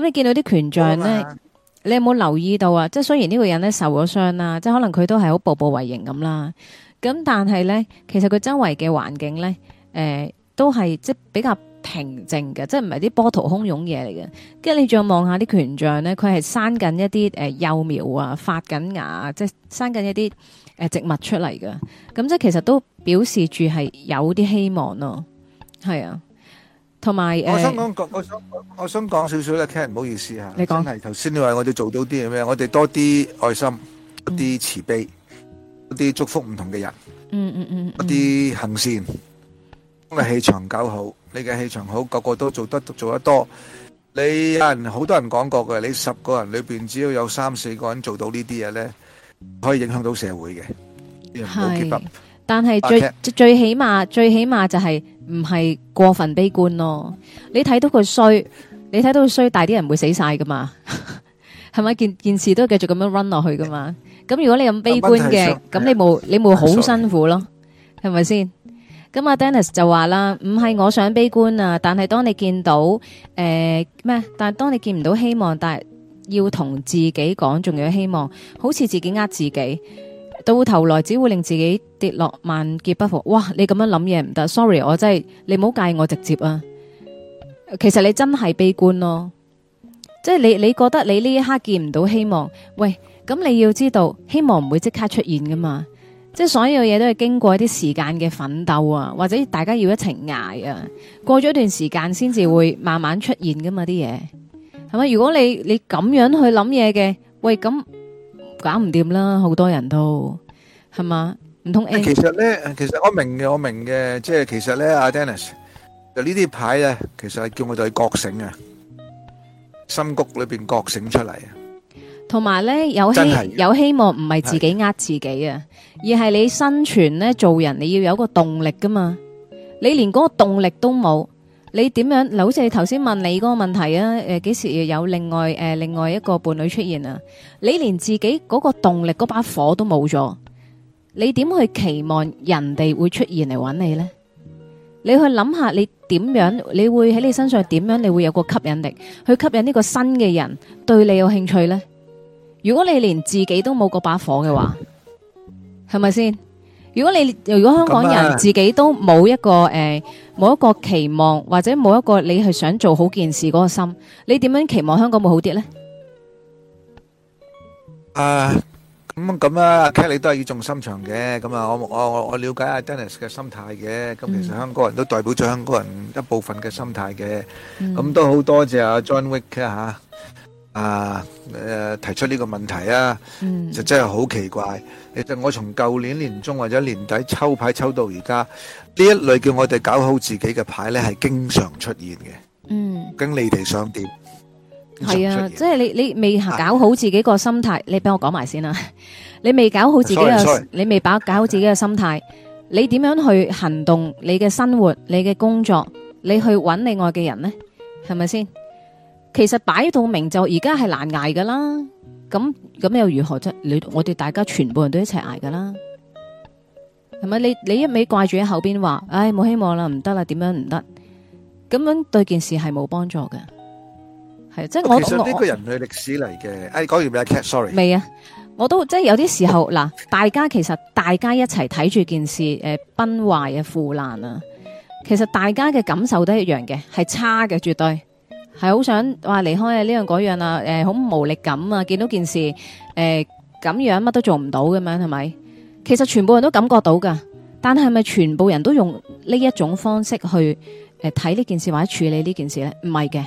咁你見到啲權杖咧，嗎你有冇留意到啊？即係雖然呢個人咧受咗傷啦，即係可能佢都係好步步為營咁啦。咁但係咧，其實佢周圍嘅環境咧，誒、呃，都係即係比較平靜嘅，即係唔係啲波濤洶湧嘢嚟嘅。跟住你再望下啲權杖咧，佢係生緊一啲誒、呃、幼苗啊，發緊芽啊，即係生緊一啲誒、呃、植物出嚟嘅。咁即係其實都表示住係有啲希望咯。係啊。同埋，我想講講，我想我想講少少咧，Ken 唔好意思嚇。你講係頭先你話我哋做到啲係咩？我哋多啲愛心，多一啲慈悲，多一啲祝福唔同嘅人。嗯嗯嗯。嗯嗯一啲行善，個氣場搞好，你嘅氣場好，個個都做得做得多。你有人好多人講過嘅，你十個人裏邊只要有三四個人做到這些呢啲嘢咧，可以影響到社會嘅。好係。但係最 Okay. 最起碼最起碼就係唔係過分悲觀咯。你睇到佢衰，你睇到佢衰，大啲人會死晒噶嘛？係 咪件件事都繼續咁樣 run 落去噶嘛？咁 如果你咁悲觀嘅，咁 你冇你冇好辛苦咯，係咪先？咁、嗯、阿 Dennis 就話啦，唔係我想悲觀啊，但係當你見到誒咩、呃？但係當你見唔到希望，但係要同自己講仲有希望，好似自己呃自己。到頭來只會令自己跌落萬劫不復。哇！你咁樣諗嘢唔得，sorry，我真係你唔好介意我直接啊。其實你真係悲觀咯，即係你你覺得你呢一刻見唔到希望，喂，咁你要知道希望唔會即刻出現噶嘛，即係所有嘢都係經過一啲時間嘅奮鬥啊，或者大家要一齊捱啊，過咗一段時間先至會慢慢出現噶嘛啲嘢，係咪？如果你你咁樣去諗嘢嘅，喂咁。搞唔掂啦，好多人都係嘛，唔通？其實咧，其實我明嘅，我明嘅，即係其實咧，阿 Denis 呢啲牌咧，其實係叫我哋覺醒啊，心谷裏邊覺醒出嚟。同埋咧，有希有，的有希望，唔係自己呃自己啊，是的而係你生存咧做人，你要有個動力噶嘛，你連嗰個動力都冇。你點樣？好似你頭先問你嗰個問題啊？誒，幾時有另外誒、呃、另外一個伴侶出現啊？你連自己嗰個動力、嗰把火都冇咗，你點去期望人哋會出現嚟揾你咧？你去諗下你，你點樣你會喺你身上點樣你會有個吸引力去吸引呢個新嘅人對你有興趣咧？如果你連自己都冇嗰把火嘅話，係咪先？如果你，如果香港人自己都冇一個誒、冇一個期望，或者冇一個你係想做好件事嗰個心，你點樣期望香港會好啲呢？啊，咁咁啊，Kelly 都係語重心長嘅。咁啊，我我我了解阿 Dennis 嘅心態嘅。咁其實香港人都代表咗香港人一部分嘅心態嘅。咁都好多謝阿 John Wick 啊嚇。啊誒、呃，提出呢個問題啊，嗯、就真係好奇怪。其實我從舊年年中或者年底抽牌抽到而家，呢一類叫我哋搞好自己嘅牌咧，係經常出現嘅。嗯，咁你哋想點？係啊，即係你你未搞好自己個心態，你俾我講埋先啦。你未搞好自己嘅、啊，你未把搞好自己嘅 Sorry, sorry. 心態，你點樣去行動？你嘅生活、你嘅工作，你去揾你愛嘅人呢，係咪先？其實擺到明就而家係難捱噶啦，咁咁又如何啫？你我哋大家全部人都一齊捱噶啦，係咪？你你一味掛住喺後邊話，唉、哎、冇希望啦，唔得啦，點樣唔得？咁樣對件事係冇幫助嘅，係即係我。其實呢個人類歷史嚟嘅，哎我，講、啊、完未啊 Kat, sorry 未啊，我都即係有啲時候嗱， 大家其實大家一齊睇住件事，誒、呃，崩壞啊，腐爛啊，其實大家嘅感受都一樣嘅，係差嘅絕對。係好想話離開呢樣嗰樣啊！誒、呃，好無力感啊！見到件事誒咁、呃、樣，乜都做唔到咁樣，係咪？其實全部人都感覺到㗎，但係咪全部人都用呢一種方式去誒睇呢件事或者處理呢件事咧？唔係嘅，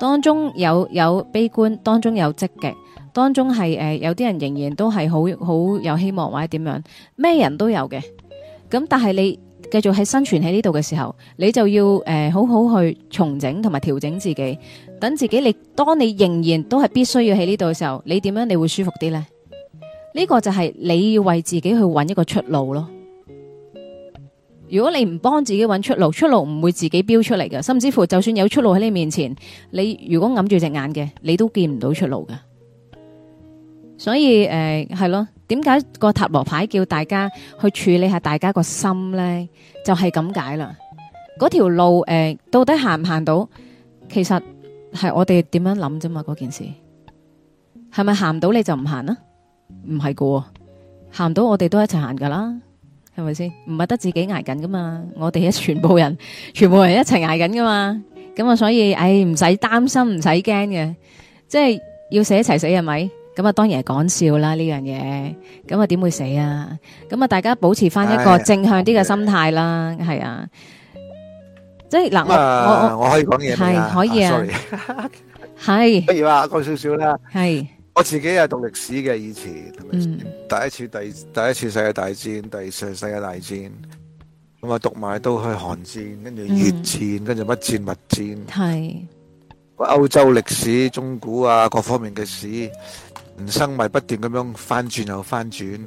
當中有有悲觀，當中有積極，當中係誒、呃、有啲人仍然都係好好有希望或者點樣，咩人都有嘅。咁但係你。繼續喺生存喺呢度嘅時候，你就要誒、呃、好好去重整同埋調整自己，等自己你當你仍然都係必須要喺呢度嘅時候，你點樣你會舒服啲呢？呢、呢個就係你要為自己去揾一個出路咯。如果你唔幫自己揾出路，出路唔會自己標出嚟。嘅甚至乎就算有出路喺你面前，你如果揞住隻眼嘅，你都見唔到出路嘅。所以誒係、呃、咯。點解個塔羅牌叫大家去處理下大家個心咧？就係咁解啦。嗰條路誒，到底行唔行到？其實係我哋點樣諗啫嘛？嗰件事係咪行到你就唔行啦？唔係個，行到我哋都一齊行噶啦，係咪先？唔係得自己挨緊噶嘛？我哋一全部人，全部人一齊挨緊噶嘛？咁啊，所以唉，唔使擔心，唔使驚嘅，即係要死一齊死係咪？咁啊，當然係講笑啦呢樣嘢，咁啊點會死啊？咁啊，大家保持翻一個正向啲嘅心態啦，係啊，即係嗱，我我可以講嘢咩啊？係可以啊，係不如話講少少啦。係我自己係讀歷史嘅以前，第一次第第一次世界大戰，第二次世界大戰，咁啊讀埋都去韓戰，跟住越戰，跟住乜戰物戰，係歐洲歷史、中古啊各方面嘅史。人生咪不斷咁樣翻轉又翻轉，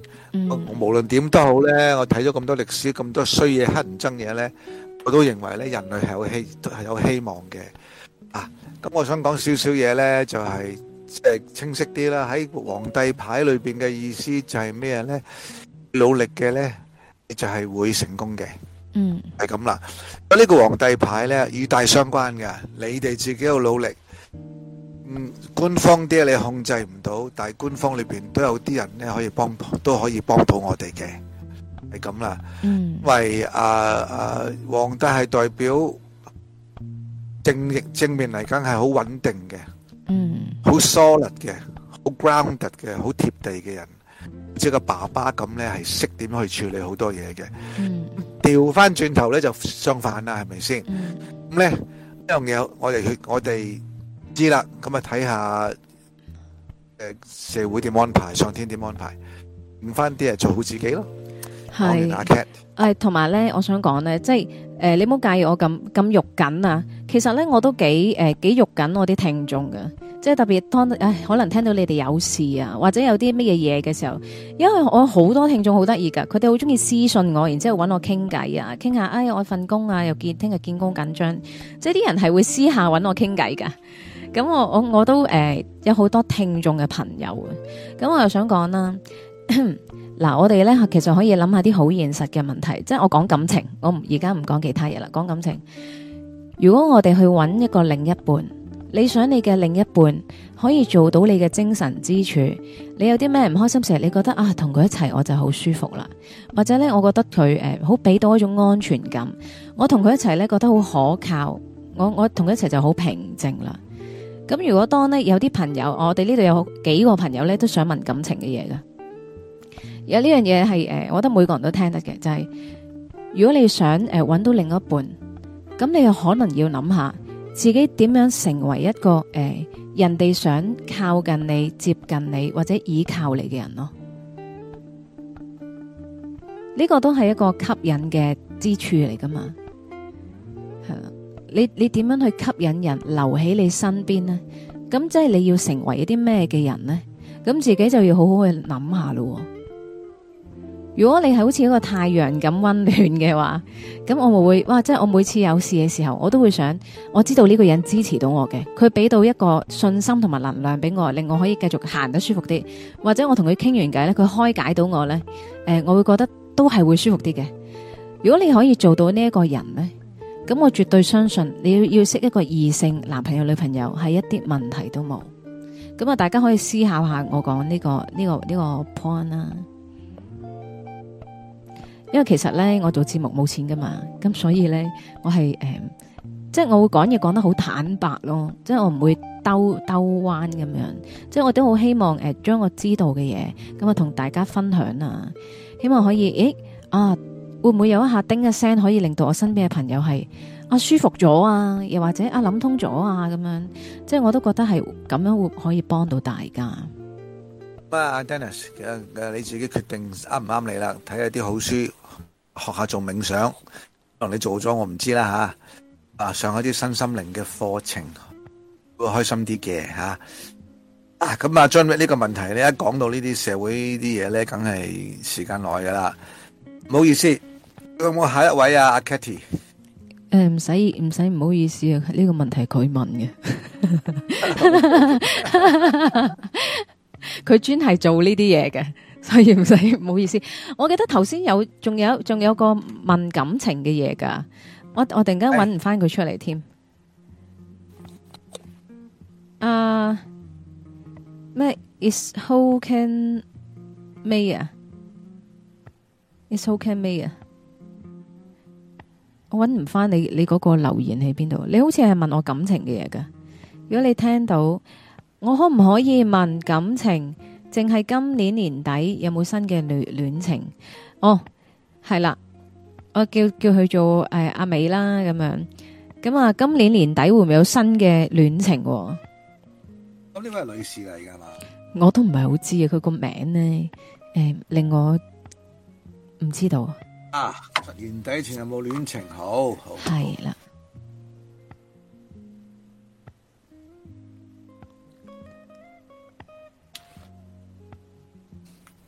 我無論點都好咧，我睇咗咁多歷史，咁多衰嘢、黑人憎嘢咧，我都認為咧人類係有希係有希望嘅。啊，咁我想講少少嘢咧，就係即係清晰啲啦。喺皇帝牌裏邊嘅意思就係咩咧？努力嘅咧，就係會成功嘅。嗯，係咁啦。咁呢個皇帝牌咧與大相關嘅，你哋自己要努力。嗯，官方啲你控制唔到，但係官方裏邊都有啲人咧可以幫，都可以幫到我哋嘅，係咁啦。嗯，為啊啊，皇帝係代表正逆正面嚟講係好穩定嘅，嗯，好 solid 嘅，好 grounded 嘅，好貼地嘅人，即係個爸爸咁咧，係識點去處理好多嘢嘅。嗯，調翻轉頭咧就相反啦，係咪先？咁咧呢樣嘢我哋去我哋。知啦，咁啊睇下，誒、嗯嗯、社會點安排，上天點安排，唔翻啲啊做好自己咯。係是，誒同埋咧，我想講咧，即係誒、呃、你唔好介意我咁咁肉緊啊？其實咧我都幾誒、呃、幾肉緊我啲聽眾噶，即係特別當誒可能聽到你哋有事啊，或者有啲乜嘢嘢嘅時候，因為我好多聽眾好得意噶，佢哋好中意私信我，然之後搵我傾偈啊，傾下，哎我份工啊又見聽日見工緊張，即係啲人係會私下搵我傾偈噶。咁我我我都誒有好多聽眾嘅朋友啊。咁我又想講啦，嗱，我哋咧其實可以諗下啲好現實嘅問題，即係我講感情，我唔而家唔講其他嘢啦，講感情。如果我哋去揾一個另一半，你想你嘅另一半可以做到你嘅精神支柱？你有啲咩唔開心時，你覺得啊，同佢一齊我就好舒服啦。或者咧，我覺得佢誒好俾到一種安全感，我同佢一齊咧覺得好可靠，我我同佢一齊就好平靜啦。咁如果當咧有啲朋友，我哋呢度有幾個朋友咧都想問感情嘅嘢噶，有呢樣嘢係誒，我覺得每個人都聽得嘅，就係、是、如果你想誒搵到另一半，咁你又可能要諗下自己點樣成為一個誒人哋想靠近你、接近你或者倚靠你嘅人咯，呢、這個都係一個吸引嘅之處嚟噶嘛，係啊。你你點樣去吸引人留喺你身邊呢？咁即係你要成為一啲咩嘅人呢？咁自己就要好好去諗下咯。如果你係好似一個太陽咁溫暖嘅話，咁我會哇！即係我每次有事嘅時候，我都會想我知道呢個人支持到我嘅，佢俾到一個信心同埋能量俾我，令我可以繼續行得舒服啲。或者我同佢傾完偈咧，佢開解到我咧，誒、呃，我會覺得都係會舒服啲嘅。如果你可以做到呢一個人咧？咁我絕對相信，你要要識一個異性男朋友女朋友係一啲問題都冇，咁啊大家可以思考下我講呢個呢個呢個 point 啦。因為其實咧我做節目冇錢噶嘛，咁所以咧我係誒、呃，即係我會講嘢講得好坦白咯，即係我唔會兜兜彎咁樣，即係我都好希望誒將、呃、我知道嘅嘢，咁啊同大家分享啊，希望可以，咦、欸、啊！會唔會有一下叮一聲，可以令到我身邊嘅朋友係啊舒服咗啊，又或者啊諗通咗啊咁樣，即係我都覺得係咁樣會可以幫到大家。啊，Dennis，啊你自己決定啱唔啱你啦，睇下啲好書，學下做冥想，可能你做咗我唔知啦吓。啊，上一啲新心靈嘅課程會開心啲嘅吓。啊，咁啊 John 呢個問題你一、啊、講到呢啲社會啲嘢咧，梗係時間耐噶啦，唔好意思。有冇下一位啊？阿 Katy，誒，唔使唔使，唔好意思啊，呢個問題佢問嘅，佢專係做呢啲嘢嘅，所以唔使唔好意思。我記得頭先有，仲有仲有個問感情嘅嘢噶，我我突然間揾唔返佢出嚟添。啊，咩？Is who can me 啊？Is who can me 啊？搵唔翻你你嗰個留言喺邊度？你好似係問我感情嘅嘢噶。如果你聽到，我可唔可以問感情？淨係今年年底有冇新嘅戀戀情？哦，係啦，我叫叫佢做誒阿美啦咁樣。咁啊，今年年底會唔會有新嘅戀情？咁呢位女士嚟噶嘛？我都唔係好知啊，佢個名呢誒令我唔知道。啊！年底前有冇戀情？好好係啦，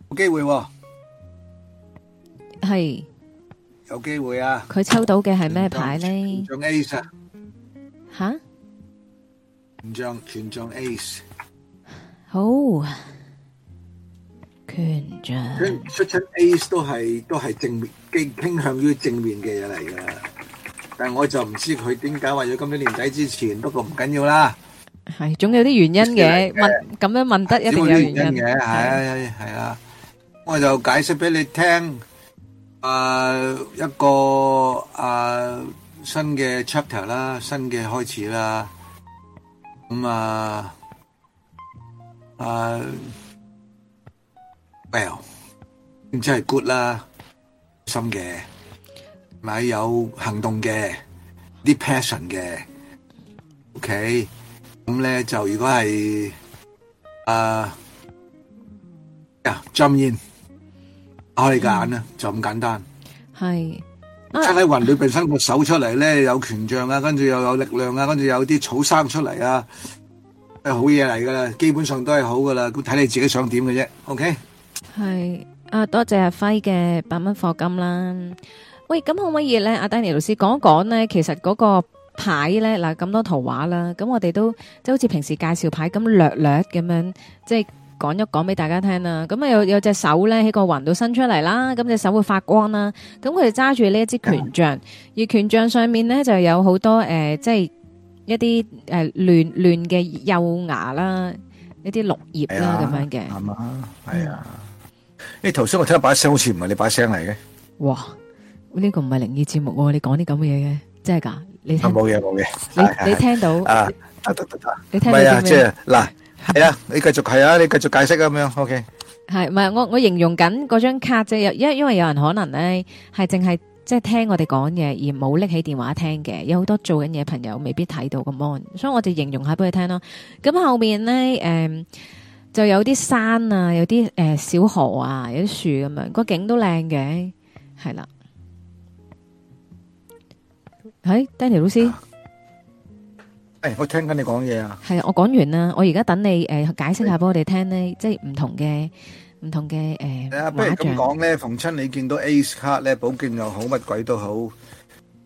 冇機會係有機會啊！佢抽到嘅係咩牌呢？權杖 A 啊！吓？權杖權杖 A，好權杖出出 A 都係都係正面。傾傾向於正面嘅嘢嚟噶，但係我就唔知佢點解話咗咁多年底之前，不過唔緊要啦。係，總有啲原因嘅。問咁樣問得一定有原因嘅，係係啦。我就解釋俾你聽。誒，一個誒新嘅 chapter 啦，新嘅開始啦。咁啊，誒，well，真係 good 啦。心嘅，買有行動嘅，啲 passion 嘅，OK，咁咧就如果係誒，啊，jump in，開個眼啦，就咁簡單，係，出喺雲裏邊伸個手出嚟咧，有權杖啊，跟住又有力量啊，跟住有啲草生出嚟啊，係好嘢嚟噶啦，基本上都係好噶啦，咁睇你自己想點嘅啫，OK，係。啊，多謝阿輝嘅百蚊課金啦。喂，咁可唔可以咧，阿丹尼老師講一講咧，其實嗰個牌咧，嗱、啊、咁多圖畫啦，咁我哋都即係好似平時介紹牌咁略略咁樣，即係講一講俾大家聽啦。咁啊有有隻手咧喺個雲度伸出嚟啦，咁隻手會發光啦，咁佢哋揸住呢一支權杖，呃、而權杖上面咧就有好多誒、呃，即係一啲誒亂亂嘅幼芽啦，一啲綠葉啦咁、哎、呀樣嘅。係啊、哎。哎你頭先我聽把聲，好似唔係你把聲嚟嘅。哇，呢個唔係靈異節目，你講啲咁嘅嘢嘅，真係噶？你冇嘢冇嘢，你你聽到啊？你聽到啊，即係嗱，係啊，你繼續係啊，你繼續解釋啊，咁樣，OK。係，唔係我我形容緊嗰張卡，因因為有人可能咧係淨係即係聽我哋講嘢而冇拎起電話聽嘅，有好多做緊嘢朋友未必睇到個 mon，所以我哋形容下俾佢聽咯。咁後面咧，誒。就有啲山啊，有啲誒小河啊，有啲樹咁樣，個景都靚嘅，係啦。係 Danny 老師，誒，我聽緊你講嘢啊。係，我講完啦，我而家等你誒解釋下俾我哋聽咧，即係唔同嘅唔同嘅誒。啊，不如咁講咧，逢親你見到 Ace 卡咧，寶劍又好，乜鬼都好。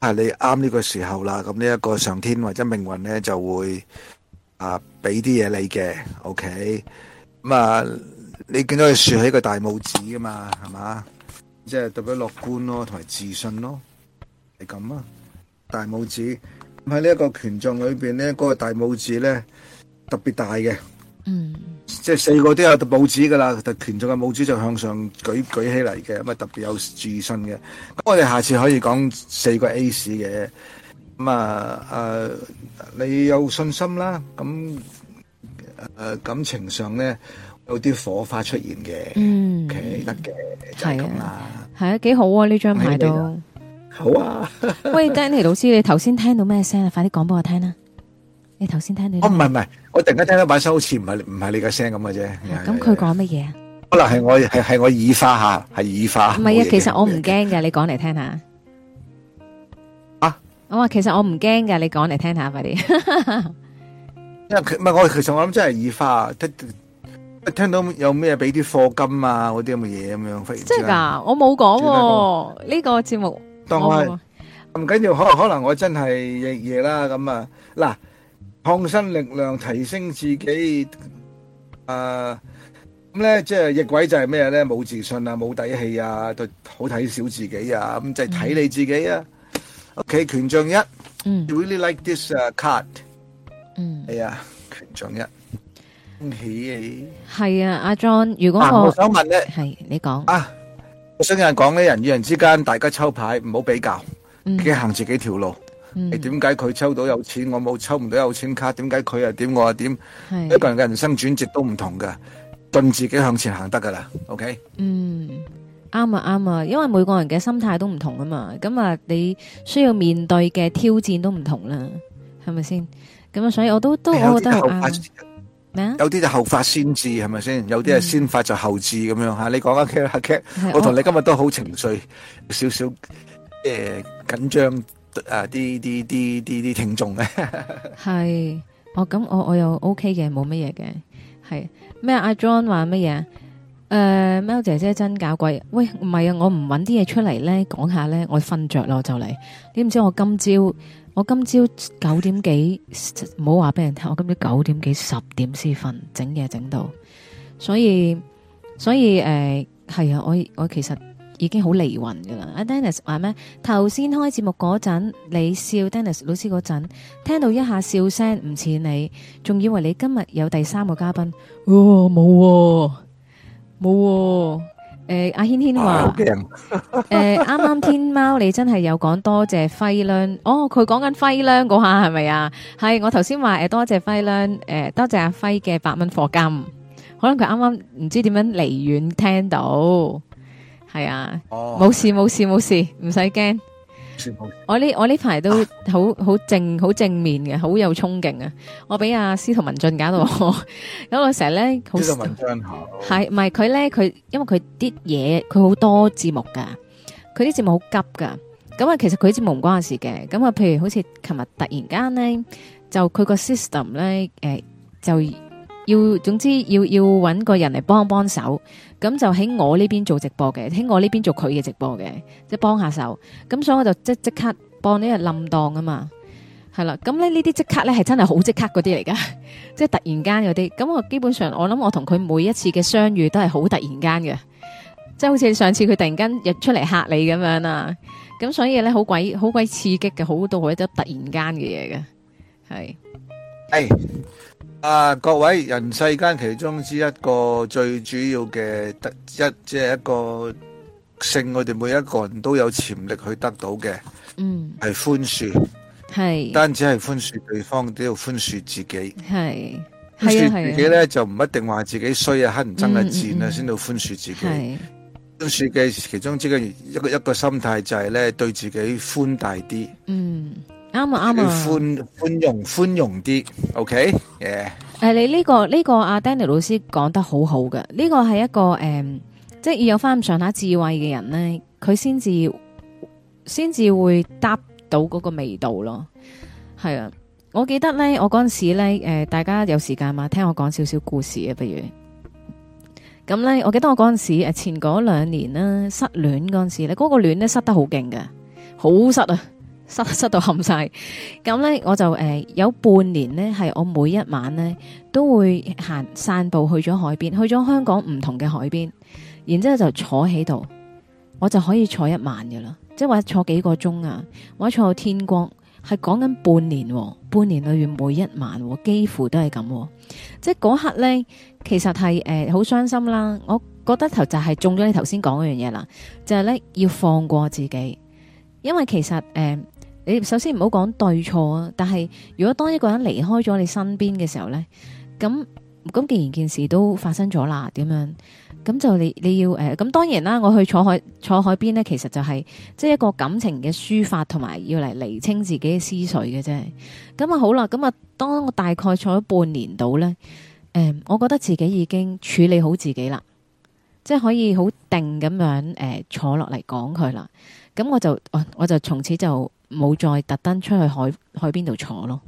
係、啊、你啱呢個時候啦，咁呢一個上天或者命運咧就會啊俾啲嘢你嘅，OK，咁啊你見到佢豎起個大拇指噶嘛，係嘛，即、就、係、是、特別樂觀咯，同埋自信咯，係、就、咁、是、啊大拇指喺呢一個權杖裏邊咧，嗰、那個大拇指咧特別大嘅，嗯。即係四個都有啲帽子噶啦，但群眾嘅帽子就向上舉舉起嚟嘅，咁啊特別有自信嘅。咁我哋下次可以講四個 A 市嘅。咁啊啊，你有信心啦。咁誒、呃、感情上咧有啲火花出現嘅嗯，k 得嘅，就咁、是、啦。係啊，幾好啊呢張牌都好啊。好啊 喂 d a n i e 老師，你頭先聽到咩聲啊？快啲講俾我聽啊。你頭先聽你唔係唔係，我突然間聽到把聲，好似唔係唔係你嘅聲咁嘅啫。咁佢講乜嘢啊？可能係我係係我耳花吓，係耳花。唔係啊，其實我唔驚㗎，你講嚟聽下。啊！我話其實我唔驚㗎，你講嚟聽下，快啲。因為佢唔係我，其實我諗真係耳花，聽到有咩俾啲貨金啊，嗰啲咁嘅嘢咁樣，即係噶，我冇講呢個節目。當我唔緊要，可可能我真係嘢啦，咁啊嗱。創新力量提升自己，誒咁咧，即係逆位就係咩咧？冇自信啊，冇底氣啊，好睇小自己啊，咁就係睇你自己啊。Mm. OK，權杖一、mm.，Really like this card、mm. yeah。嗯，係啊，權杖一，恭喜你。係啊，阿 John，如果我想問咧，係你講啊，我想有人講咧、啊，人與人之間，大家抽牌唔好比較，自己、mm. 行自己條路。你點解佢抽到有錢，我冇抽唔到有錢卡？點解佢又點，我又點？是一個人嘅人生轉折都唔同嘅，盡自己向前行得噶啦。OK。嗯，啱啊啱啊，因為每個人嘅心態都唔同啊嘛，咁啊你需要面對嘅挑戰都唔同啦，係咪先？咁啊，所以我都都我覺得啱。咩啊？有啲就後發先至係咪先，么有先，先？有啲係先發就後至咁樣吓。你講下 c 我同你今日都好情緒，少少誒、呃、緊張。啊！啲啲啲啲啲聽眾咧，係、 哦、我咁我我又 O K 嘅，冇乜嘢嘅，係咩阿 John 話乜嘢？誒，喵姐姐真搞鬼？喂，唔係啊，我唔揾啲嘢出嚟咧，講下咧，我瞓着咯就嚟。你唔知我今朝我今朝九點幾，唔好話俾人聽，我今朝九點幾十點先瞓，整嘢整到，所以所以誒係、呃、啊，我我其實。已經好離魂噶啦！阿 Danny 話咩？頭先開節目嗰陣，你笑 Danny 老師嗰陣，聽到一下笑聲，唔似你，仲以為你今日有第三個嘉賓。冇、哦、喎，冇喎、啊。阿軒軒話誒，啱、呃、啱天貓你真係有講、哦呃、多謝輝亮哦，佢講緊輝亮嗰下係咪啊？係，我頭先話多謝輝亮誒多謝阿輝嘅百蚊貨金。可能佢啱啱唔知點樣離遠聽到。係啊，冇事冇事冇事，唔使驚。我呢我呢排都好好正好正面嘅，好有衝勁啊！我俾阿、啊、司徒文進搞到，我。咁 我成日咧好。文章下。係，唔係佢咧？佢因為佢啲嘢，佢好多節目噶，佢啲節目好急噶。咁啊，其實佢啲節目唔關事嘅。咁啊，譬如好似琴日突然間咧，就佢個 system 咧，誒、呃、就。要總之要要揾個人嚟幫幫手，咁就喺我呢邊做直播嘅，喺我呢邊做佢嘅直播嘅，即係幫下手。咁所以我就即即刻幫呢個冧檔啊嘛，係啦。咁呢呢啲即刻呢係真係好即刻嗰啲嚟噶，即係突然間嗰啲。咁我基本上我諗我同佢每一次嘅相遇都係好突然間嘅，即係好似上次佢突然間日出嚟吓你咁樣啦。咁所以呢，好鬼好鬼刺激嘅，好多我都突然間嘅嘢嘅，係。誒。Hey. 啊！各位，人世間其中之一個最主要嘅得一，即、就、係、是、一個性，我哋每一個人都有潛力去得到嘅。嗯，係寬恕，係是單止係寬恕對方，都要寬恕自己。係係、啊、自己咧、啊啊、就唔一定話自己衰啊、乞人憎啊、賤啊、嗯，先到寬恕自己。寬、嗯嗯、恕嘅其中之一個一個一個心態就係咧，對自己寬大啲。嗯。啱啊啱啊，寬寬、啊、容寬容啲，OK，誒、yeah. 啊，你呢、這個呢、這個阿、啊、Danny 老師講得好好嘅，呢、這個係一個誒、嗯，即係要有翻上下智慧嘅人咧，佢先至先至會搭到嗰個味道咯，係啊，我記得咧，我嗰陣時咧，誒、呃，大家有時間嘛，聽我講少少故事啊，不如，咁咧，我記得我嗰陣時誒，前嗰兩年呢，失戀嗰陣時咧，嗰、那個戀咧失得好勁㗎，好失啊。塞，塞到冚晒，咁呢，我就誒、呃、有半年呢，係我每一晚呢都會行散步去咗海邊，去咗香港唔同嘅海邊，然之後就坐喺度，我就可以坐一晚噶啦，即係話坐幾個鐘啊，或者坐到天光，係講緊半年、喎，半年裏面每一晚、喎、幾乎都係咁、喎，即係嗰刻呢，其實係誒好傷心啦，我覺得頭就係中咗你頭先講嗰樣嘢啦，就係、是、呢要放過自己，因為其實誒。呃你首先唔好講對錯啊，但係如果當一個人離開咗你身邊嘅時候呢，咁咁既然件事都發生咗啦，點樣咁就你你要誒咁、呃、當然啦，我去坐海坐海邊咧，其實就係即係一個感情嘅抒發，同埋要嚟厘清自己嘅思緒嘅啫。咁啊好啦，咁啊當我大概坐咗半年度呢，誒、呃，我覺得自己已經處理好自己啦，即係可以好定咁樣誒坐落嚟講佢啦。咁我就我，我就從此就。冇再特登出去海海邊度坐咯，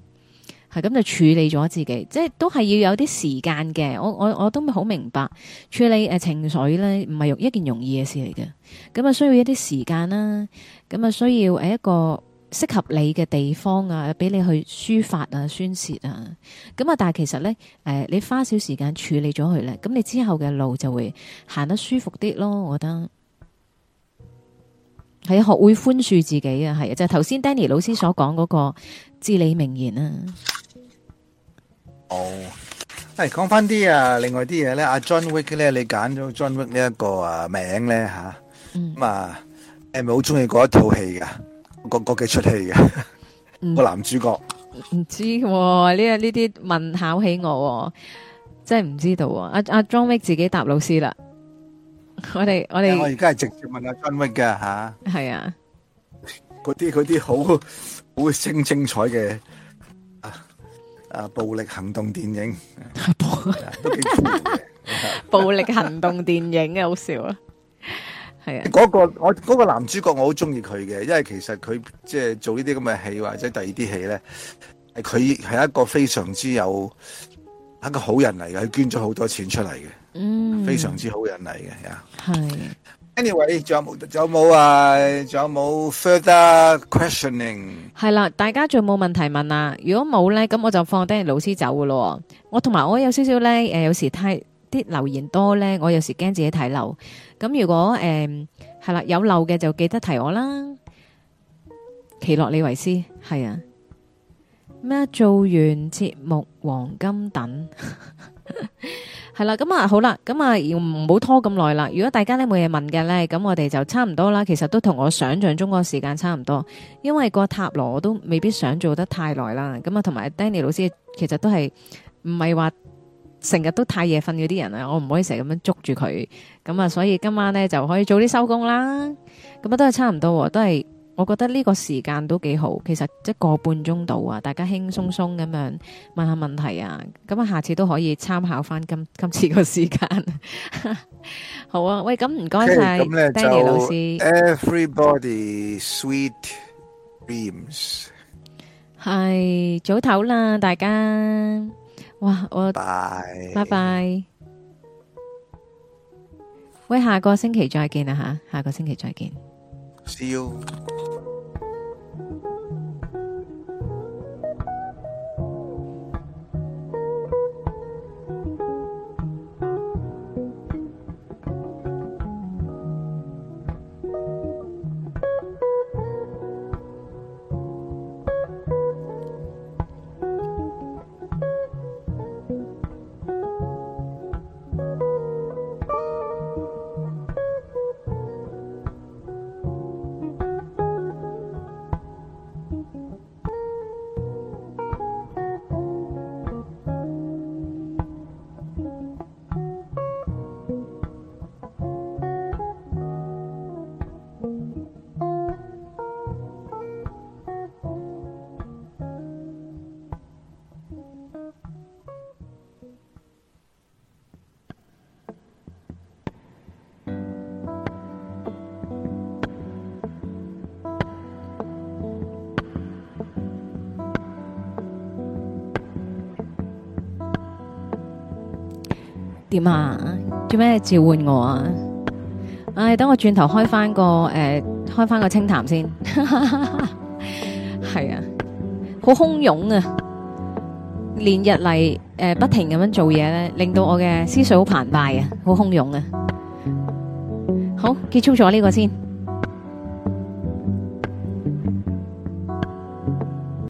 係咁就處理咗自己，即係都係要有啲時間嘅。我我我都好明白處理誒、呃、情緒咧，唔係容一件容易嘅事嚟嘅。咁啊需要一啲時間啦，咁啊需要誒一個適合你嘅地方啊，俾你去抒發啊、宣洩啊。咁啊，但係其實咧，誒、呃、你花少時間處理咗佢咧，咁你之後嘅路就會行得舒服啲咯。我覺得。係學會寬恕自己啊，係啊，就係、是、頭先 Danny 老師所講嗰個至理名言啊。哦，係講翻啲啊，另外啲嘢咧，阿 John Wick 咧，你揀咗 John Wick 呢一個啊名咧吓，咁啊，係咪好中意嗰一套戲嘅，嗰嗰幾出戲嘅個男主角？唔知呢、啊？呢啲問考起我、啊，真係唔知道啊。啊。阿 John Wick 自己答老師啦。我哋我哋，我而家係直接問阿溫溫噶吓，係啊，嗰啲啲好好精精彩嘅啊，啊暴力行動電影，暴力行動電影啊， 好笑啊，係啊，嗰個我嗰個男主角我好中意佢嘅，因為其實佢即係做呢啲咁嘅戲或者第二啲戲咧，佢係一個非常之有一個好人嚟嘅，佢捐咗好多錢出嚟嘅。嗯，非常之好人嚟嘅，係、yeah. 是。Anyway，仲有冇？仲有冇啊？仲有冇 further questioning？係啦，大家仲有冇問題問啊？如果冇咧，咁我就放 Danny 老師走噶咯。我同埋我有少少咧，誒、呃，有時睇啲留言多咧，我有時驚自己睇漏。咁如果誒係啦，有漏嘅就記得提我啦。奇洛李維斯係啊咩？做完節目黃金等。 係啦，咁啊好啦，咁啊唔好拖咁耐啦。如果大家呢冇嘢問嘅呢，咁我哋就差唔多啦。其實都同我想象中個時間差唔多，因為個塔羅我都未必想做得太耐啦。咁啊，同埋 Danny 老師其實都係，唔係話成日都太夜瞓嗰啲人啊。我唔可以成日咁樣捉住佢。咁啊，所以今晚呢就可以早啲收工啦。咁啊，都係差唔多，都係。我覺得呢個時間都幾好，其實一個半鐘到啊，大家輕鬆鬆咁樣問下問題啊，咁啊下次都可以參考翻今今次個時間。好啊，喂，咁唔該晒，Danny 老師。Everybody sweet dreams。係早唞啦，大家。哇，我拜拜拜拜。喂，下個星期再見啊吓，下個星期再見。See you. 點啊？做咩召喚我啊？唉、哎，等我轉頭開翻個誒、呃，開翻個清談先。係 啊，好洶湧啊！連日嚟誒、呃，不停咁樣做嘢咧，令到我嘅思緒好澎湃啊，好洶湧啊！好，結束咗呢個先。